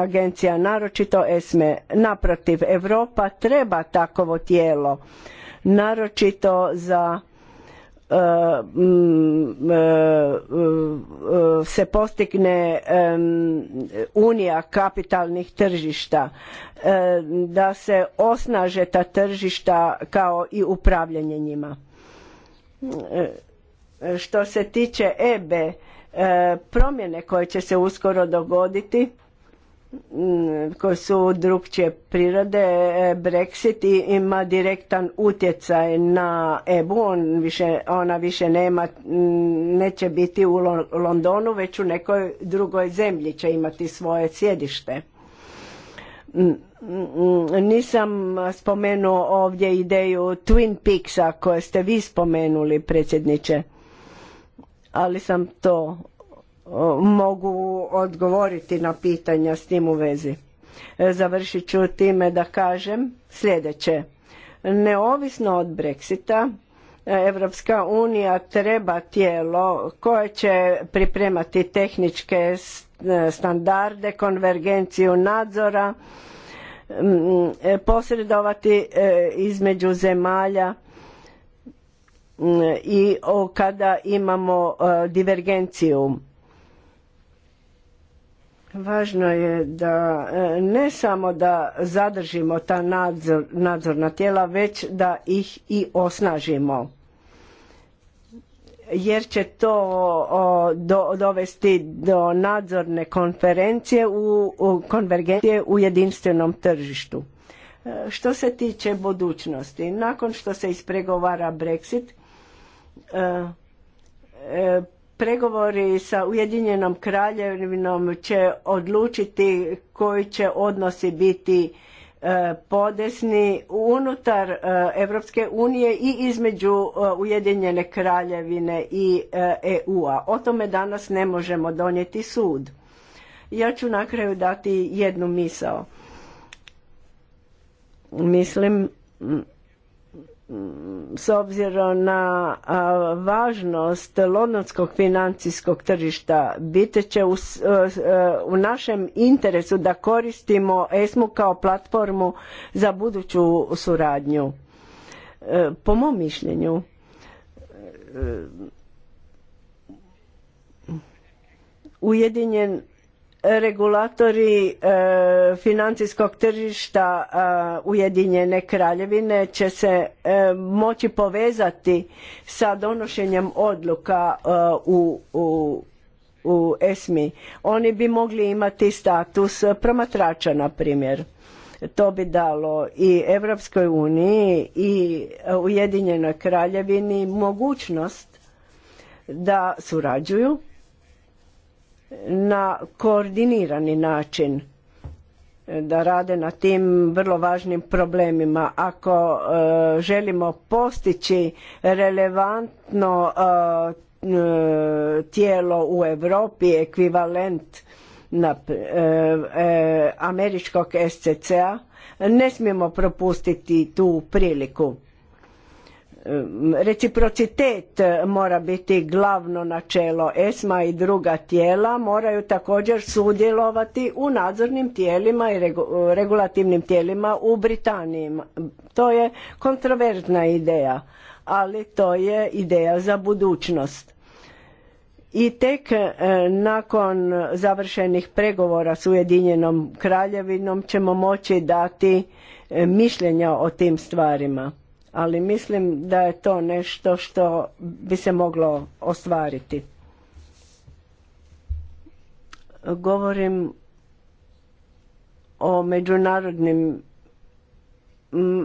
agencija, naročito ESME. Naprotiv, Europa treba takovo tijelo, naročito za E, e, e, se postigne unija kapitalnih tržišta da se osnaže ta tržišta kao i upravljanje njima što se tiče EBE promjene koje će se uskoro dogoditi Mm, koje su drugčije prirode. E, Brexit ima direktan utjecaj na EBU, više, ona više nema, mm, neće biti u Londonu, već u nekoj drugoj zemlji će imati svoje sjedište. Mm, nisam spomenuo ovdje ideju Twin Peaksa koje ste vi spomenuli predsjedniče, ali sam to mogu odgovoriti na pitanja s tim u vezi. E, završit ću time da kažem sljedeće. Neovisno od Brexita, e, Evropska unija treba tijelo koje će pripremati tehničke e, standarde, konvergenciju nadzora, posredovati između zemalja i kada imamo divergenciju Važno je da e, ne samo da zadržimo ta nadzor, nadzorna tijela, već da ih i osnažimo. Jer će to do, dovesti do nadzorne konferencije u, u konvergencije u jedinstvenom tržištu. E, što se tiče budućnosti, nakon što se ispregovara Brexit, e, Pregovori sa Ujedinjenom kraljevinom će odlučiti koji će odnosi biti e, podesni unutar Europske unije i između e, Ujedinjene kraljevine i EU-a. E o tome danas ne možemo donijeti sud. Ja ću na kraju dati jednu misao. Mislim s obzirom na važnost londonskog financijskog tržišta biti će e, e, u, našem interesu da koristimo esmu kao platformu za buduću suradnju e, po mom mišljenju ujedinjen regulatori e, financijskog tržišta e, Ujedinjene kraljevine će se e, moći povezati sa donošenjem odluka u, ESMI. Oni bi mogli imati status promatrača, na primjer. To bi dalo i Europskoj uniji i Ujedinjenoj kraljevini mogućnost da surađuju na koordinirani način e, da rade na tim vrlo važnim problemima. Ako e, želimo postići relevantno e, tijelo u Europi, ekvivalent na američkog scc ne smijemo propustiti tu priliku. Reciprocitet e, mora biti glavno načelo. ESMA i druga tijela moraju također sudjelovati u nadzornim tijelima i e, regulativnim tijelima u Britaniji. To je kontroverzna ideja, ali to je ideja za budućnost. I tek e, nakon završenih pregovora s Ujedinjenom kraljevinom ćemo moći dati mišljenja o tim stvarima ali mislim da je to nešto što bi se moglo ostvariti. Govorim o međunarodnim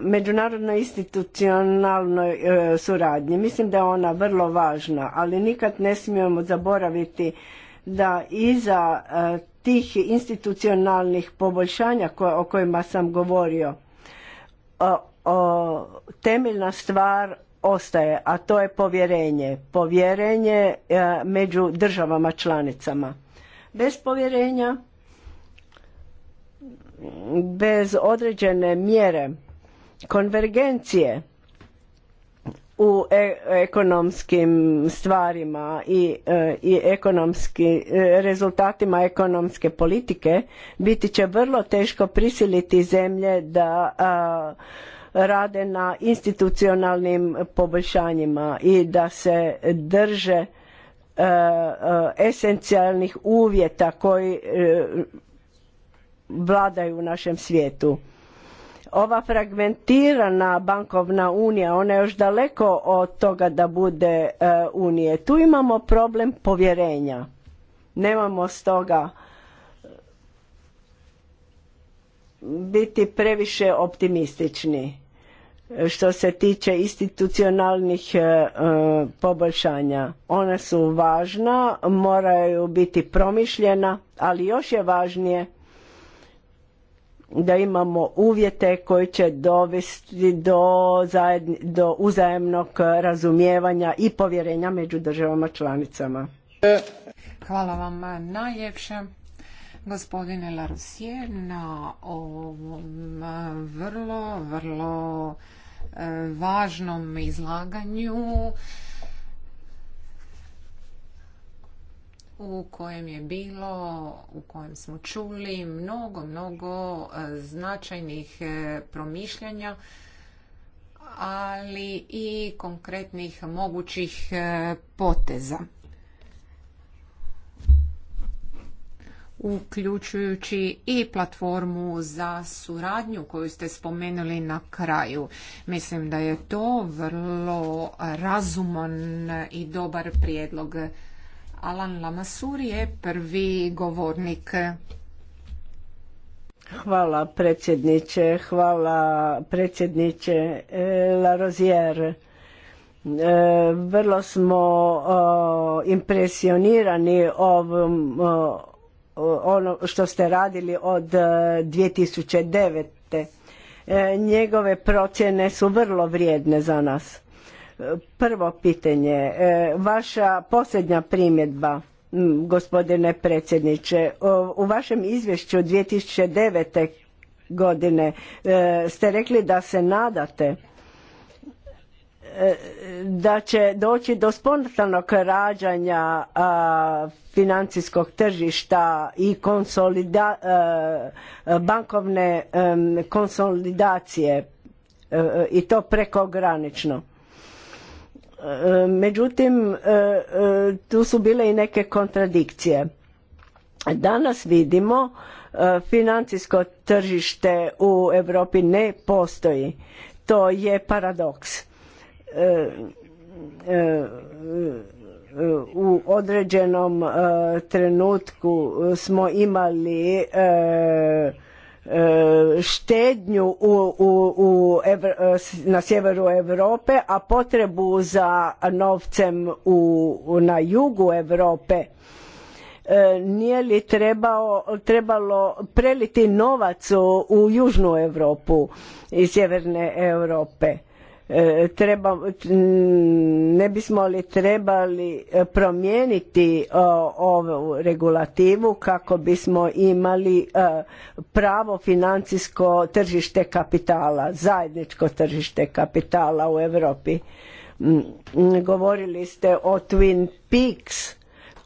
međunarodnoj institucionalnoj e, suradnji. Mislim da je ona vrlo važna, ali nikad ne smijemo zaboraviti da iza e, tih institucionalnih poboljšanja o kojima sam govorio, e, o, temeljna stvar ostaje, a to je povjerenje. Povjerenje e, među državama članicama. Bez povjerenja, bez određene mjere konvergencije u e, ekonomskim stvarima i, e, ekonomski, rezultatima ekonomske politike biti će vrlo teško prisiliti zemlje da rade na institucionalnim poboljšanjima i da se drže e, e, esencijalnih uvjeta koji e, vladaju u našem svijetu. Ova fragmentirana bankovna unija, ona je još daleko od toga da bude unije. Tu imamo problem povjerenja. Nemamo stoga biti previše optimistični što se tiče institucionalnih e, e, poboljšanja. Ona su važna, moraju biti promišljena, ali još je važnije da imamo uvjete koji će dovesti do, zajedni, do uzajemnog razumijevanja i povjerenja među državama članicama. Hvala vam najljepše, gospodine Larusije na ovom e, vrlo, vrlo važnom izlaganju u kojem je bilo, u kojem smo čuli mnogo, mnogo e, značajnih e, promišljanja, ali i konkretnih mogućih e, poteza. uključujući i platformu za suradnju koju ste spomenuli na kraju. Mislim da je to vrlo razuman i dobar prijedlog. Alan Lamasur je prvi govornik. Hvala predsjedniče, hvala predsjedniče eh, Larozier. Eh, vrlo smo eh, impresionirani ovom ono što ste radili od 2009. E, e, njegove procjene su vrlo vrijedne za nas. E, prvo pitanje, vaša posljednja primjedba, gospodine predsjedniče, u vašem izvješću 2009. godine ste rekli da se nadate da će doći do spontanog rađanja financijskog tržišta i bankovne konsolidacije e, i to prekogranično. E, međutim, e, tu su bile i neke kontradikcije. Danas vidimo financijsko tržište u Europi ne postoji. To je paradoks u određenom e, trenutku smo imali e, e, štednju na sjeveru Europe, a potrebu za novcem na jugu Europe nije li trebalo preliti novac u južnu Europu i sjeverne Europe E, treba, ne bismo li trebali promijeniti ovu regulativu kako bismo imali e, pravo financijsko tržište kapitala, zajedničko tržište kapitala u Europi. Govorili ste o Twin Peaks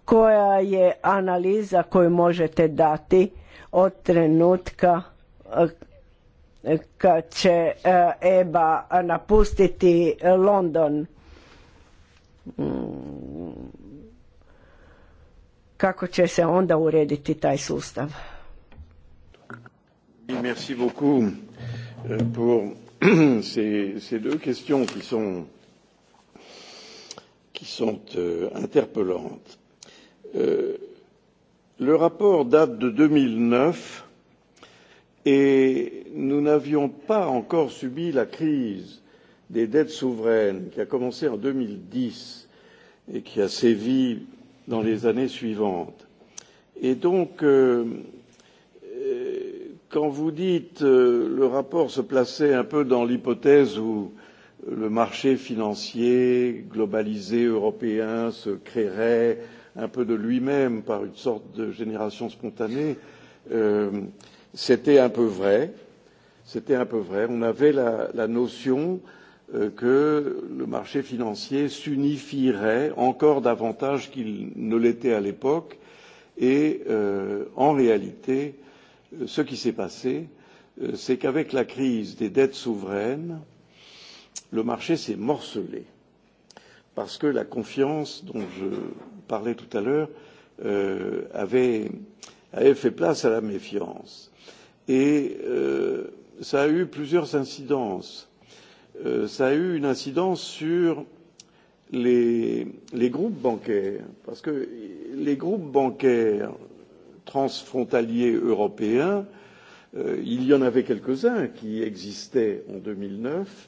koja je analiza koju možete dati od trenutka e, kad će e, EBA napustiti London mm. kako će se onda urediti taj sustav. Merci beaucoup euh, pour ces, ces deux questions qui sont, qui sont euh, interpellantes. Euh, le rapport date de 2009 et nous n'avions pas encore subi la crise des dettes souveraines qui a commencé en 2010 et qui a sévi dans les années suivantes. Et donc, euh, euh, quand vous dites euh, le rapport se plaçait un peu dans l'hypothèse où le marché financier globalisé européen se créerait un peu de lui-même par une sorte de génération spontanée, C'était un peu vrai. C'était un peu vrai. On avait la, la notion euh, que le marché financier s'unifierait encore davantage qu'il ne l'était à l'époque. Et euh, en réalité, euh, ce qui s'est passé, euh, c'est qu'avec la crise des dettes souveraines, le marché s'est morcelé parce que la confiance dont je parlais tout à l'heure euh, avait avait fait place à la méfiance. Et euh, ça a eu plusieurs incidences. Euh, ça a eu une incidence sur les, les groupes bancaires, parce que les groupes bancaires transfrontaliers européens, euh, il y en avait quelques-uns qui existaient en 2009,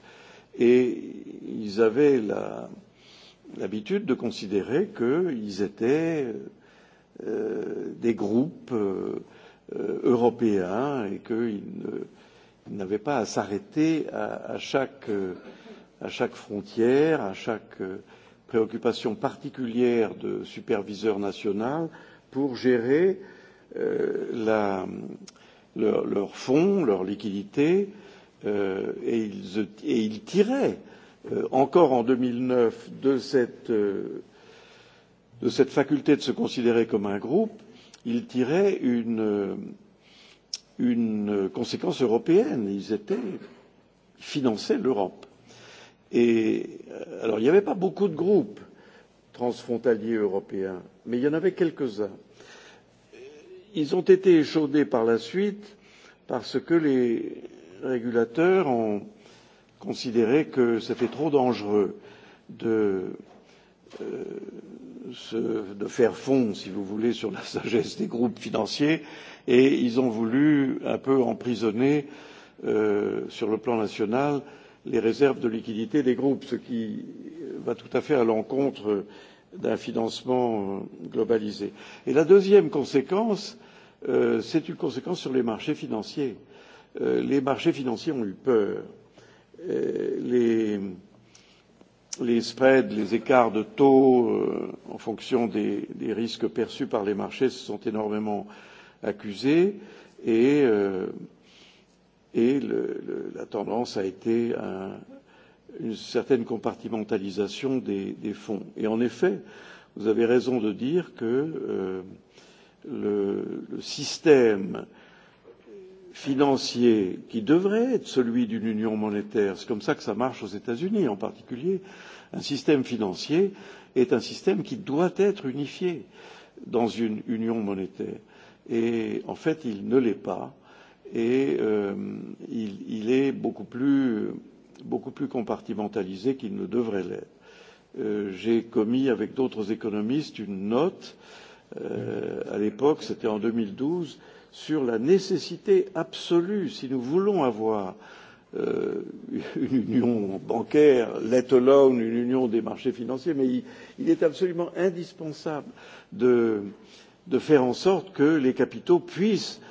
et ils avaient l'habitude de considérer qu'ils étaient Euh, des groupes euh, euh, européens et qu'ils n'avaient pas à s'arrêter à, à, chaque, à chaque frontière, à chaque préoccupation particulière de superviseur national pour gérer euh, la, leur, leur fonds, leur liquidité, euh, et, ils, et ils tiraient euh, encore en 2009 de cette euh, de cette faculté de se considérer comme un groupe, ils tiraient une, une conséquence européenne. Ils étaient ils finançaient l'Europe. Et euh, alors il n'y avait pas beaucoup de groupes transfrontaliers européens, mais il y en avait quelques-uns. Ils ont été échaudés par la suite parce que les régulateurs ont considéré que c'était trop dangereux de euh, de faire fond, si vous voulez, sur la sagesse des groupes financiers et ils ont voulu un peu emprisonner euh, sur le plan national les réserves de liquidité des groupes, ce qui euh, va tout à fait à l'encontre d'un financement euh, globalisé. Et la deuxième conséquence, euh, c'est une conséquence sur les marchés financiers. Euh, les marchés financiers ont eu peur. Euh, les les spreads, les écarts de taux euh, en fonction des, des risques perçus par les marchés se sont énormément accusés et, euh, et le, le, la tendance a été une certaine compartimentalisation des, des fonds. Et en effet, vous avez raison de dire que euh, le, le système financier qui devrait être celui d'une union monétaire c'est comme ça que ça marche aux États-Unis en particulier un système financier est un système qui doit être unifié dans une union monétaire et en fait il ne l'est pas et euh, il il est beaucoup plus beaucoup plus compartimentalisé qu'il ne devrait l'être euh, j'ai commis avec d'autres économistes une note euh, à l'époque c'était en 2012 sur la nécessité absolue, si nous voulons avoir euh, une union bancaire, let alone une union des marchés financiers, mais il, il est absolument indispensable de, de faire en sorte que les capitaux puissent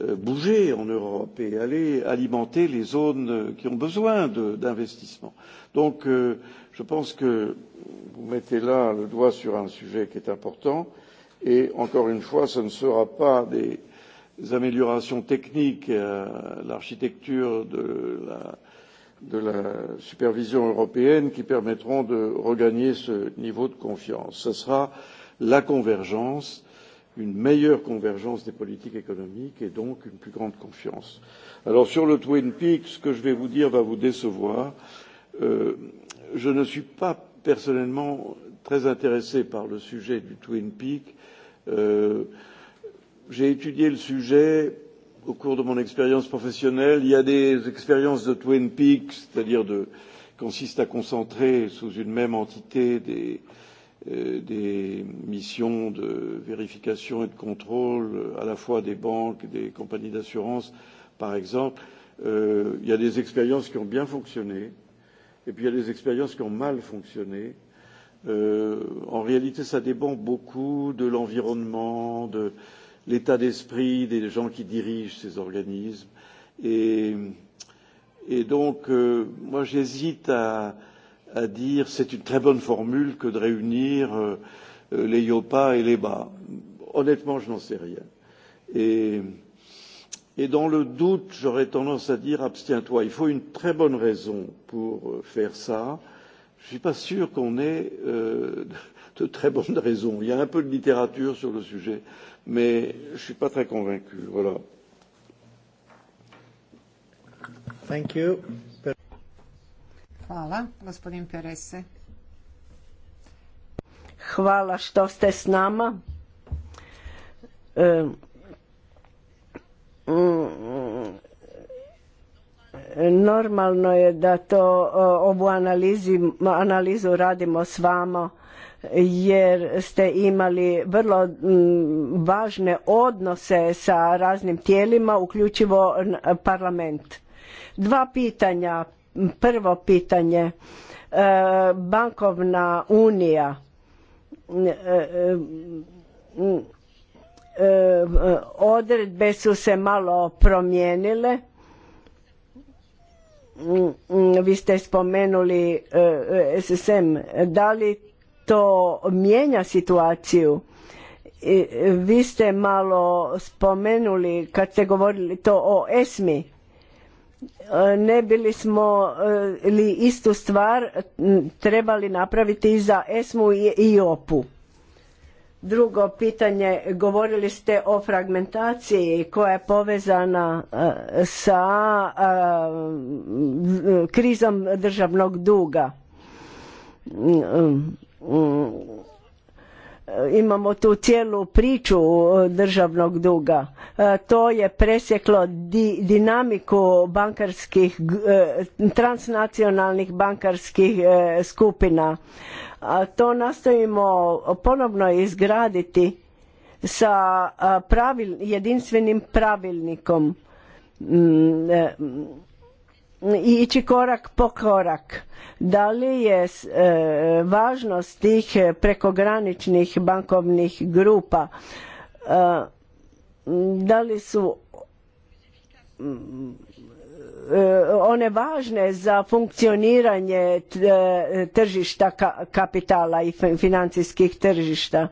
euh, bouger en Europe et aller alimenter les zones qui ont besoin d'investissement. Donc euh, je pense que vous mettez là le doigt sur un sujet qui est important et encore une fois, ce ne sera pas des améliorations techniques à euh, l'architecture de la, de la supervision européenne qui permettront de regagner ce niveau de confiance. Ce sera la convergence, une meilleure convergence des politiques économiques et donc une plus grande confiance. Alors sur le Twin Peaks, ce que je vais vous dire va vous décevoir. Euh, je ne suis pas personnellement très intéressé par le sujet du Twin Peaks. Euh, j'ai étudié le sujet au cours de mon expérience professionnelle. Il y a des expériences de Twin Peaks, c'est-à-dire de consiste à concentrer sous une même entité des, euh, des missions de vérification et de contrôle à la fois des banques et des compagnies d'assurance, par exemple. Euh, il y a des expériences qui ont bien fonctionné et puis il y a des expériences qui ont mal fonctionné. Euh, en réalité, ça dépend beaucoup de l'environnement, de, euh, l'état d'esprit des gens qui dirigent ces organismes. Et, et donc, euh, moi, j'hésite à, à dire c'est une très bonne formule que de réunir euh, euh, les YOPA et les BA. Honnêtement, je n'en sais rien. Et, et dans le doute, j'aurais tendance à dire abstiens-toi. Il faut une très bonne raison pour euh, faire ça. Je ne suis pas sûr qu'on ait euh, de très bonnes raisons. Il y a un peu de littérature sur le sujet mais je ne suis pas très convaincu. Voilà. Thank you. Hvala, gospodin Perese. Hvala što ste s nama. Mm, normalno je da to ovu analizi, analizu radimo s vama jer ste imali vrlo mm, važne odnose sa raznim tijelima, uključivo parlament. Dva pitanja. Prvo pitanje, e, bankovna unija e, e, odredbe su se malo promijenile mm, mm, vi ste spomenuli SSM da li to mijenja situaciju. vi ste malo spomenuli kad ste govorili to o ESMI. E, ne bili smo e, li istu stvar trebali napraviti i za ESMU i opu. Drugo pitanje, govorili ste o fragmentaciji koja je povezana e, sa krizom državnog duga Mm, imamo tu cijelu priču uh, državnog duga. Uh, to je presjeklo dinamiku bankarskih, uh, transnacionalnih bankarskih skupina. to nastojimo ponovno izgraditi sa jedinstvenim pravilnikom. Mm, i ići korak po korak. Da li je e, važnost tih prekograničnih bankovnih grupa, e, da li su e, one važne za funkcioniranje tržišta kapitala i financijskih tržišta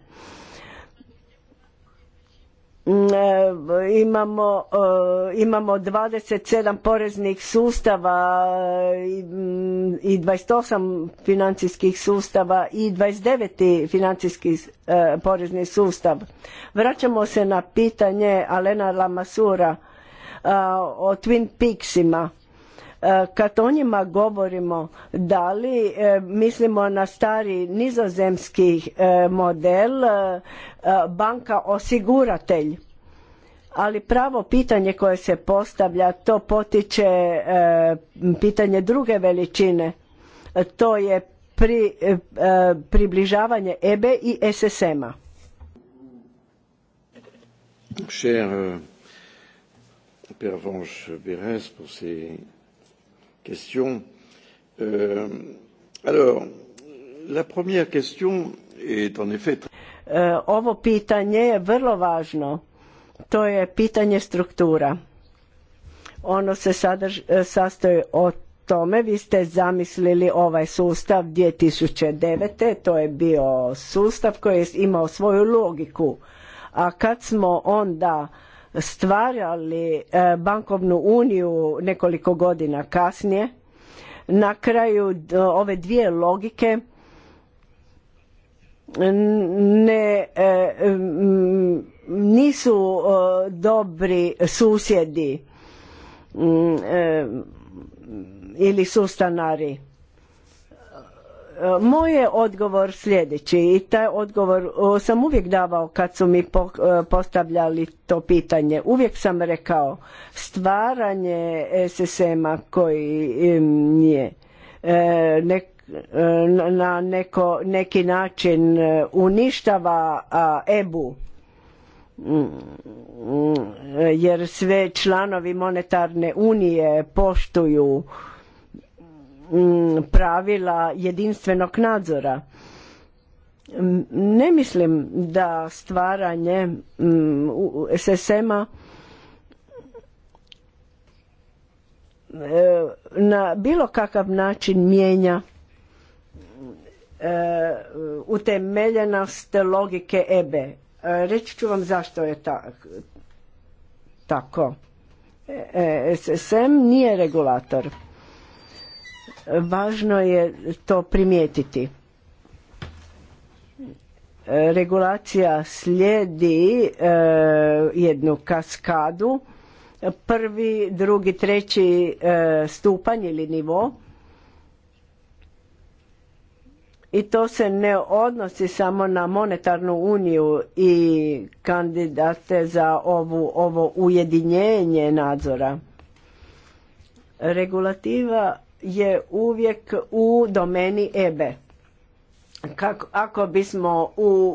Mm, e, imamo, e, imamo 27 poreznih sustava i 28 mm, financijskih sustava i 29. financijski e, porezni sustav. Vraćamo se na pitanje Alena Lamasura o Twin Peaksima E, kad o njima govorimo, da li e, mislimo na stari nizozemski e, model banka osiguratelj, ali pravo pitanje koje se postavlja to potiče pitanje druge veličine. To je približavanje EBE i SSM-a. Cher euh, question. Euh, alors, la première question est en effet... Euh, ovo pitanje je vrlo važno. To je pitanje struktura. Ono se e, sastoji o tome vi ste zamislili ovaj sustav 2009. To je bio sustav koji je imao svoju logiku. A kad smo onda stvarali e, bankovnu uniju nekoliko godina kasnije na kraju e, ove dvije logike ne e, nisu dobri susjedi ili sustanari moj je odgovor sljedeći i taj odgovor sam uvijek davao kad su mi e, postavljali to pitanje. Uvijek sam rekao stvaranje SSM-a koji nije e, e, na neko, neki način uništava EBU mm, mm, jer sve članovi monetarne unije poštuju pravila jedinstvenog nadzora ne mislim da stvaranje SSM-a e, na bilo kakav način mijenja e, utemeljenost logike EBE. E, reći ću vam zašto je tako. SSM nije regulator Važno je to primijetiti. E, regulacija slijedi e, jednu kaskadu, prvi, drugi, treći e, stupanj ili nivo. i to se ne odnosi samo na monetarnu uniju i kandidate za ovu, ovo ujedinjenje nadzora. Regulativa je uvijek u domeni EBE. Kako, ako bismo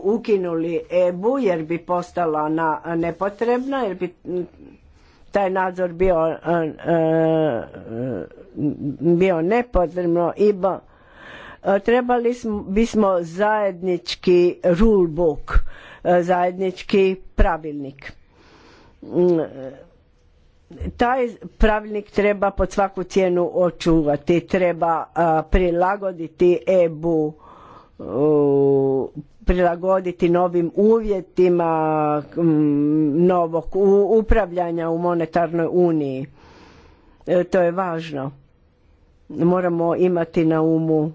ukinuli EBU jer bi postala na, nepotrebna, jer bi taj nadzor bio, e, e, bio nepotrebno i e, trebali bismo zajednički rulebook, zajednički pravilnik mm, taj pravilnik treba pod svaku cijenu očuvati, treba prilagoditi EBU, prilagoditi novim uvjetima novog upravljanja u monetarnoj uniji. E, to je važno. Moramo imati na umu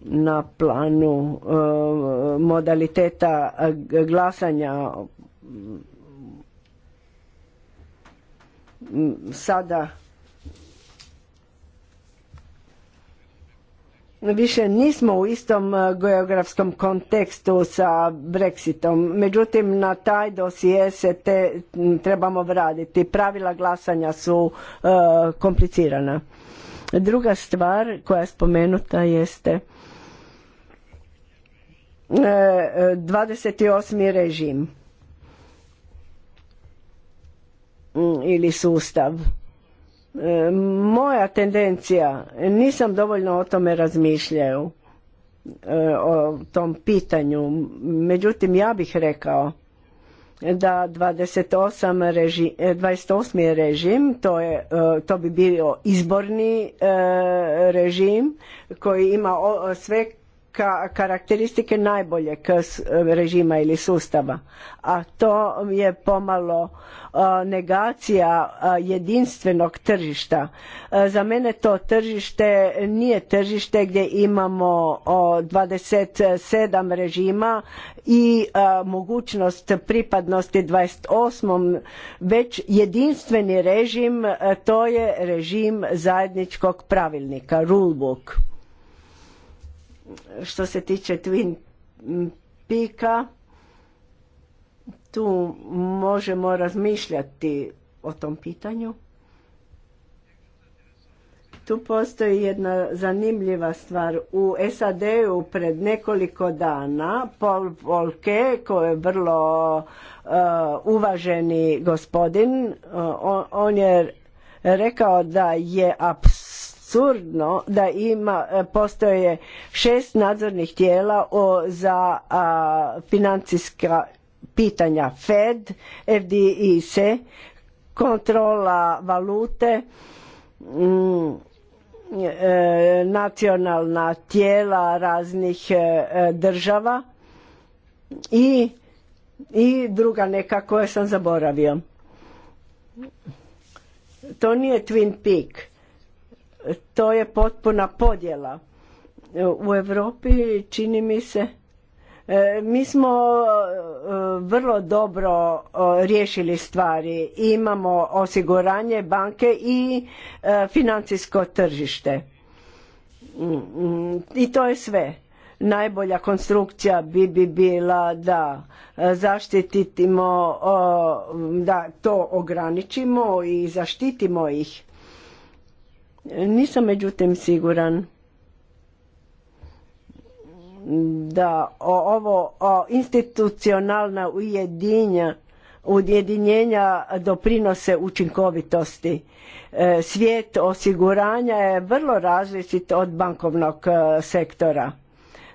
na planu e, modaliteta e, glasanja sada više nismo u istom e, geografskom kontekstu sa Brexitom. Međutim, na taj dosije se te trebamo vraditi. Pravila glasanja su e, komplicirana. Druga stvar koja je spomenuta jeste 28. E, režim Mm, ili sustav. E, moja tendencija, nisam dovoljno o tome razmišljao, e, o tom pitanju, međutim ja bih rekao da 28 reži, 28. E, režim, to, je, to bi bio izborni režim koji ima sve karakteristike najboljeg režima ili sustava a to je pomalo negacija jedinstvenog tržišta za mene to tržište nije tržište gdje imamo 27 režima i mogućnost pripadnosti 28 već jedinstveni režim to je režim zajedničkog pravilnika rulebook što se tiče Twin Pika, tu možemo razmišljati o tom pitanju. Tu postoji jedna zanimljiva stvar. U SAD-u pred nekoliko dana Paul Volke, koji je vrlo uh, uvaženi gospodin, uh, on, je rekao da je apsolutno apsurdno da ima, e, postoje šest nadzornih tijela o, za financijska pitanja Fed, FDIC, kontrola valute, mm, e, nacionalna tijela raznih e, država i, i druga neka koja sam zaboravio. To nije Twin Peak to je potpuna podjela u Europi čini mi se e, mi smo e, vrlo dobro riješili stvari imamo osiguranje banke i e, financijsko tržište mm, mm, i to je sve najbolja konstrukcija bi, bi bila da zaštitimo da to ograničimo i zaštitimo ih nisam međutim siguran da ovo o institucionalna ujedinja ujedinjenja doprinose učinkovitosti. E, svijet osiguranja je vrlo različit od bankovnog e, sektora.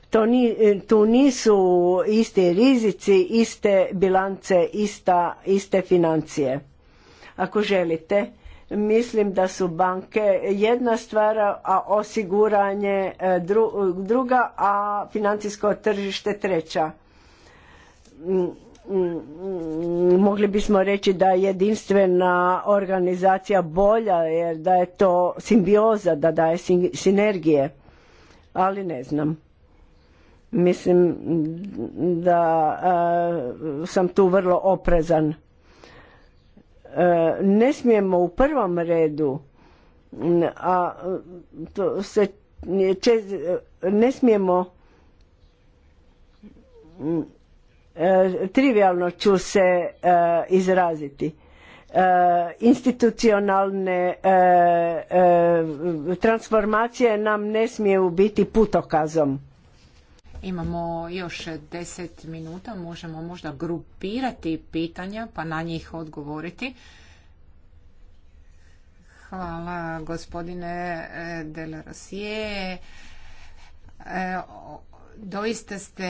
To e, tu nisu isti rizici, iste bilance, ista, iste financije. Ako želite, Mislim da su banke jedna stvar, a osiguranje e, druga, a financijsko tržište treća. Mm, mm, mogli bismo reći da je jedinstvena organizacija bolja jer da je to simbioza, da daje sinergije, ali ne znam. Mislim da e, sam tu vrlo oprezan ne smijemo u prvom redu a to se ne smijemo e, trivialno ću se e, izraziti e, institucionalne transformacije nam ne smiju biti putokazom Imamo još deset minuta, možemo možda grupirati pitanja pa na njih odgovoriti. Hvala gospodine eh, Delarosije. Eh, Doista ste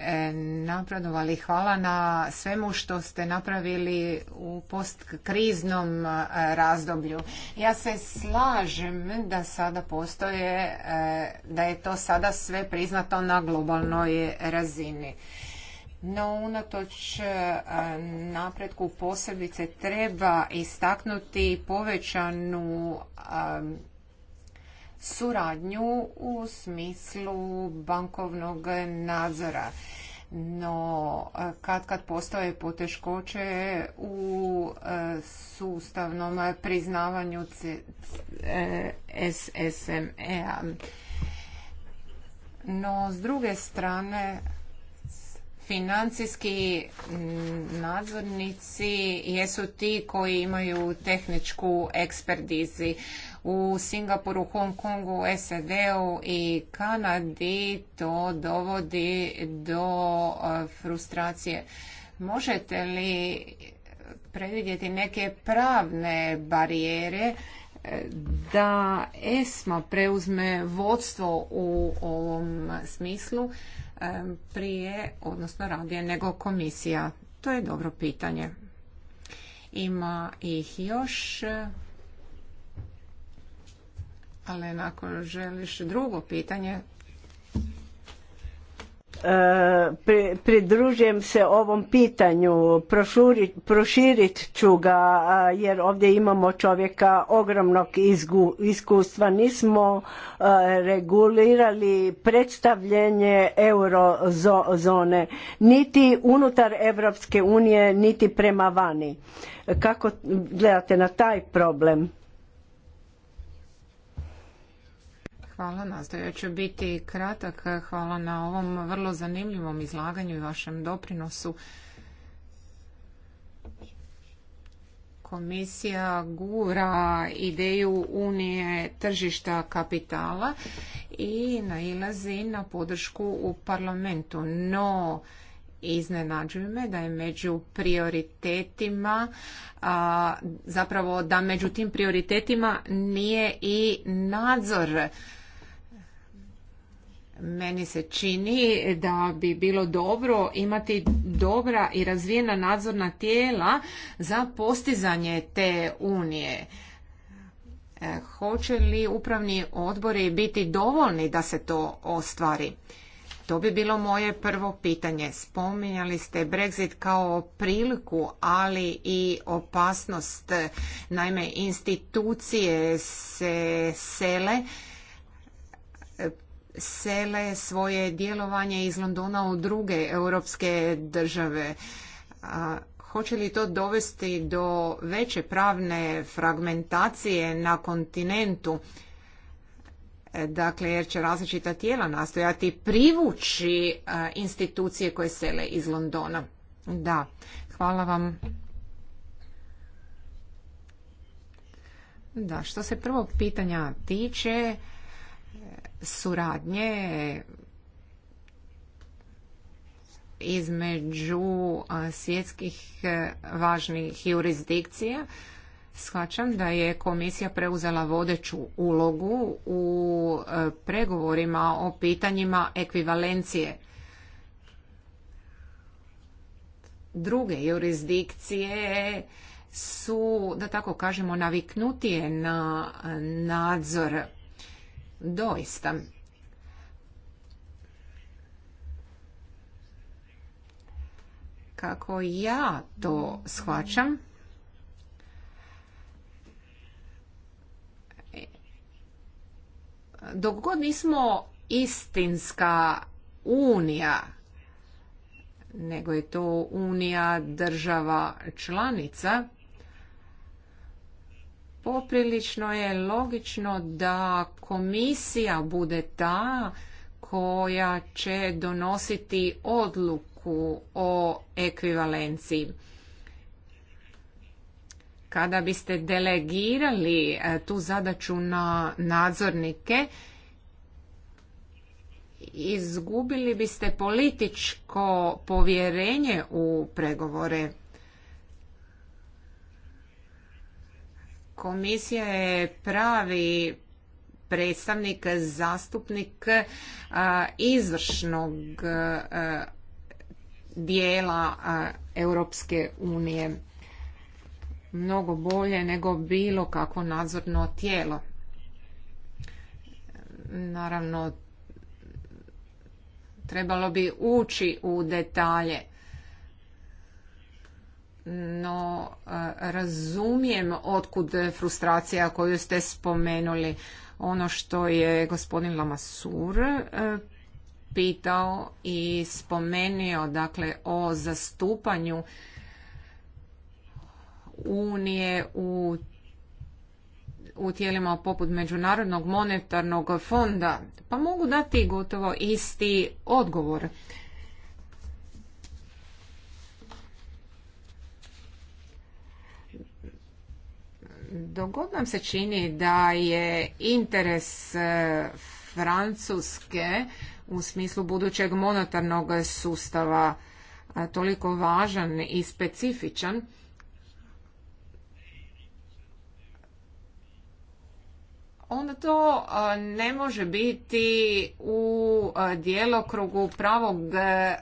e, napredovali. Hvala na svemu što ste napravili u postkriznom e, razdoblju. Ja se slažem da sada postoje, e, da je to sada sve priznato na globalnoj razini. No, unatoč napretku posebice treba istaknuti povećanu suradnju u smislu bankovnog nadzora. No, kad kad postoje poteškoće u e, sustavnom priznavanju e, SSME-a. No, s druge strane, financijski nadzornici jesu ti koji imaju tehničku ekspertizi u Singapuru, Hong Kongu, SAD-u i Kanadi to dovodi do e, frustracije. Možete li predvidjeti neke pravne barijere e, da ESMA preuzme vodstvo u ovom smislu e, prije, odnosno radije nego komisija? To je dobro pitanje. Ima ih još. Ali ako želiš drugo pitanje... E, pridružujem se ovom pitanju, proširit ću ga jer ovdje imamo čovjeka ogromnog iskustva. Nismo e, regulirali predstavljenje eurozone niti unutar Europske unije niti prema vani. Kako gledate na taj problem? Hvala, nastojat ću biti kratak. Hvala na ovom vrlo zanimljivom izlaganju i vašem doprinosu. Komisija gura ideju Unije tržišta kapitala i nailazi na podršku u parlamentu. No, iznenađuju me da je među prioritetima a, zapravo da među tim prioritetima nije i nadzor meni se čini da bi bilo dobro imati dobra i razvijena nadzorna tijela za postizanje te unije. E, hoće li upravni odbori biti dovoljni da se to ostvari? To bi bilo moje prvo pitanje. Spominjali ste Brexit kao priliku, ali i opasnost. Naime, institucije se sele sele svoje djelovanje iz Londona u druge europske države. Hoće li to dovesti do veće pravne fragmentacije na kontinentu? Dakle, jer će različita tijela nastojati privući institucije koje sele iz Londona. Da, hvala vam. Da, što se prvog pitanja tiče, suradnje između svjetskih e, važnih jurisdikcija shvaćam da je komisija preuzela vodeću ulogu u e, pregovorima o pitanjima ekvivalencije druge jurisdikcije su da tako kažemo naviknutije na e, nadzor Doista. Kako ja to shvaćam, dok god nismo istinska unija, nego je to unija država članica, poprilično je logično da komisija bude ta koja će donositi odluku o ekvivalenciji. Kada biste delegirali e, tu zadaću na nadzornike, izgubili biste političko povjerenje u pregovore. Komisija je pravi predstavnik, zastupnik izvršnog dijela Europske unije mnogo bolje nego bilo kako nadzorno tijelo. Naravno, trebalo bi ući u detalje. No, razumijem otkud frustracija koju ste spomenuli ono što je gospodin Lamasur e, pitao i spomenio dakle o zastupanju unije u u tijelima poput Međunarodnog monetarnog fonda, pa mogu dati gotovo isti odgovor. Dogod nam se čini da je interes e, Francuske u smislu budućeg monetarnog sustava toliko važan i specifičan, onda to ne može biti u djelokrugu pravog e,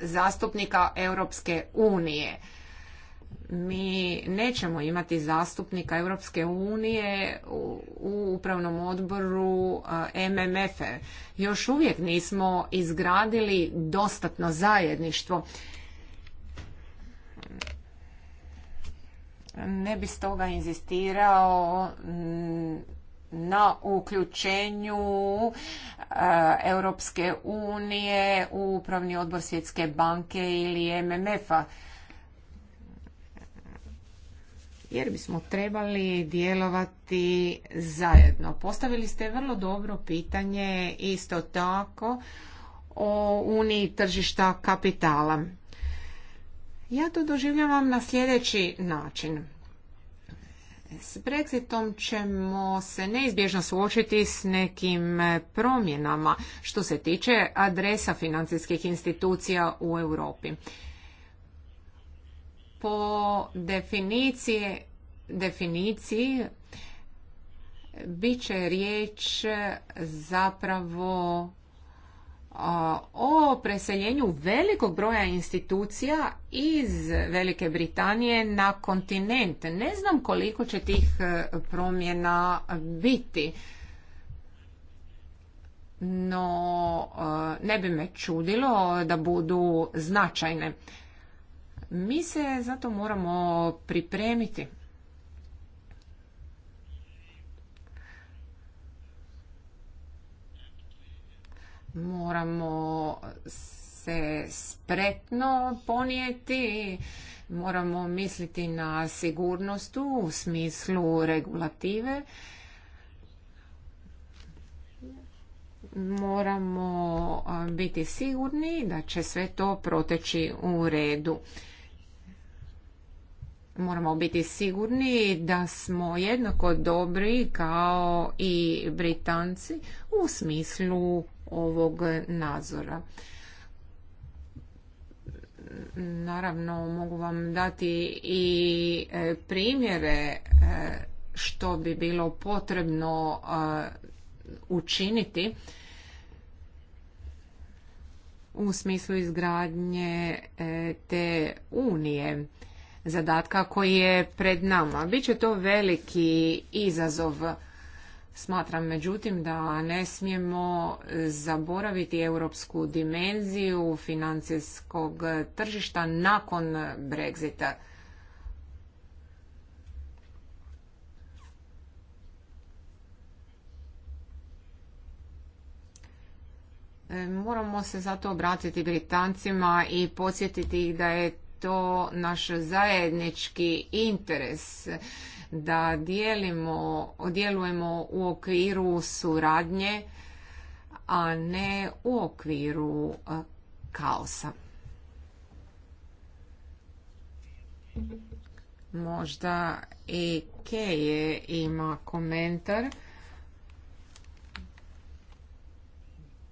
zastupnika Europske unije mi nećemo imati zastupnika Europske unije u upravnom odboru MMF-e. Još uvijek nismo izgradili dostatno zajedništvo. Ne bi stoga inzistirao na uključenju Europske unije u upravni odbor Svjetske banke ili MMF-a jer bismo trebali djelovati zajedno. Postavili ste vrlo dobro pitanje isto tako o uniji tržišta kapitala. Ja to doživljavam na sljedeći način. S Brexitom ćemo se neizbježno suočiti s nekim promjenama što se tiče adresa financijskih institucija u Europi po definiciji definiciji bit će riječ zapravo o preseljenju velikog broja institucija iz Velike Britanije na kontinent. Ne znam koliko će tih e, promjena biti. No, e, ne bi me čudilo da budu značajne. Mi se zato moramo pripremiti. Moramo se spretno ponijeti, moramo misliti na sigurnost u smislu regulative. Moramo biti sigurni da će sve to proteći u redu moramo biti sigurni da smo jednako dobri kao i Britanci u smislu ovog nadzora. Naravno, mogu vam dati i e, primjere e, što bi bilo potrebno e, učiniti u smislu izgradnje te unije zadatka koji je pred nama. Biće to veliki izazov. Smatram međutim da ne smijemo zaboraviti europsku dimenziju financijskog tržišta nakon Brexita. E, moramo se zato obratiti Britancima i podsjetiti ih da je to naš zajednički interes da dijelimo, djelujemo u okviru suradnje, a ne u okviru e, kaosa. Možda i Keje ima komentar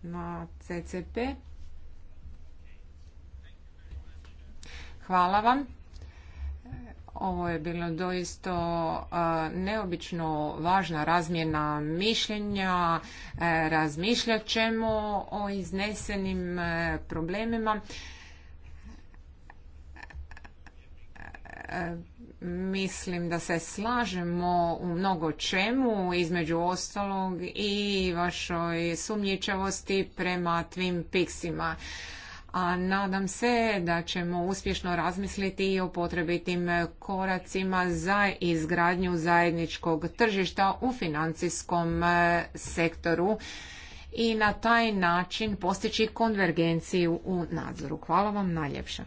na CCP. Hvala vam. Ovo je bilo doista neobično važna razmjena mišljenja. E, razmišljat ćemo o iznesenim e, problemima. E, mislim da se slažemo u mnogo čemu, između ostalog i vašoj sumnjičavosti prema Twin Peaksima a nadam se da ćemo uspješno razmisliti i o potrebitim koracima za izgradnju zajedničkog tržišta u financijskom e, sektoru i na taj način postići konvergenciju u nadzoru. Hvala vam najljepša.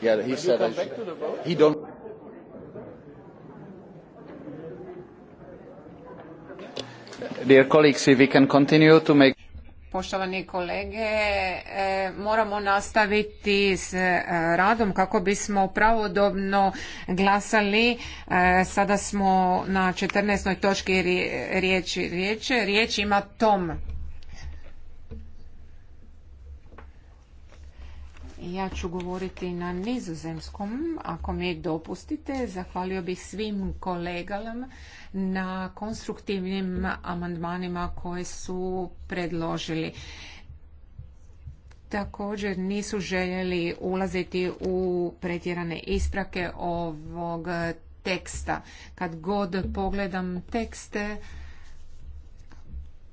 Yeah, he said I He don't. Dear colleagues, if we can continue to make Poštovani kolege, e, moramo nastaviti s e, radom kako bismo pravodobno glasali. E, sada smo na 14. točki riječi. Riječ, riječ ima Tom. Ja ću govoriti na nizozemskom. Ako mi dopustite, zahvalio bih svim kolegalam na konstruktivnim amandmanima koje su predložili također nisu željeli ulaziti u pretjerane isprake ovog teksta. Kad god pogledam tekste,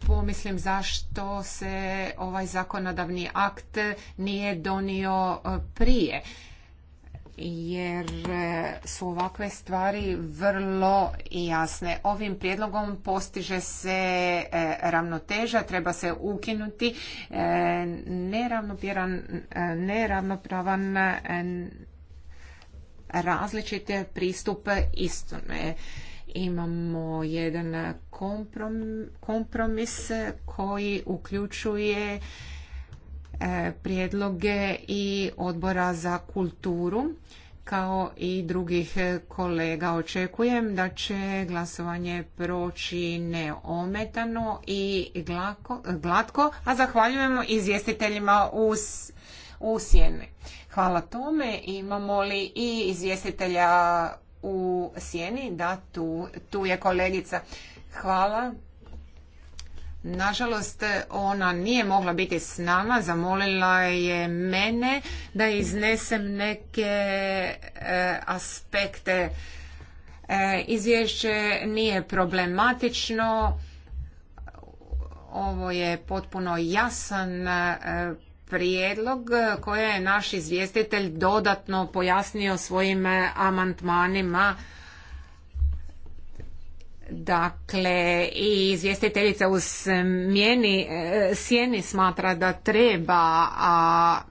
pomislim zašto se ovaj zakonodavni akt nije donio e, prije jer e, su ovakve stvari vrlo jasne. Ovim prijedlogom postiže se e, ravnoteža, treba se ukinuti neravnopravan različite pristupe istome. Imamo jedan kompromis koji uključuje e, prijedloge i odbora za kulturu kao i drugih kolega. Očekujem da će glasovanje proći neometano i glatko, a zahvaljujemo izvjestiteljima u, u sjeni. Hvala tome. Imamo li i izvjestitelja u sjeni? Da, tu, tu je kolegica. Hvala. Nažalost, ona nije mogla biti s nama, zamolila je mene da iznesem neke e, aspekte. E, izvješće nije problematično, ovo je potpuno jasan e, prijedlog koje je naš izvjestitelj dodatno pojasnio svojim amantmanima Dakle, i izvjestiteljica u smjeni, e, sjeni smatra da treba a,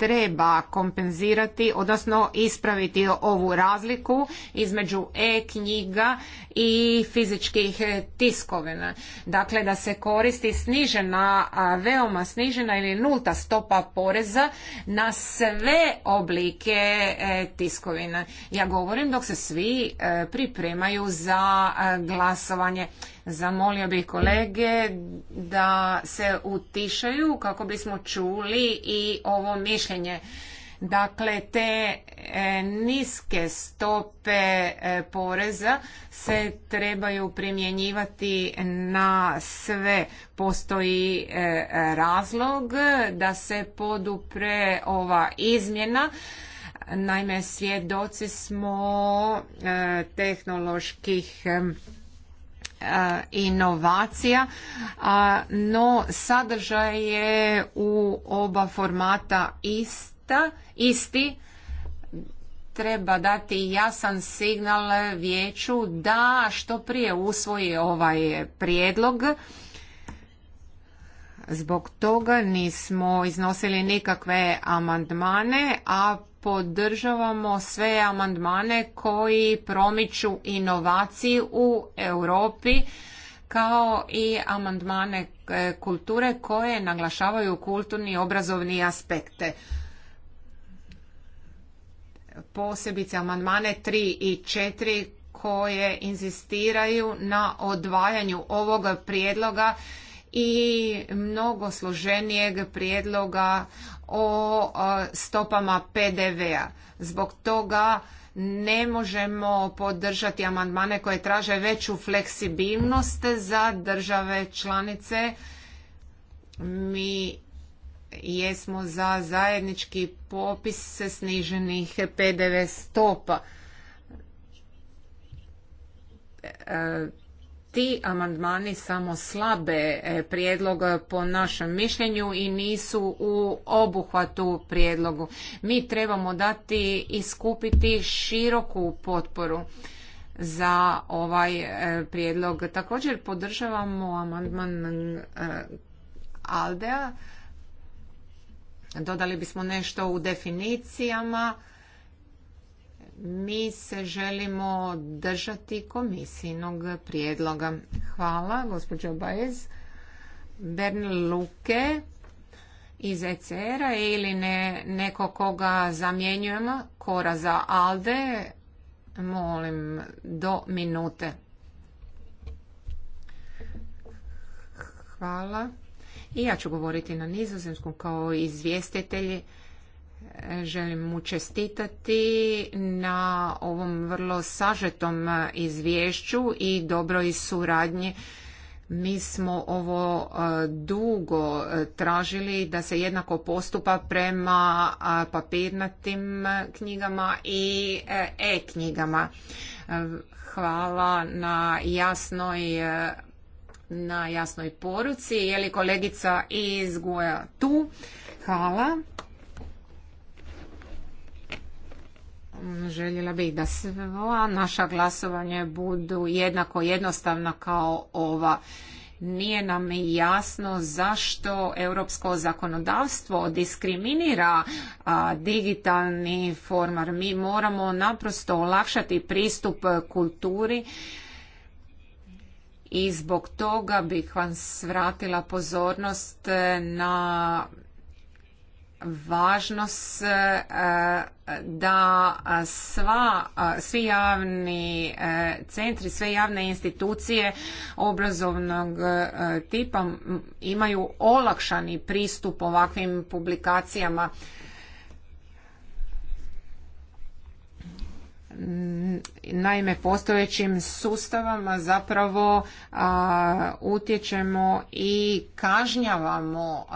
treba kompenzirati, odnosno ispraviti ovu razliku između e-knjiga i fizičkih tiskovina. Dakle, da se koristi snižena, veoma snižena ili nulta stopa poreza na sve oblike e, tiskovina. Ja govorim dok se svi e, pripremaju za e, glasovanje. Zamolio bih kolege da se utišaju kako bismo čuli i ovo mišljenje. Dakle, te e, niske stope e, poreza se trebaju primjenjivati na sve. Postoji e, razlog da se podupre ova izmjena. Naime, svjedoci smo tehnoloških Eh, inovacija, no sadržaj je u oba formata ista, isti. Treba dati jasan signal vijeću da što prije usvoji ovaj prijedlog. Zbog toga nismo iznosili nikakve amandmane, a podržavamo sve amandmane koji promiču inovaciju u Europi kao i amandmane e, kulture koje naglašavaju kulturni i obrazovni aspekte. Posebice amandmane 3 i 4 koje inzistiraju na odvajanju ovog prijedloga i mnogo složenijeg prijedloga o stopama PDV-a. Zbog toga ne možemo podržati amandmane koje traže veću fleksibilnost za države članice. Mi jesmo za zajednički popis sniženih PDV stopa. E, ti amandmani samo slabe e, prijedlog po našem mišljenju i nisu u obuhvatu prijedlogu. Mi trebamo dati i skupiti široku potporu za ovaj e, prijedlog. Također podržavamo amandman e, Aldea. Dodali bismo nešto u definicijama mi se želimo držati komisijnog prijedloga. Hvala, gospođo Baez. Bern Luke iz ECR-a ili ne, neko koga zamjenjujemo, Kora za Alde, molim, do minute. Hvala. I ja ću govoriti na nizozemskom kao izvjestitelji želim mu čestitati na ovom vrlo sažetom e, izvješću i dobroj suradnji. Mi smo ovo e, dugo e, tražili da se jednako postupa prema papirnatim knjigama i e-knjigama. Hvala na jasnoj na jasnoj poruci. Je li kolegica iz Guja tu? Hvala. željela bih da sva naša glasovanja budu jednako jednostavna kao ova. Nije nam jasno zašto europsko zakonodavstvo diskriminira digitalni formar. Mi moramo naprosto olakšati pristup kulturi i zbog toga bih vam svratila pozornost na važnost e, da sva, e, svi javni e, centri, sve javne institucije obrazovnog tipa imaju olakšani pristup ovakvim publikacijama. Naime, postojećim sustavama zapravo utječemo i kažnjavamo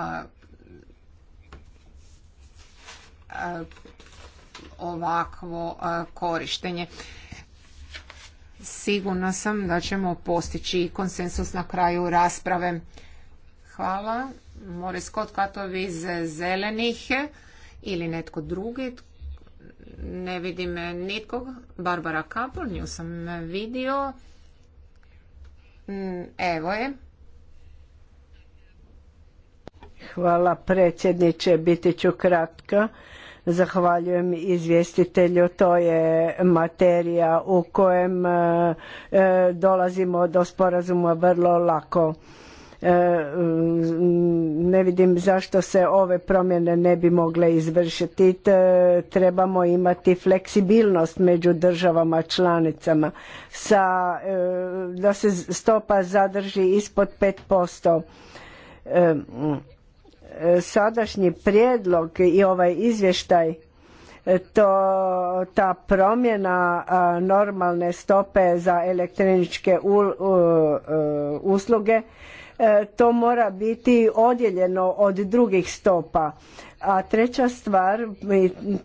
E, ovakvo e, korištenje. Sigurna sam da ćemo postići konsensus na kraju rasprave. Hvala. Moris Scott iz Zelenih ili netko drugi. Ne vidim nikog. Barbara Kapol, nju sam vidio. Mm, evo je. Hvala predsjedniče, biti ću kratka Zahvaljujem izvjestitelju, to je materija u kojem e, e, dolazimo do sporazuma vrlo lako. E, ne vidim zašto se ove promjene ne bi mogle izvršiti. Trebamo imati fleksibilnost među državama članicama sa, da se stopa zadrži ispod 5% sadašnji prijedlog i ovaj izvještaj e, to ta promjena normalne stope za elektroničke e, usluge E, to mora biti odjeljeno od drugih stopa. A treća stvar,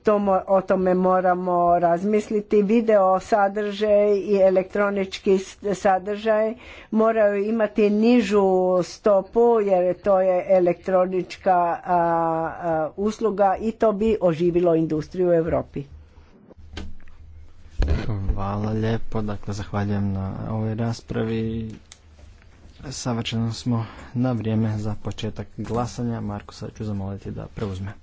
to, o tome moramo razmisliti, video sadržaj i elektronički sadržaj moraju imati nižu stopu jer to je elektronička usluga i to bi oživilo industriju u Europi. Hvala lijepo, dakle zahvaljujem na ovoj raspravi. Savršeno smo na vrijeme za početak glasanja. sad ću zamoliti da preuzme.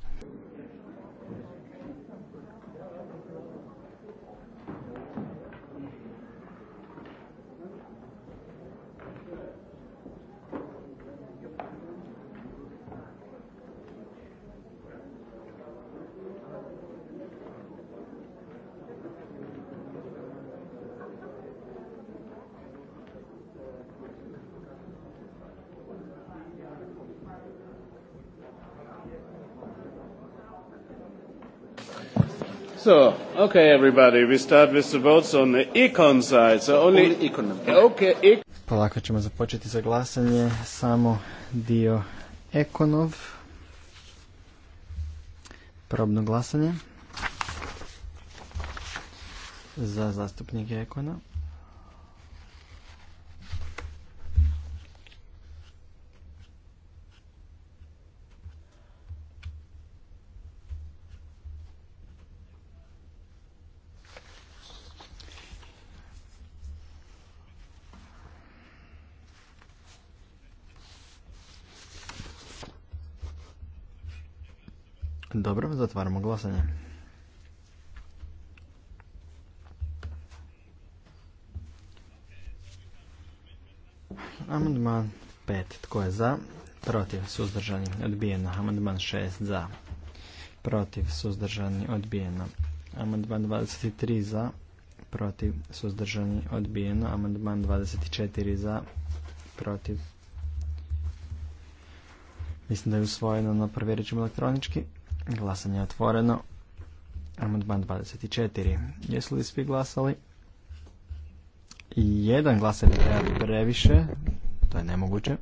So, okay, everybody, we start with the votes on the econ side. So only, econ. Okay, Polako ćemo započeti za glasanje, samo dio ekonov. Probno glasanje za zastupnike ekona. Otvaramo glasanje. Amandman 5. Tko je za? Protiv. Suzdržani. Odbijeno. Amandman 6. Za. Protiv. Suzdržani. Odbijeno. Amandman 23. Za. Protiv. Suzdržani. Odbijeno. Amandman 24. Za. Protiv. Mislim da je usvojeno, no provjerit ćemo elektronički. Glasanje je otvoreno. Amandman 24. Jesu li svi glasali? Jedan glas je previše. To je nemoguće.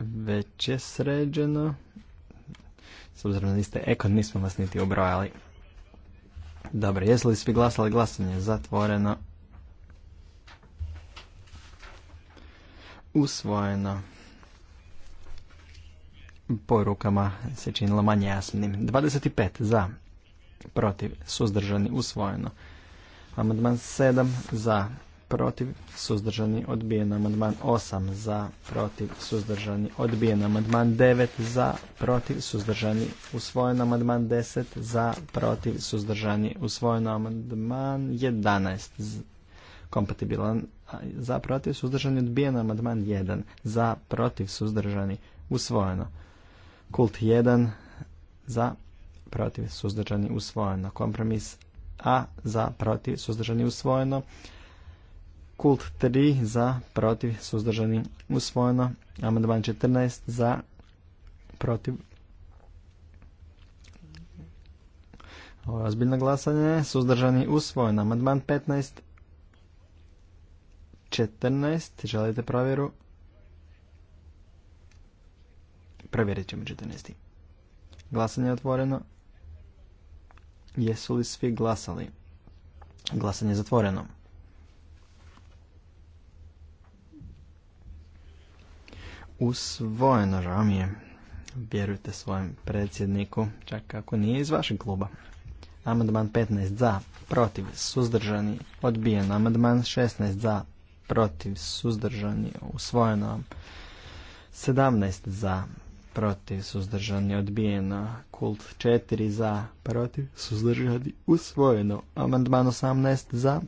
Već je sređeno. S obzirom da niste ekon, nismo vas niti obrojali. Dobro, jesu li svi glasali? Glasanje je zatvoreno. usvojeno. Porukama se činilo manje jasnim. 25 za, protiv, suzdržani, usvojeno. Amandman 7 za, protiv, suzdržani, odbijen. Amandman 8 za, protiv, suzdržani, odbijen. Amandman 9 za, protiv, suzdržani, usvojeno. Amandman 10 za, protiv, suzdržani, usvojeno. Amandman 11 kompatibilan za protiv suzdržani odbijeno amandman 1 za protiv suzdržani usvojeno kult 1 za protiv suzdržani usvojeno kompromis a za protiv suzdržani usvojeno kult 3 za protiv suzdržani usvojeno amandman 14 za protiv Ovo je ozbiljno glasanje. Suzdržani usvojen. Amandman 15 14. Želite provjeru? Provjerit ćemo 14. Glasanje je otvoreno. Jesu li svi glasali? Glasanje je zatvoreno. Usvojeno žao mi je. Vjerujte svojem predsjedniku, čak ako nije iz vašeg kluba. Amandman 15 za, protiv, suzdržani, odbijen. Amandman 16 za, protiv, suzdržani, usvojeno. 17 za, protiv, suzdržani, odbijeno. Kult 4 za, protiv, suzdržani, usvojeno. Amandman 18 za,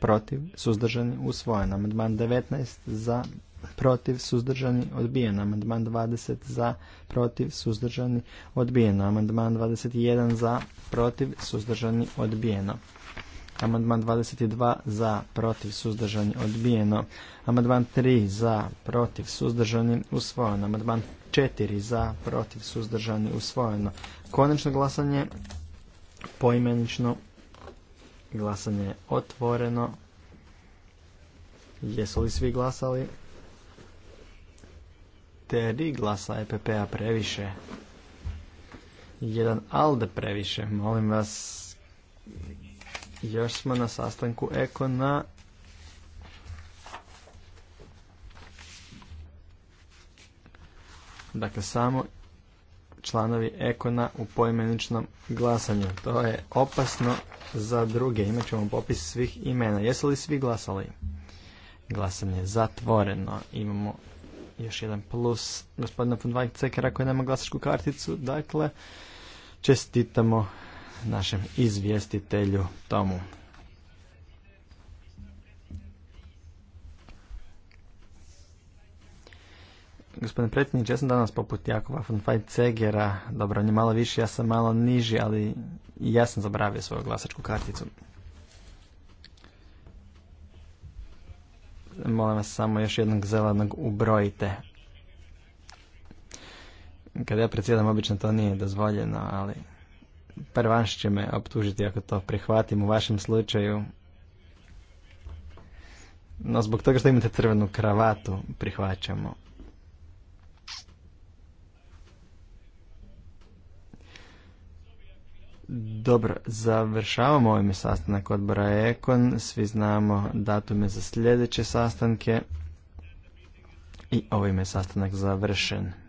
protiv, suzdržani, usvojeno. Amandman 19 za, protiv, suzdržani, odbijeno. Amandman 20 za, protiv, suzdržani, odbijeno. Amandman 21 za, protiv, suzdržani, odbijeno. Amandman 22 za, protiv, suzdržani, odbijeno. Amandman 3 za, protiv, suzdržani, usvojeno. Amandman 4 za, protiv, suzdržani, usvojeno. Konačno glasanje poimenično. Glasanje je otvoreno. Jesu li svi glasali? Tri glasa EPP-a previše. Jedan ALDE previše. Molim vas, još smo na sastanku Ekona. Dakle, samo članovi Ekona u poimeničnom glasanju. To je opasno za druge. ćemo popis svih imena. Jesu li svi glasali? Glasanje je zatvoreno. Imamo još jedan plus gospodina von Weizsäckera koji nema glasačku karticu. Dakle, čestitamo našem izvjestitelju Tomu. Gospodine predsjedniče, ja sam danas poput Jakova von Fajcegera, dobro, on je malo više, ja sam malo niži, ali ja sam zabravio svoju glasačku karticu. Molim vas samo još jednog zelenog ubrojite. Kada ja predsjedam, obično to nije dozvoljeno, ali prvaš će me optužiti ako to prihvatim u vašem slučaju. No zbog toga što imate crvenu kravatu prihvaćamo. Dobro, završavamo ovime sastanak odbora Ekon. Svi znamo datume za sljedeće sastanke. I ovime je sastanak završen.